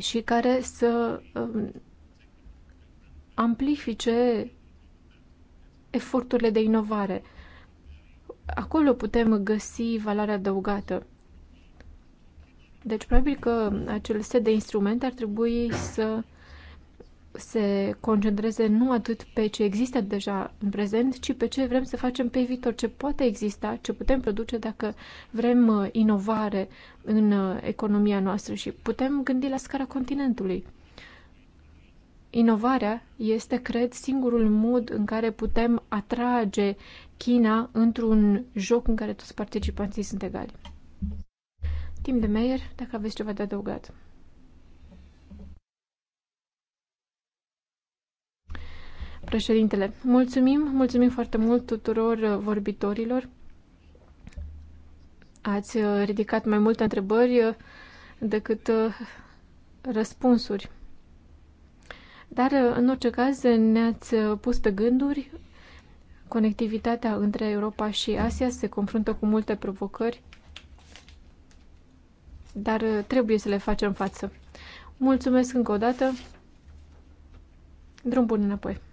C: și care să um, amplifice eforturile de inovare. Acolo putem găsi valoarea adăugată. Deci, probabil că acel set de instrumente ar trebui să se concentreze nu atât pe ce există deja în prezent, ci pe ce vrem să facem pe viitor, ce poate exista, ce putem produce dacă vrem uh, inovare în uh, economia noastră și putem gândi la scara continentului. Inovarea este, cred, singurul mod în care putem atrage China într-un joc în care toți participanții sunt egali. Tim de Meyer, dacă aveți ceva de adăugat. Președintele, mulțumim, mulțumim foarte mult tuturor uh, vorbitorilor. Ați uh, ridicat mai multe întrebări uh, decât răspunsuri. Dar, în orice caz, ne-ați pus pe gânduri. Conectivitatea între Europa și Asia se confruntă cu multe provocări, dar trebuie să le facem față. Mulțumesc încă o dată. Drum bun înapoi.